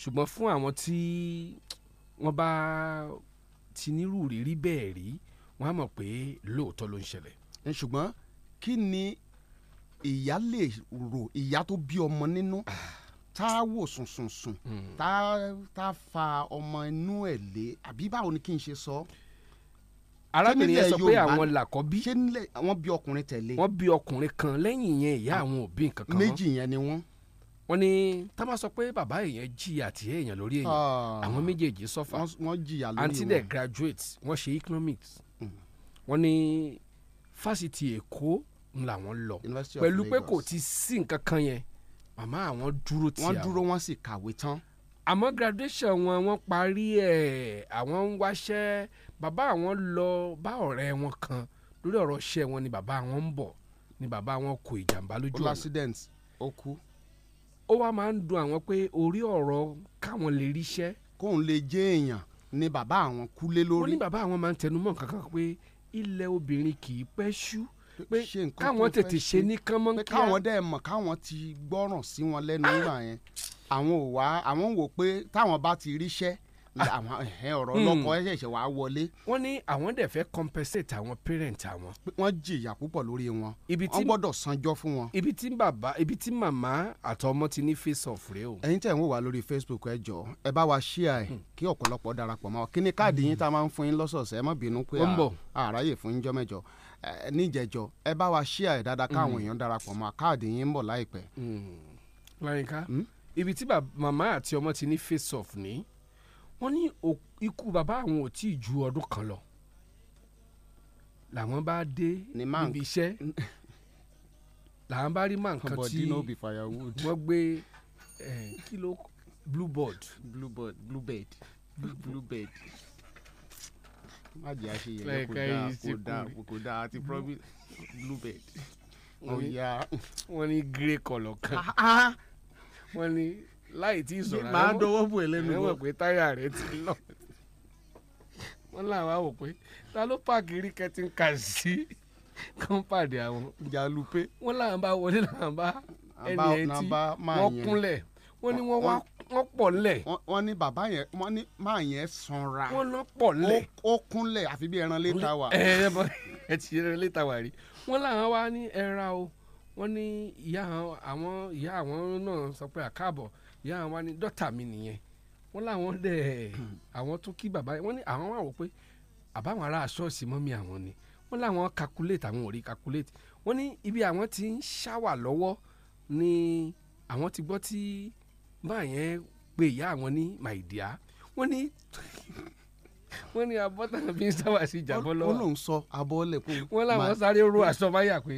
ṣùgbọ́n fún àwọn tí wọ́n bá ti nírú rírí bẹ́ẹ̀ rí wọ́n á mọ̀ pé lóòótọ́ ló ń ṣẹlẹ̀. ṣùgbọ́n kí ni ìyá lè rò ìyá tó bí ọmọ nínú ah. tá a wò sùnsùnsùn hmm. tá a fa ọmọ inú ẹ̀ lé àbí báwo ni kí n ṣe sọ. arábìnrin yẹn sọ pé àwọn làkọ́bí. wọ́n bí ọkùnrin tẹ̀lé. wọ́n bí ọkùnrin kan lẹ́yìn yẹn ìyá ah. àwọn òbí nǹkan kan. méjì yẹn ni wọ́n. wọ́n ní tá a máa sọ pé bàbá èèyàn jìyà àti èèyàn lórí èèyàn ah. àwọn méjèèjì sọ́fà. wọ́n jìyà lórí wọn. àǹtí dẹ̀ graduate wọ́n ṣe economics. Hmm. wọ́n ní fásitì èkó ń làwọn lọ pẹ̀lú pé kò ti sí nǹkan kan yẹn màmá àwọn dúró tí wọ́n dúró wọ́n sì kàwé tán. àmọ́ graduation wọn wọ́n parí ẹ̀ àwọn ń wáṣẹ́ bàbá àwọn lọ bá ọ̀rẹ́ wọn kan lórí ọ̀rọ̀ iṣẹ́ wọn ni bàbá àwọn ń bọ̀ ni bàbá àwọn kò ìjàmbá lójú ọ̀nà. ó ó kú. ó wá máa ń dùn àwọn pé orí ọ̀rọ̀ káwọn lè ríṣẹ́. kóun lè jẹ́ èèyàn ni bàbá àwọn kú lé lórí. ó ní bàbá àwọn máa ń tẹnumọ́ kankan pé ilẹ̀ obìnrin kì í pẹ́ ṣú pé káwọn tètè ṣe ní kánmọ́ káwọn dẹ́ mọ̀ káwọn ti gbọ́ràn sí wọn lẹ́nu ìgbà yẹn àwọn ò wá àwọn ń wò pé táwọn bá ti ríṣẹ́ àwọn ọ̀rọ̀ hmm. ọlọ́kọ ẹ̀ ṣẹ̀ṣẹ̀ wọlé. wọ́n ní àwọn dẹ̀ fẹ́ compensate àwọn parent àwọn. wọ́n jìyà púpọ̀ lórí wọn wọ́n gbọ́dọ̀ sanjọ́ fún wọn. ibi tí bàbá ibi tí màmá àtọmọ ti ní face off rẹ o. ẹ̀yin tẹ̀ ń wò wá lórí facebook ẹ jọ ẹ bá wa share ẹ hmm. kí ọ̀pọ̀lọpọ̀ darapọ̀ mọ́ kí ni káàdì yín tá a máa ń fún yín lọ́sọ̀ọ̀sẹ̀ ẹ má bínú pé àráyè fún yín jọ́ níjẹ̀jọ ẹ bá wa ṣíà ẹ̀ dáadáa káwọn mm. èèyàn darapọ̀ mọ́ káàdì yín ń bọ̀ láìpẹ́. Mm. láyínká hmm? ibi tí màmá àti ọmọ ti ní face off ni, wọ́n ní ikú bàbá àwọn ò tí ì ju ọdún kan lọ làwọn bá dé ibi iṣẹ́ làwọn bá rí màá nǹkan tí wọ́n gbé kí ló bluebird bluebird bluebird bluebird má jẹ́ àṣeyẹ yẹn kò dáa kò dáa àti mm. promise bluebird ọ̀ya. wọ́n ní grey colour kan ah, ah. wọ́n ní láì tí ì sọ̀rọ̀ máa dọwọ́ bò ẹ́ lẹ́nu wọ̀ pé táyà rẹ̀ ti lọ wọ́n làwọn àwò pé ta ló pààkì rí kẹ́tìn kà sí kọ́ńpàdé àwọn jàlùpé wọ́n làwọn bá wọlé làwọn bá ẹni ẹtí wọ́n kúnlẹ̀ wọ́n ní wọ́n wá wọ́n pọ̀ lẹ̀. wọ́n ní bàbá yẹn wọ́n ní máa yẹn sanra. wọ́n lọ pọ̀ lẹ̀. ó kúnlẹ̀ àfi bí ẹran létà wà. ẹ ẹ ti ẹran létà wà rí wọ́n làwọn wá ní ẹra o wọ́n ní ìyá àwọn ìyá àwọn náà sọ pé àkàbọ̀ ìyá àwọn wá ní dọ́tà mi nìyẹn wọ́n làwọn dẹ̀ àwọn tó kí bàbá yẹn wọ́n ní àwọn wà wò pé àbáwọn ará ṣọ́ọ̀ṣì mọ́mí àwọn ni wọ́n làwọn calculate àwọn ò rí calculate wọ́n ní ibi àwọn ti ń ṣáwà lọ́wọ́ ni àwọn ti gbọ́ tí báyẹn pé ìyá àwọn ní my dear wọ́n ní wọ́n ní abọ́ tàbí bí sábà sí ìjàbọ́ lọ́wọ́ wọ́n lòún sọ abọ́ lẹ̀ pé wọ́n làwọn sáré ro aṣọ báyà pé.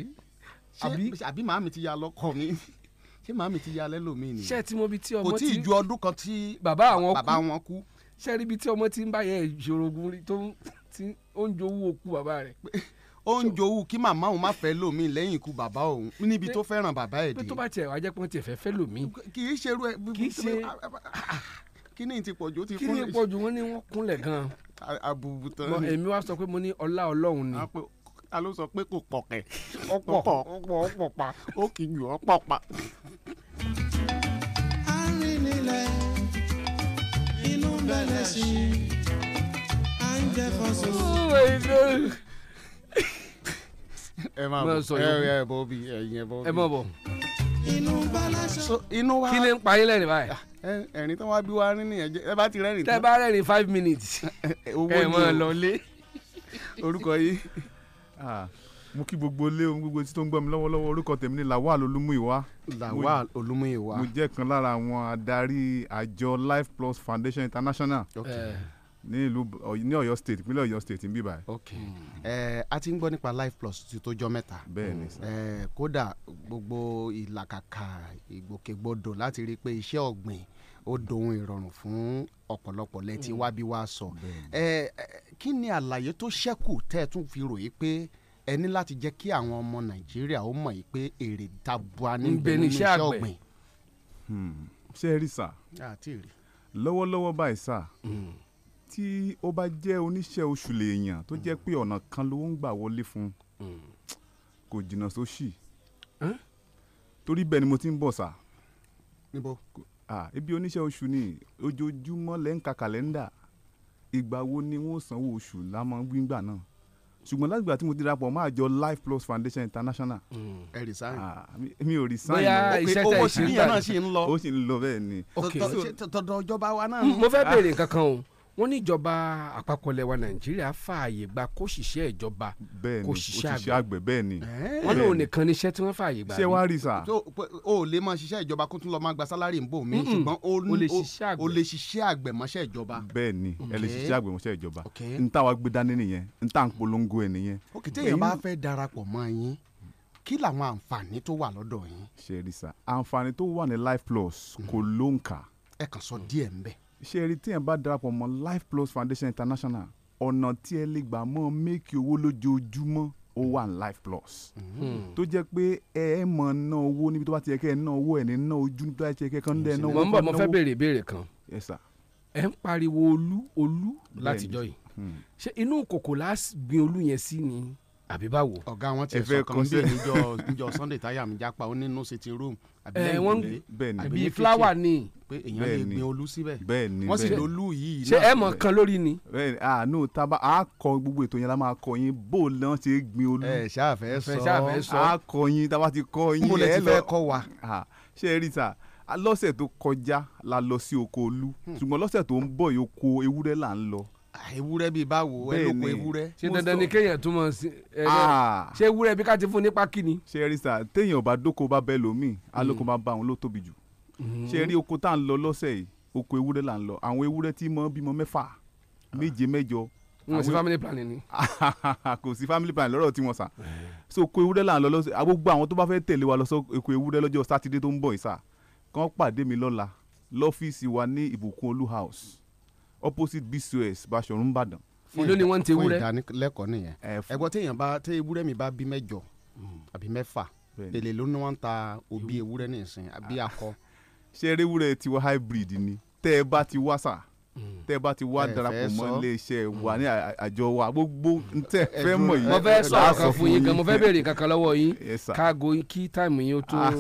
àbí màámi ti ya lọ́kọ mi ṣé màámi ti ya lẹ́lòmíì ni. ṣé ti mọ ibi tí ọmọ ti kò tí ì ju ọdún kan tí bàbá àwọn kú ṣé ẹ rí ibi tí ọmọ ti ń bá ìṣòro ogun tó ń jowú òkú bàbá rẹ̀ ó ń jowú kí màmá òun má fẹ́ lómi lẹ́yìn ikú bàbá òun níbi tó fẹ́ràn bàbá ẹ̀ dé. tó bá tiẹ̀ wá jẹ́ pé wọ́n tiẹ̀ fẹ́ fẹ́ lómi. kì í ṣerú kì í ṣe kí ni ti pọ̀jù ti kúnlẹ̀. kí ni pọ̀jù wọ́n ní wọ́n kúnlẹ̀ gan àbùbù tán ni. èmi wá sọ pé mo ní ọlá ọlọ́run ni. a ló sọ pé kò pọ̀ kẹ̀. ọ̀pọ̀ ọ̀pọ̀ pa. ó kì í ju ọ̀pọ̀ pa. arìnrìnlẹ̀ inú bẹ̀rẹ̀ sí i à ń jẹ́ fọ́sọ̀ ẹ máa bọ ẹ ẹ bọ bí ẹyin ẹ bọ bí. ẹ mọ bọ. inú balaṣọ. so inú wa. kí ni ń pa yín lẹ́rìn báyìí. Ah, ẹ̀rín tó wá bí wá rí nìyẹn ẹ bá ti rẹ́rìn tán. tẹ bá rẹ́rìn five minutes. owó ni o ẹ mọ lọ lé. orúkọ yìí. Ah, mo kí gbogbo lé ohun gbogbo tí tó ń gbọ́ mi lọ́wọ́lọ́wọ́ orúkọ tèmi ni Lawal Olúmúyìwá. Lawal Olúmúyìwá. mo jẹ́ kan lára àwọn adarí àjọ Life Plus Foundation International. Okay. Uh, ní ìlú ní Ọ̀yọ́ state ìpínlẹ̀ Ọ̀yọ́ state ń bí báyìí. ok hmm. ẹ a ti ń gbọ́ nípa life plus ti tó jọ mẹ́ta. bẹ́ẹ̀ni sá. ẹ kódà gbogbo ìlàkàkà ìgbòkègbodò láti rí i pé iṣẹ́ ọ̀gbìn ó dohun ìrọ̀rùn fún ọ̀pọ̀lọpọ̀ lẹ́tí hmm. wá bí wá sọ. ẹ kí ni àlàyé tó ṣẹ́kù tẹ́ ẹ tún fi ròyìn pé ẹ ní láti jẹ́ kí àwọn ọmọ Nàìjíríà ó mọ̀ yìí pé èrè tabua níbẹ̀ nínú hmm. lọ́wọ́lọ́wọ́ báyìí sá tí ó bá jẹ́ oníṣẹ́ oṣù lèèyàn tó jẹ́ hmm. pé ọ̀nà kan ló ń gbà wọlé fún un hmm. kò jìnnà sóṣì torí bẹ́ẹ̀ ni mo ti ń bọ̀ sà. níbo. ibi oníṣẹ́ oṣù ni ojoojúmọ́ lẹ́ ń ka kàlẹ́ndà ìgbà wo ni wọ́n sanwó oṣù lámọ́ gbígbà náà ṣùgbọ́n lágbà tí mo ti máa jọ life plus foundation international. Hmm. ẹ rí sáyìn. mi ò rí sáyìn. bóyá iṣẹ́ tẹ̀ ìṣẹ́ tẹ̀ owó ń lọ. ó sì ń lọ bẹ́ẹ̀ ni. tọ̀dọ̀ ìjọba wa náà. mo fẹ́ béèrè nǹkan o wọ́n ní ìjọba àpapọ̀ lẹwa nàìjíríà fààyè gba kó ṣiṣẹ́ ìjọba kó ṣiṣẹ́ àgbẹ̀ bẹ́ẹ̀ ni wọ́n lóun nìkan ni iṣẹ́ tí wọ́n fààyè gbà. ṣé wàá rí sa. o ò lè máa ṣiṣẹ́ ìjọba kó tún lọ máa gba sálárì ń bò mí ṣùgbọ́n o lè ṣiṣẹ́ àgbẹ̀ mọ́ṣẹ́ ìjọba. bẹ́ẹ̀ ni ẹ lè ṣiṣẹ́ àgbẹ̀ mọ́ṣẹ́ ìjọba n tá wa gbé dání nìyẹn n tá n polongo ẹ nìyẹn. ok téèyàn bá fẹ́ darapọ̀ mọ́ yín kí làwọn life plus kò lóǹkà. sọ díẹ̀ ń ṣé ẹ rí téèyàn bá darapọ̀ mọ́ Life Plus Foundation International ọ̀nà tí ẹ lè gbà mọ́ méèkì owó lójoojúmọ́ ó wà ní Life Plus hmm. tó jẹ́ pé ẹ ẹ mọ̀ ná owó níbi tó bá ti yẹ kẹ́ ẹ ná owó ẹ̀ ní ná ojú níbi tó bá ti yẹ kẹ́ ẹ kàn ń ẹ ná owó. mo ń bọ̀ mo fẹ́ béèrè ìbéèrè kan ẹ ń pariwo olú olú látijọ́ yìí hmm. ṣé inú kòkò láti gbin olú yẹn sí ni àbí báwo. ọ̀gá wọn ti sọ kan bí níjọ níjọ sunday táyà mi jápa ó ní no sitting room. ẹ wọn bí fúláwà ni. pé èèyàn lè gbin olú síbẹ̀. bẹ́ẹ̀ni bẹ́ẹ̀ni wọn sì lè olú yìí. ṣé ẹ mọ̀ kan lórí ni. bẹ́ẹ̀ni àánú tábà á kọ gbogbo ètò yẹn la máa kọ yín bó lẹ wọn ti gbin olú. ẹ ṣáàfẹ́ sọ ẹ ṣáàfẹ́ sọ á kọ yín tábà ti kọ yín. mo lè ti fẹ́ kọ wa. ṣé ẹ rí ta lọ́sẹ̀ tó kọjá la lọ sí oko olú hmm. ṣùgbọ́n lọ́sẹ̀ tó ń bọ̀ yìí oko ewúrẹ́ là ń lọ Ah, ewúrẹ́ bíi báwo ẹ lóko ewúrẹ́. ṣé dandan ni kéèyàn tún mọ sí ẹ ah. ṣé ewúrẹ́ bí ká ti fún nípa kí ni. ṣe rí sà téèyàn ò bá dóko bá bẹ́ẹ̀ lómi alóko máa mm. bá òun ló tóbi jù mm-hmm. ṣe rí oko tá à ń lọ lọ́sẹ̀ yìí oko ewúrẹ́ là ń lọ àwọn ewúrẹ́ tí mọ bímọ mẹ́fà ah. méje mẹ́jọ. kò sí family planning ni. kò sí family planning lọ́rọ̀ tí wọ́n sà eh. so oko ewúrẹ́ là ń lọ lọ́sẹ̀ gbogbo àwọn tó bá fẹ́ tẹ̀lé wa lọ sọ oko ewúrẹ́ lọ́jọ́ sátidé tó ń bọ̀ yìí sà kàn pàdé mi lọ́la lọ́fíìsì wa ní ìbùkún olú house opposite bcos Bashorun Ìbàdàn. ìlú ni wọ́n ti wúrẹ́ fún ìdánilẹ́kọ̀ọ́ nìyẹn ẹ̀gbọ́n téèyàn bá tẹ ewúrẹ́ mi bá bí mẹ́jọ hmm. àbí mẹ́fà èlé ló ní wọ́n ń ta òbí ewúrẹ́ nìsín àbí ah. akọ. ṣé ewúrẹ́ tiwa hybrid ni tẹ́ ẹ bá ti wá sà hmm. tẹ́ ẹ bá ti wá darapọ̀ mọ́ iléeṣẹ́ wa hmm. ní àjọ wa gbogbo tẹ́ ẹ fẹ́ mọ̀ yìí. mo fẹ́ sọ ọ̀kan fún yín gan mo fẹ́ béèrè kankan lọ́wọ́ yín káago kí táìmù yín ó tó ah.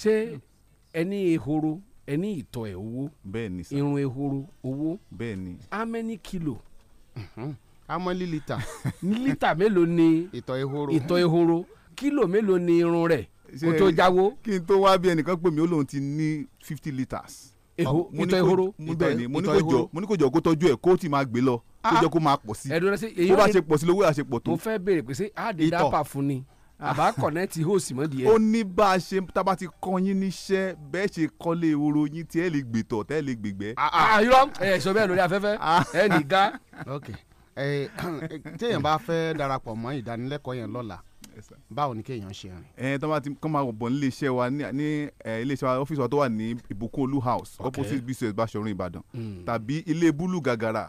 ṣé ẹ ehoro ẹ ìtọ̀ ẹ̀ owó bẹ́ẹ̀ni sá irun ehoro owó bẹ́ẹ̀ni how many kilo. amọ ní lítà. ní lítà mélòó ni ìtọ̀ ehoro ìtọ̀ ehoro kílò mélòó ni irun rẹ̀ kó tó jáwó. kí n tó wá bí ẹnìkan pè mí ó lóun ti ní fifty litres eho ìtọ̀ ehoro ìtọ̀ ehoro ìtọ̀ ehoro mo ní kò jọ kó tọ́jú ẹ̀ kó tì máa gbé lọ kó ah. jẹ́ kó máa pọ̀ sí i bó bá ṣe pọ̀ sí lówó àṣepọ̀ tó. mo fẹ́ béèrè pé ṣé àdìdápà fún ni àbá kọ̀nẹ́ẹ̀tì hóòsì mọ́ díẹ̀. ó ní bá a ṣe tá a bá ti kọ́ yín níṣẹ́ bẹ́ẹ̀ ṣe kọ́lé ehoro yín tí ẹ lè gbètọ̀ tẹ́ ẹ lè gbègbẹ́. Ah, ah. Ah, irọ́ ẹ sọ bẹ́ẹ̀ lórí afẹ́fẹ́ ẹ nìkan. téèyàn bá fẹ́ darapọ̀ mọ́ ìdánilẹ́kọ̀ọ́ yẹn lọ́la báwo ni kéèyàn ṣe rìn. ẹ tó bá ti kọ́ máa bọ̀ nílé iṣẹ́ wa ní ilé iṣẹ́ wa ọ́fíìsì wa tó wà ní ìbùkún olú house opposite bcs báṣọ̀run ìbàdàn hmm. tàbí ilé búlù gàgàrà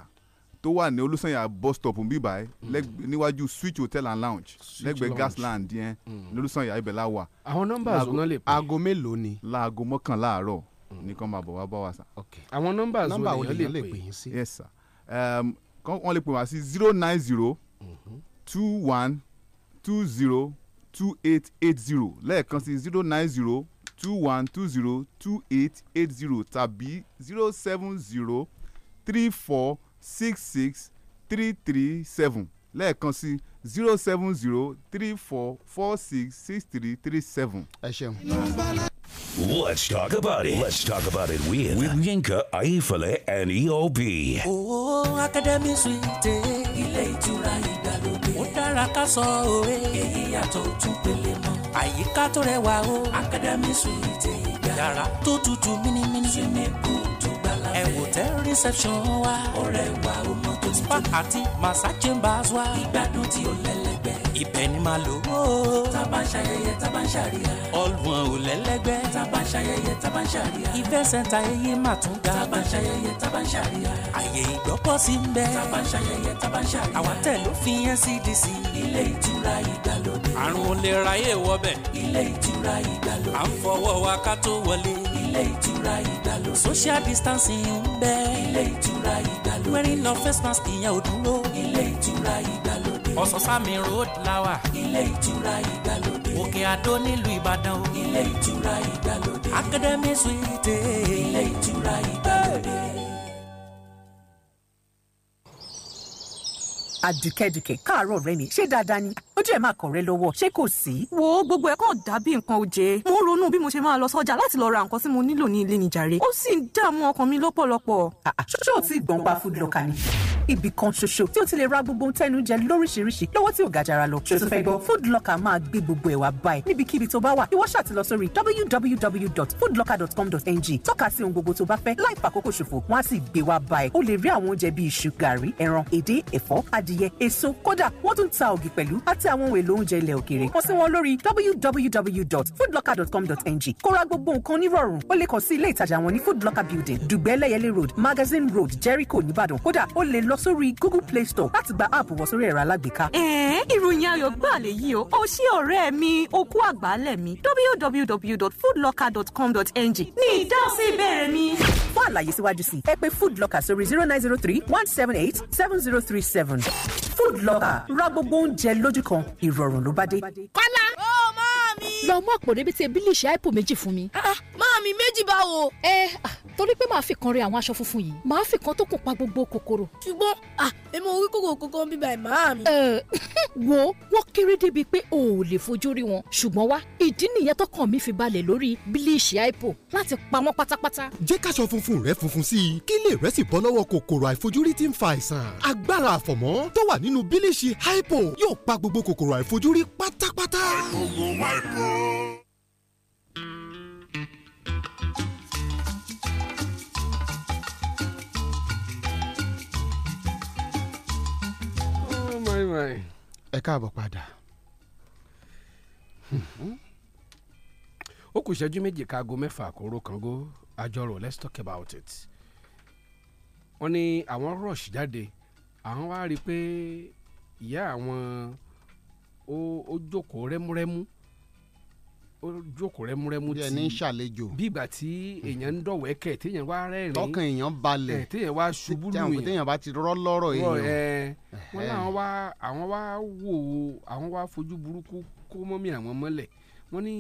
tó wà ní olùsànyà bus stop ń bí báyìí mm. níwájú switch hotel and lounge lẹ́gbẹ̀ẹ́ gasland yẹn mm. lólùsànyà ibẹ̀ la wà. àwọn nọ́mbà ọ̀nà lè pè. aago mélòó ni. laago mọ́kànlá àárọ̀ mm. nìkan máa bọ̀ bá wa sa. àwọn nọ́mbà ọ̀nà lè pè yín sí. yes sir um, wọ́n lè pè wá sí zero nine zero mm-hmm. two one two zero two eight eight zero lẹ́ẹ̀kan sí zero nine zero two one two zero two eight eight zero tàbí zero seven zero three four six six three three seven lẹ́ẹ̀kan sí zero seven zero three four four six six three three seven. ẹ ṣeun. Let's talk about it. Let's talk about it with, with Yinka Ayefele and EOB. Oh, Academy Suite. Ilé ìtura ìgbàlódé. Ó dára ká sọ òwe. Èyí yàtọ̀ ojú pele mọ́. Àyíká tó rẹwà o. Academy Suite ìgbà. Yàrá tó tutù mímímí. Swimming pool hotel reception wa. ọ̀rẹ́ wa ó mọ tó ti tó. spa àti massage chambers wa. ìgbádùn tí ó lẹ́lẹ́gbẹ́. ibẹ̀ ni màá lò ó. tábà ń ṣayẹyẹ tábà ń ṣàríyá. ọlùwọ̀n ò lẹ́lẹ́gbẹ́. tábà ń ṣayẹyẹ tábà ń ṣàríyá. event center eyé mà tún ga. tábà ń ṣayẹyẹ tábà ń ṣàríyá. àyè ìgbọ́pọ̀ sí ń bẹ. tábà ń ṣayẹyẹ tábà ń ṣàríyá. àwọn tẹ̀ ló fi NCDC. ilé ìtura ìgbàlódé. àrùn olè ráyè wọbẹ̀. ilé ìtura ìgbàlódé. à ń fọwọ́ wa ká tó wọlé ilé ìtura ìdàlódé. social distancing ń bẹ. ilé ìtura ìdàlódé. wearing no face mask ìyẹn ò dúró. ilé ìtura ìdàlódé. ọ̀sán-sámi road lawa. ilé ìtura ìdàlódé. òkè àdó nílùú ìbàdàn. ilé ìtura ìdàlódé. academy suite. ilé ìtura ìdàlódé. àdùkẹ́dùkẹ́ káàárọ̀ rẹ ni ṣé dáadáa ni ó jẹ́ máa kọ̀rẹ́ lọ́wọ́ ṣé kò sí. wo gbogbo ẹ̀ kàn dàbí nǹkan òjé mo ń ronú bí mo ṣe máa lọ sọ́jà láti lọ ra nǹkan tí mo nílò ní ilé nìjàre ó sì ń dààmú ọkàn mi lọ́pọ̀lọpọ̀. Ah, ah, ṣoṣo ò tí ì gbọ̀n food locker ni ibì kan ṣoṣo tí o ti lè ra gbogbo tẹnu jẹ lóríṣiríṣi lọ́wọ́ tí ò ga jara lọ. ṣòtún fẹ́ gbọ́ food locker máa gbé gbogbo ẹ̀ wá báyìí níbikíbi tó bá wà ìwọ ṣáà ti lọ sórí www.foodlocker.com.ng tọ́ka sí ohun gbogbo tó bá fẹ́ láì fàkókò ṣòfò wọ́n á sì gbé wá báyìí. o lè rí àwọn oúnjẹ bíi iṣu gàrí ẹran èdè ẹ̀fọ́ adìyẹ èso kódà wọ́n tún ta ògì pẹ̀lú àti àti àwọn ohun èlò oúnjẹ ilẹ̀ òkèèrè kàn sí wọn lórí www.foodlocker.com.ng kó ra gbogbo nǹkan nírọ̀rùn o lè kàn sí ilé ìtajà wọn ní foodlocker building dùgbẹ́ lẹ́yẹlé road magazine road jericho nìbàdàn kódà o lè lọ sórí google play store láti gba app wọ sórí ẹ̀rọ alágbèéká. ẹ ìròyìn ayọ̀ gbà lè yí o ó ọ̀rẹ́ mi okú àgbálẹ̀ mi www.foodlocker.com.ng ní ìdásí ìbéèrè mi. fún àlàyé síwájú sí ẹ pé foodlocker sórí zero nine zero three one seven eight seven zero three seven food locker ra gbogbo oúnjẹ lójú kan ìrọ̀rùn ló bá dé. kọ́lá ó mọ mami. lọ mú àpò rẹbẹtẹ bílíṣì àìpò méjì fún mi. Ah, ah, mami méjì báwo. ẹ ah, torí pé màá fi kan rẹ àwọn aṣọ funfun yìí màá fi kan tó kù pa gbogbo kòkòrò. ṣùgbọ́n èmi ò rí kòkòrò kankan bíbá ẹ̀ màámi. wo wọ́n kéré débi pé o ò lè fojú rí wọn ṣùgbọ́n wá ìdí nìyẹn tọkàn mi fi balẹ̀ lórí bílíṣì àìpò láti pa wọ́n pátápátá. jẹ́ káṣọ funfun rẹ funfun sí i kí lè rẹ́ sì bọ́ lọ́wọ́ kòkòrò àìfojúrí tí ń fa àìsàn agbára àfọ̀mọ́ tó wà nínú bílíṣì àìpò yóò pa gbogbo kòkòrò àìfojúrí pátápátá. ògùn máa Oh, ẹ káàbọ̀ padà. ó kù ìṣẹ́jú méje kaago mẹ́fà àkóró kango àjọrò let's talk about it. wọ́n ní àwọn rush jáde àwọn wá rí i pé ìyá àwọn ó jókòó rẹ́múrẹ́mú ó jókòó rẹ́múrẹ́mú tí ẹni ń ṣàlejò bí ìgbà tí èèyàn ń dọ̀wẹ́kẹ̀ téèyàn wá rẹ́rìn tọkàn èèyàn balẹ̀ eh, téèyàn wá ṣubú lu èèyàn téèyàn bá ti rọ́ lọ́rọ̀ èèyàn. Eh, àwọn wá wò àwọn wá fojú burúkú kó mọ́mí àwọn mọ́lẹ̀ wọ́n ní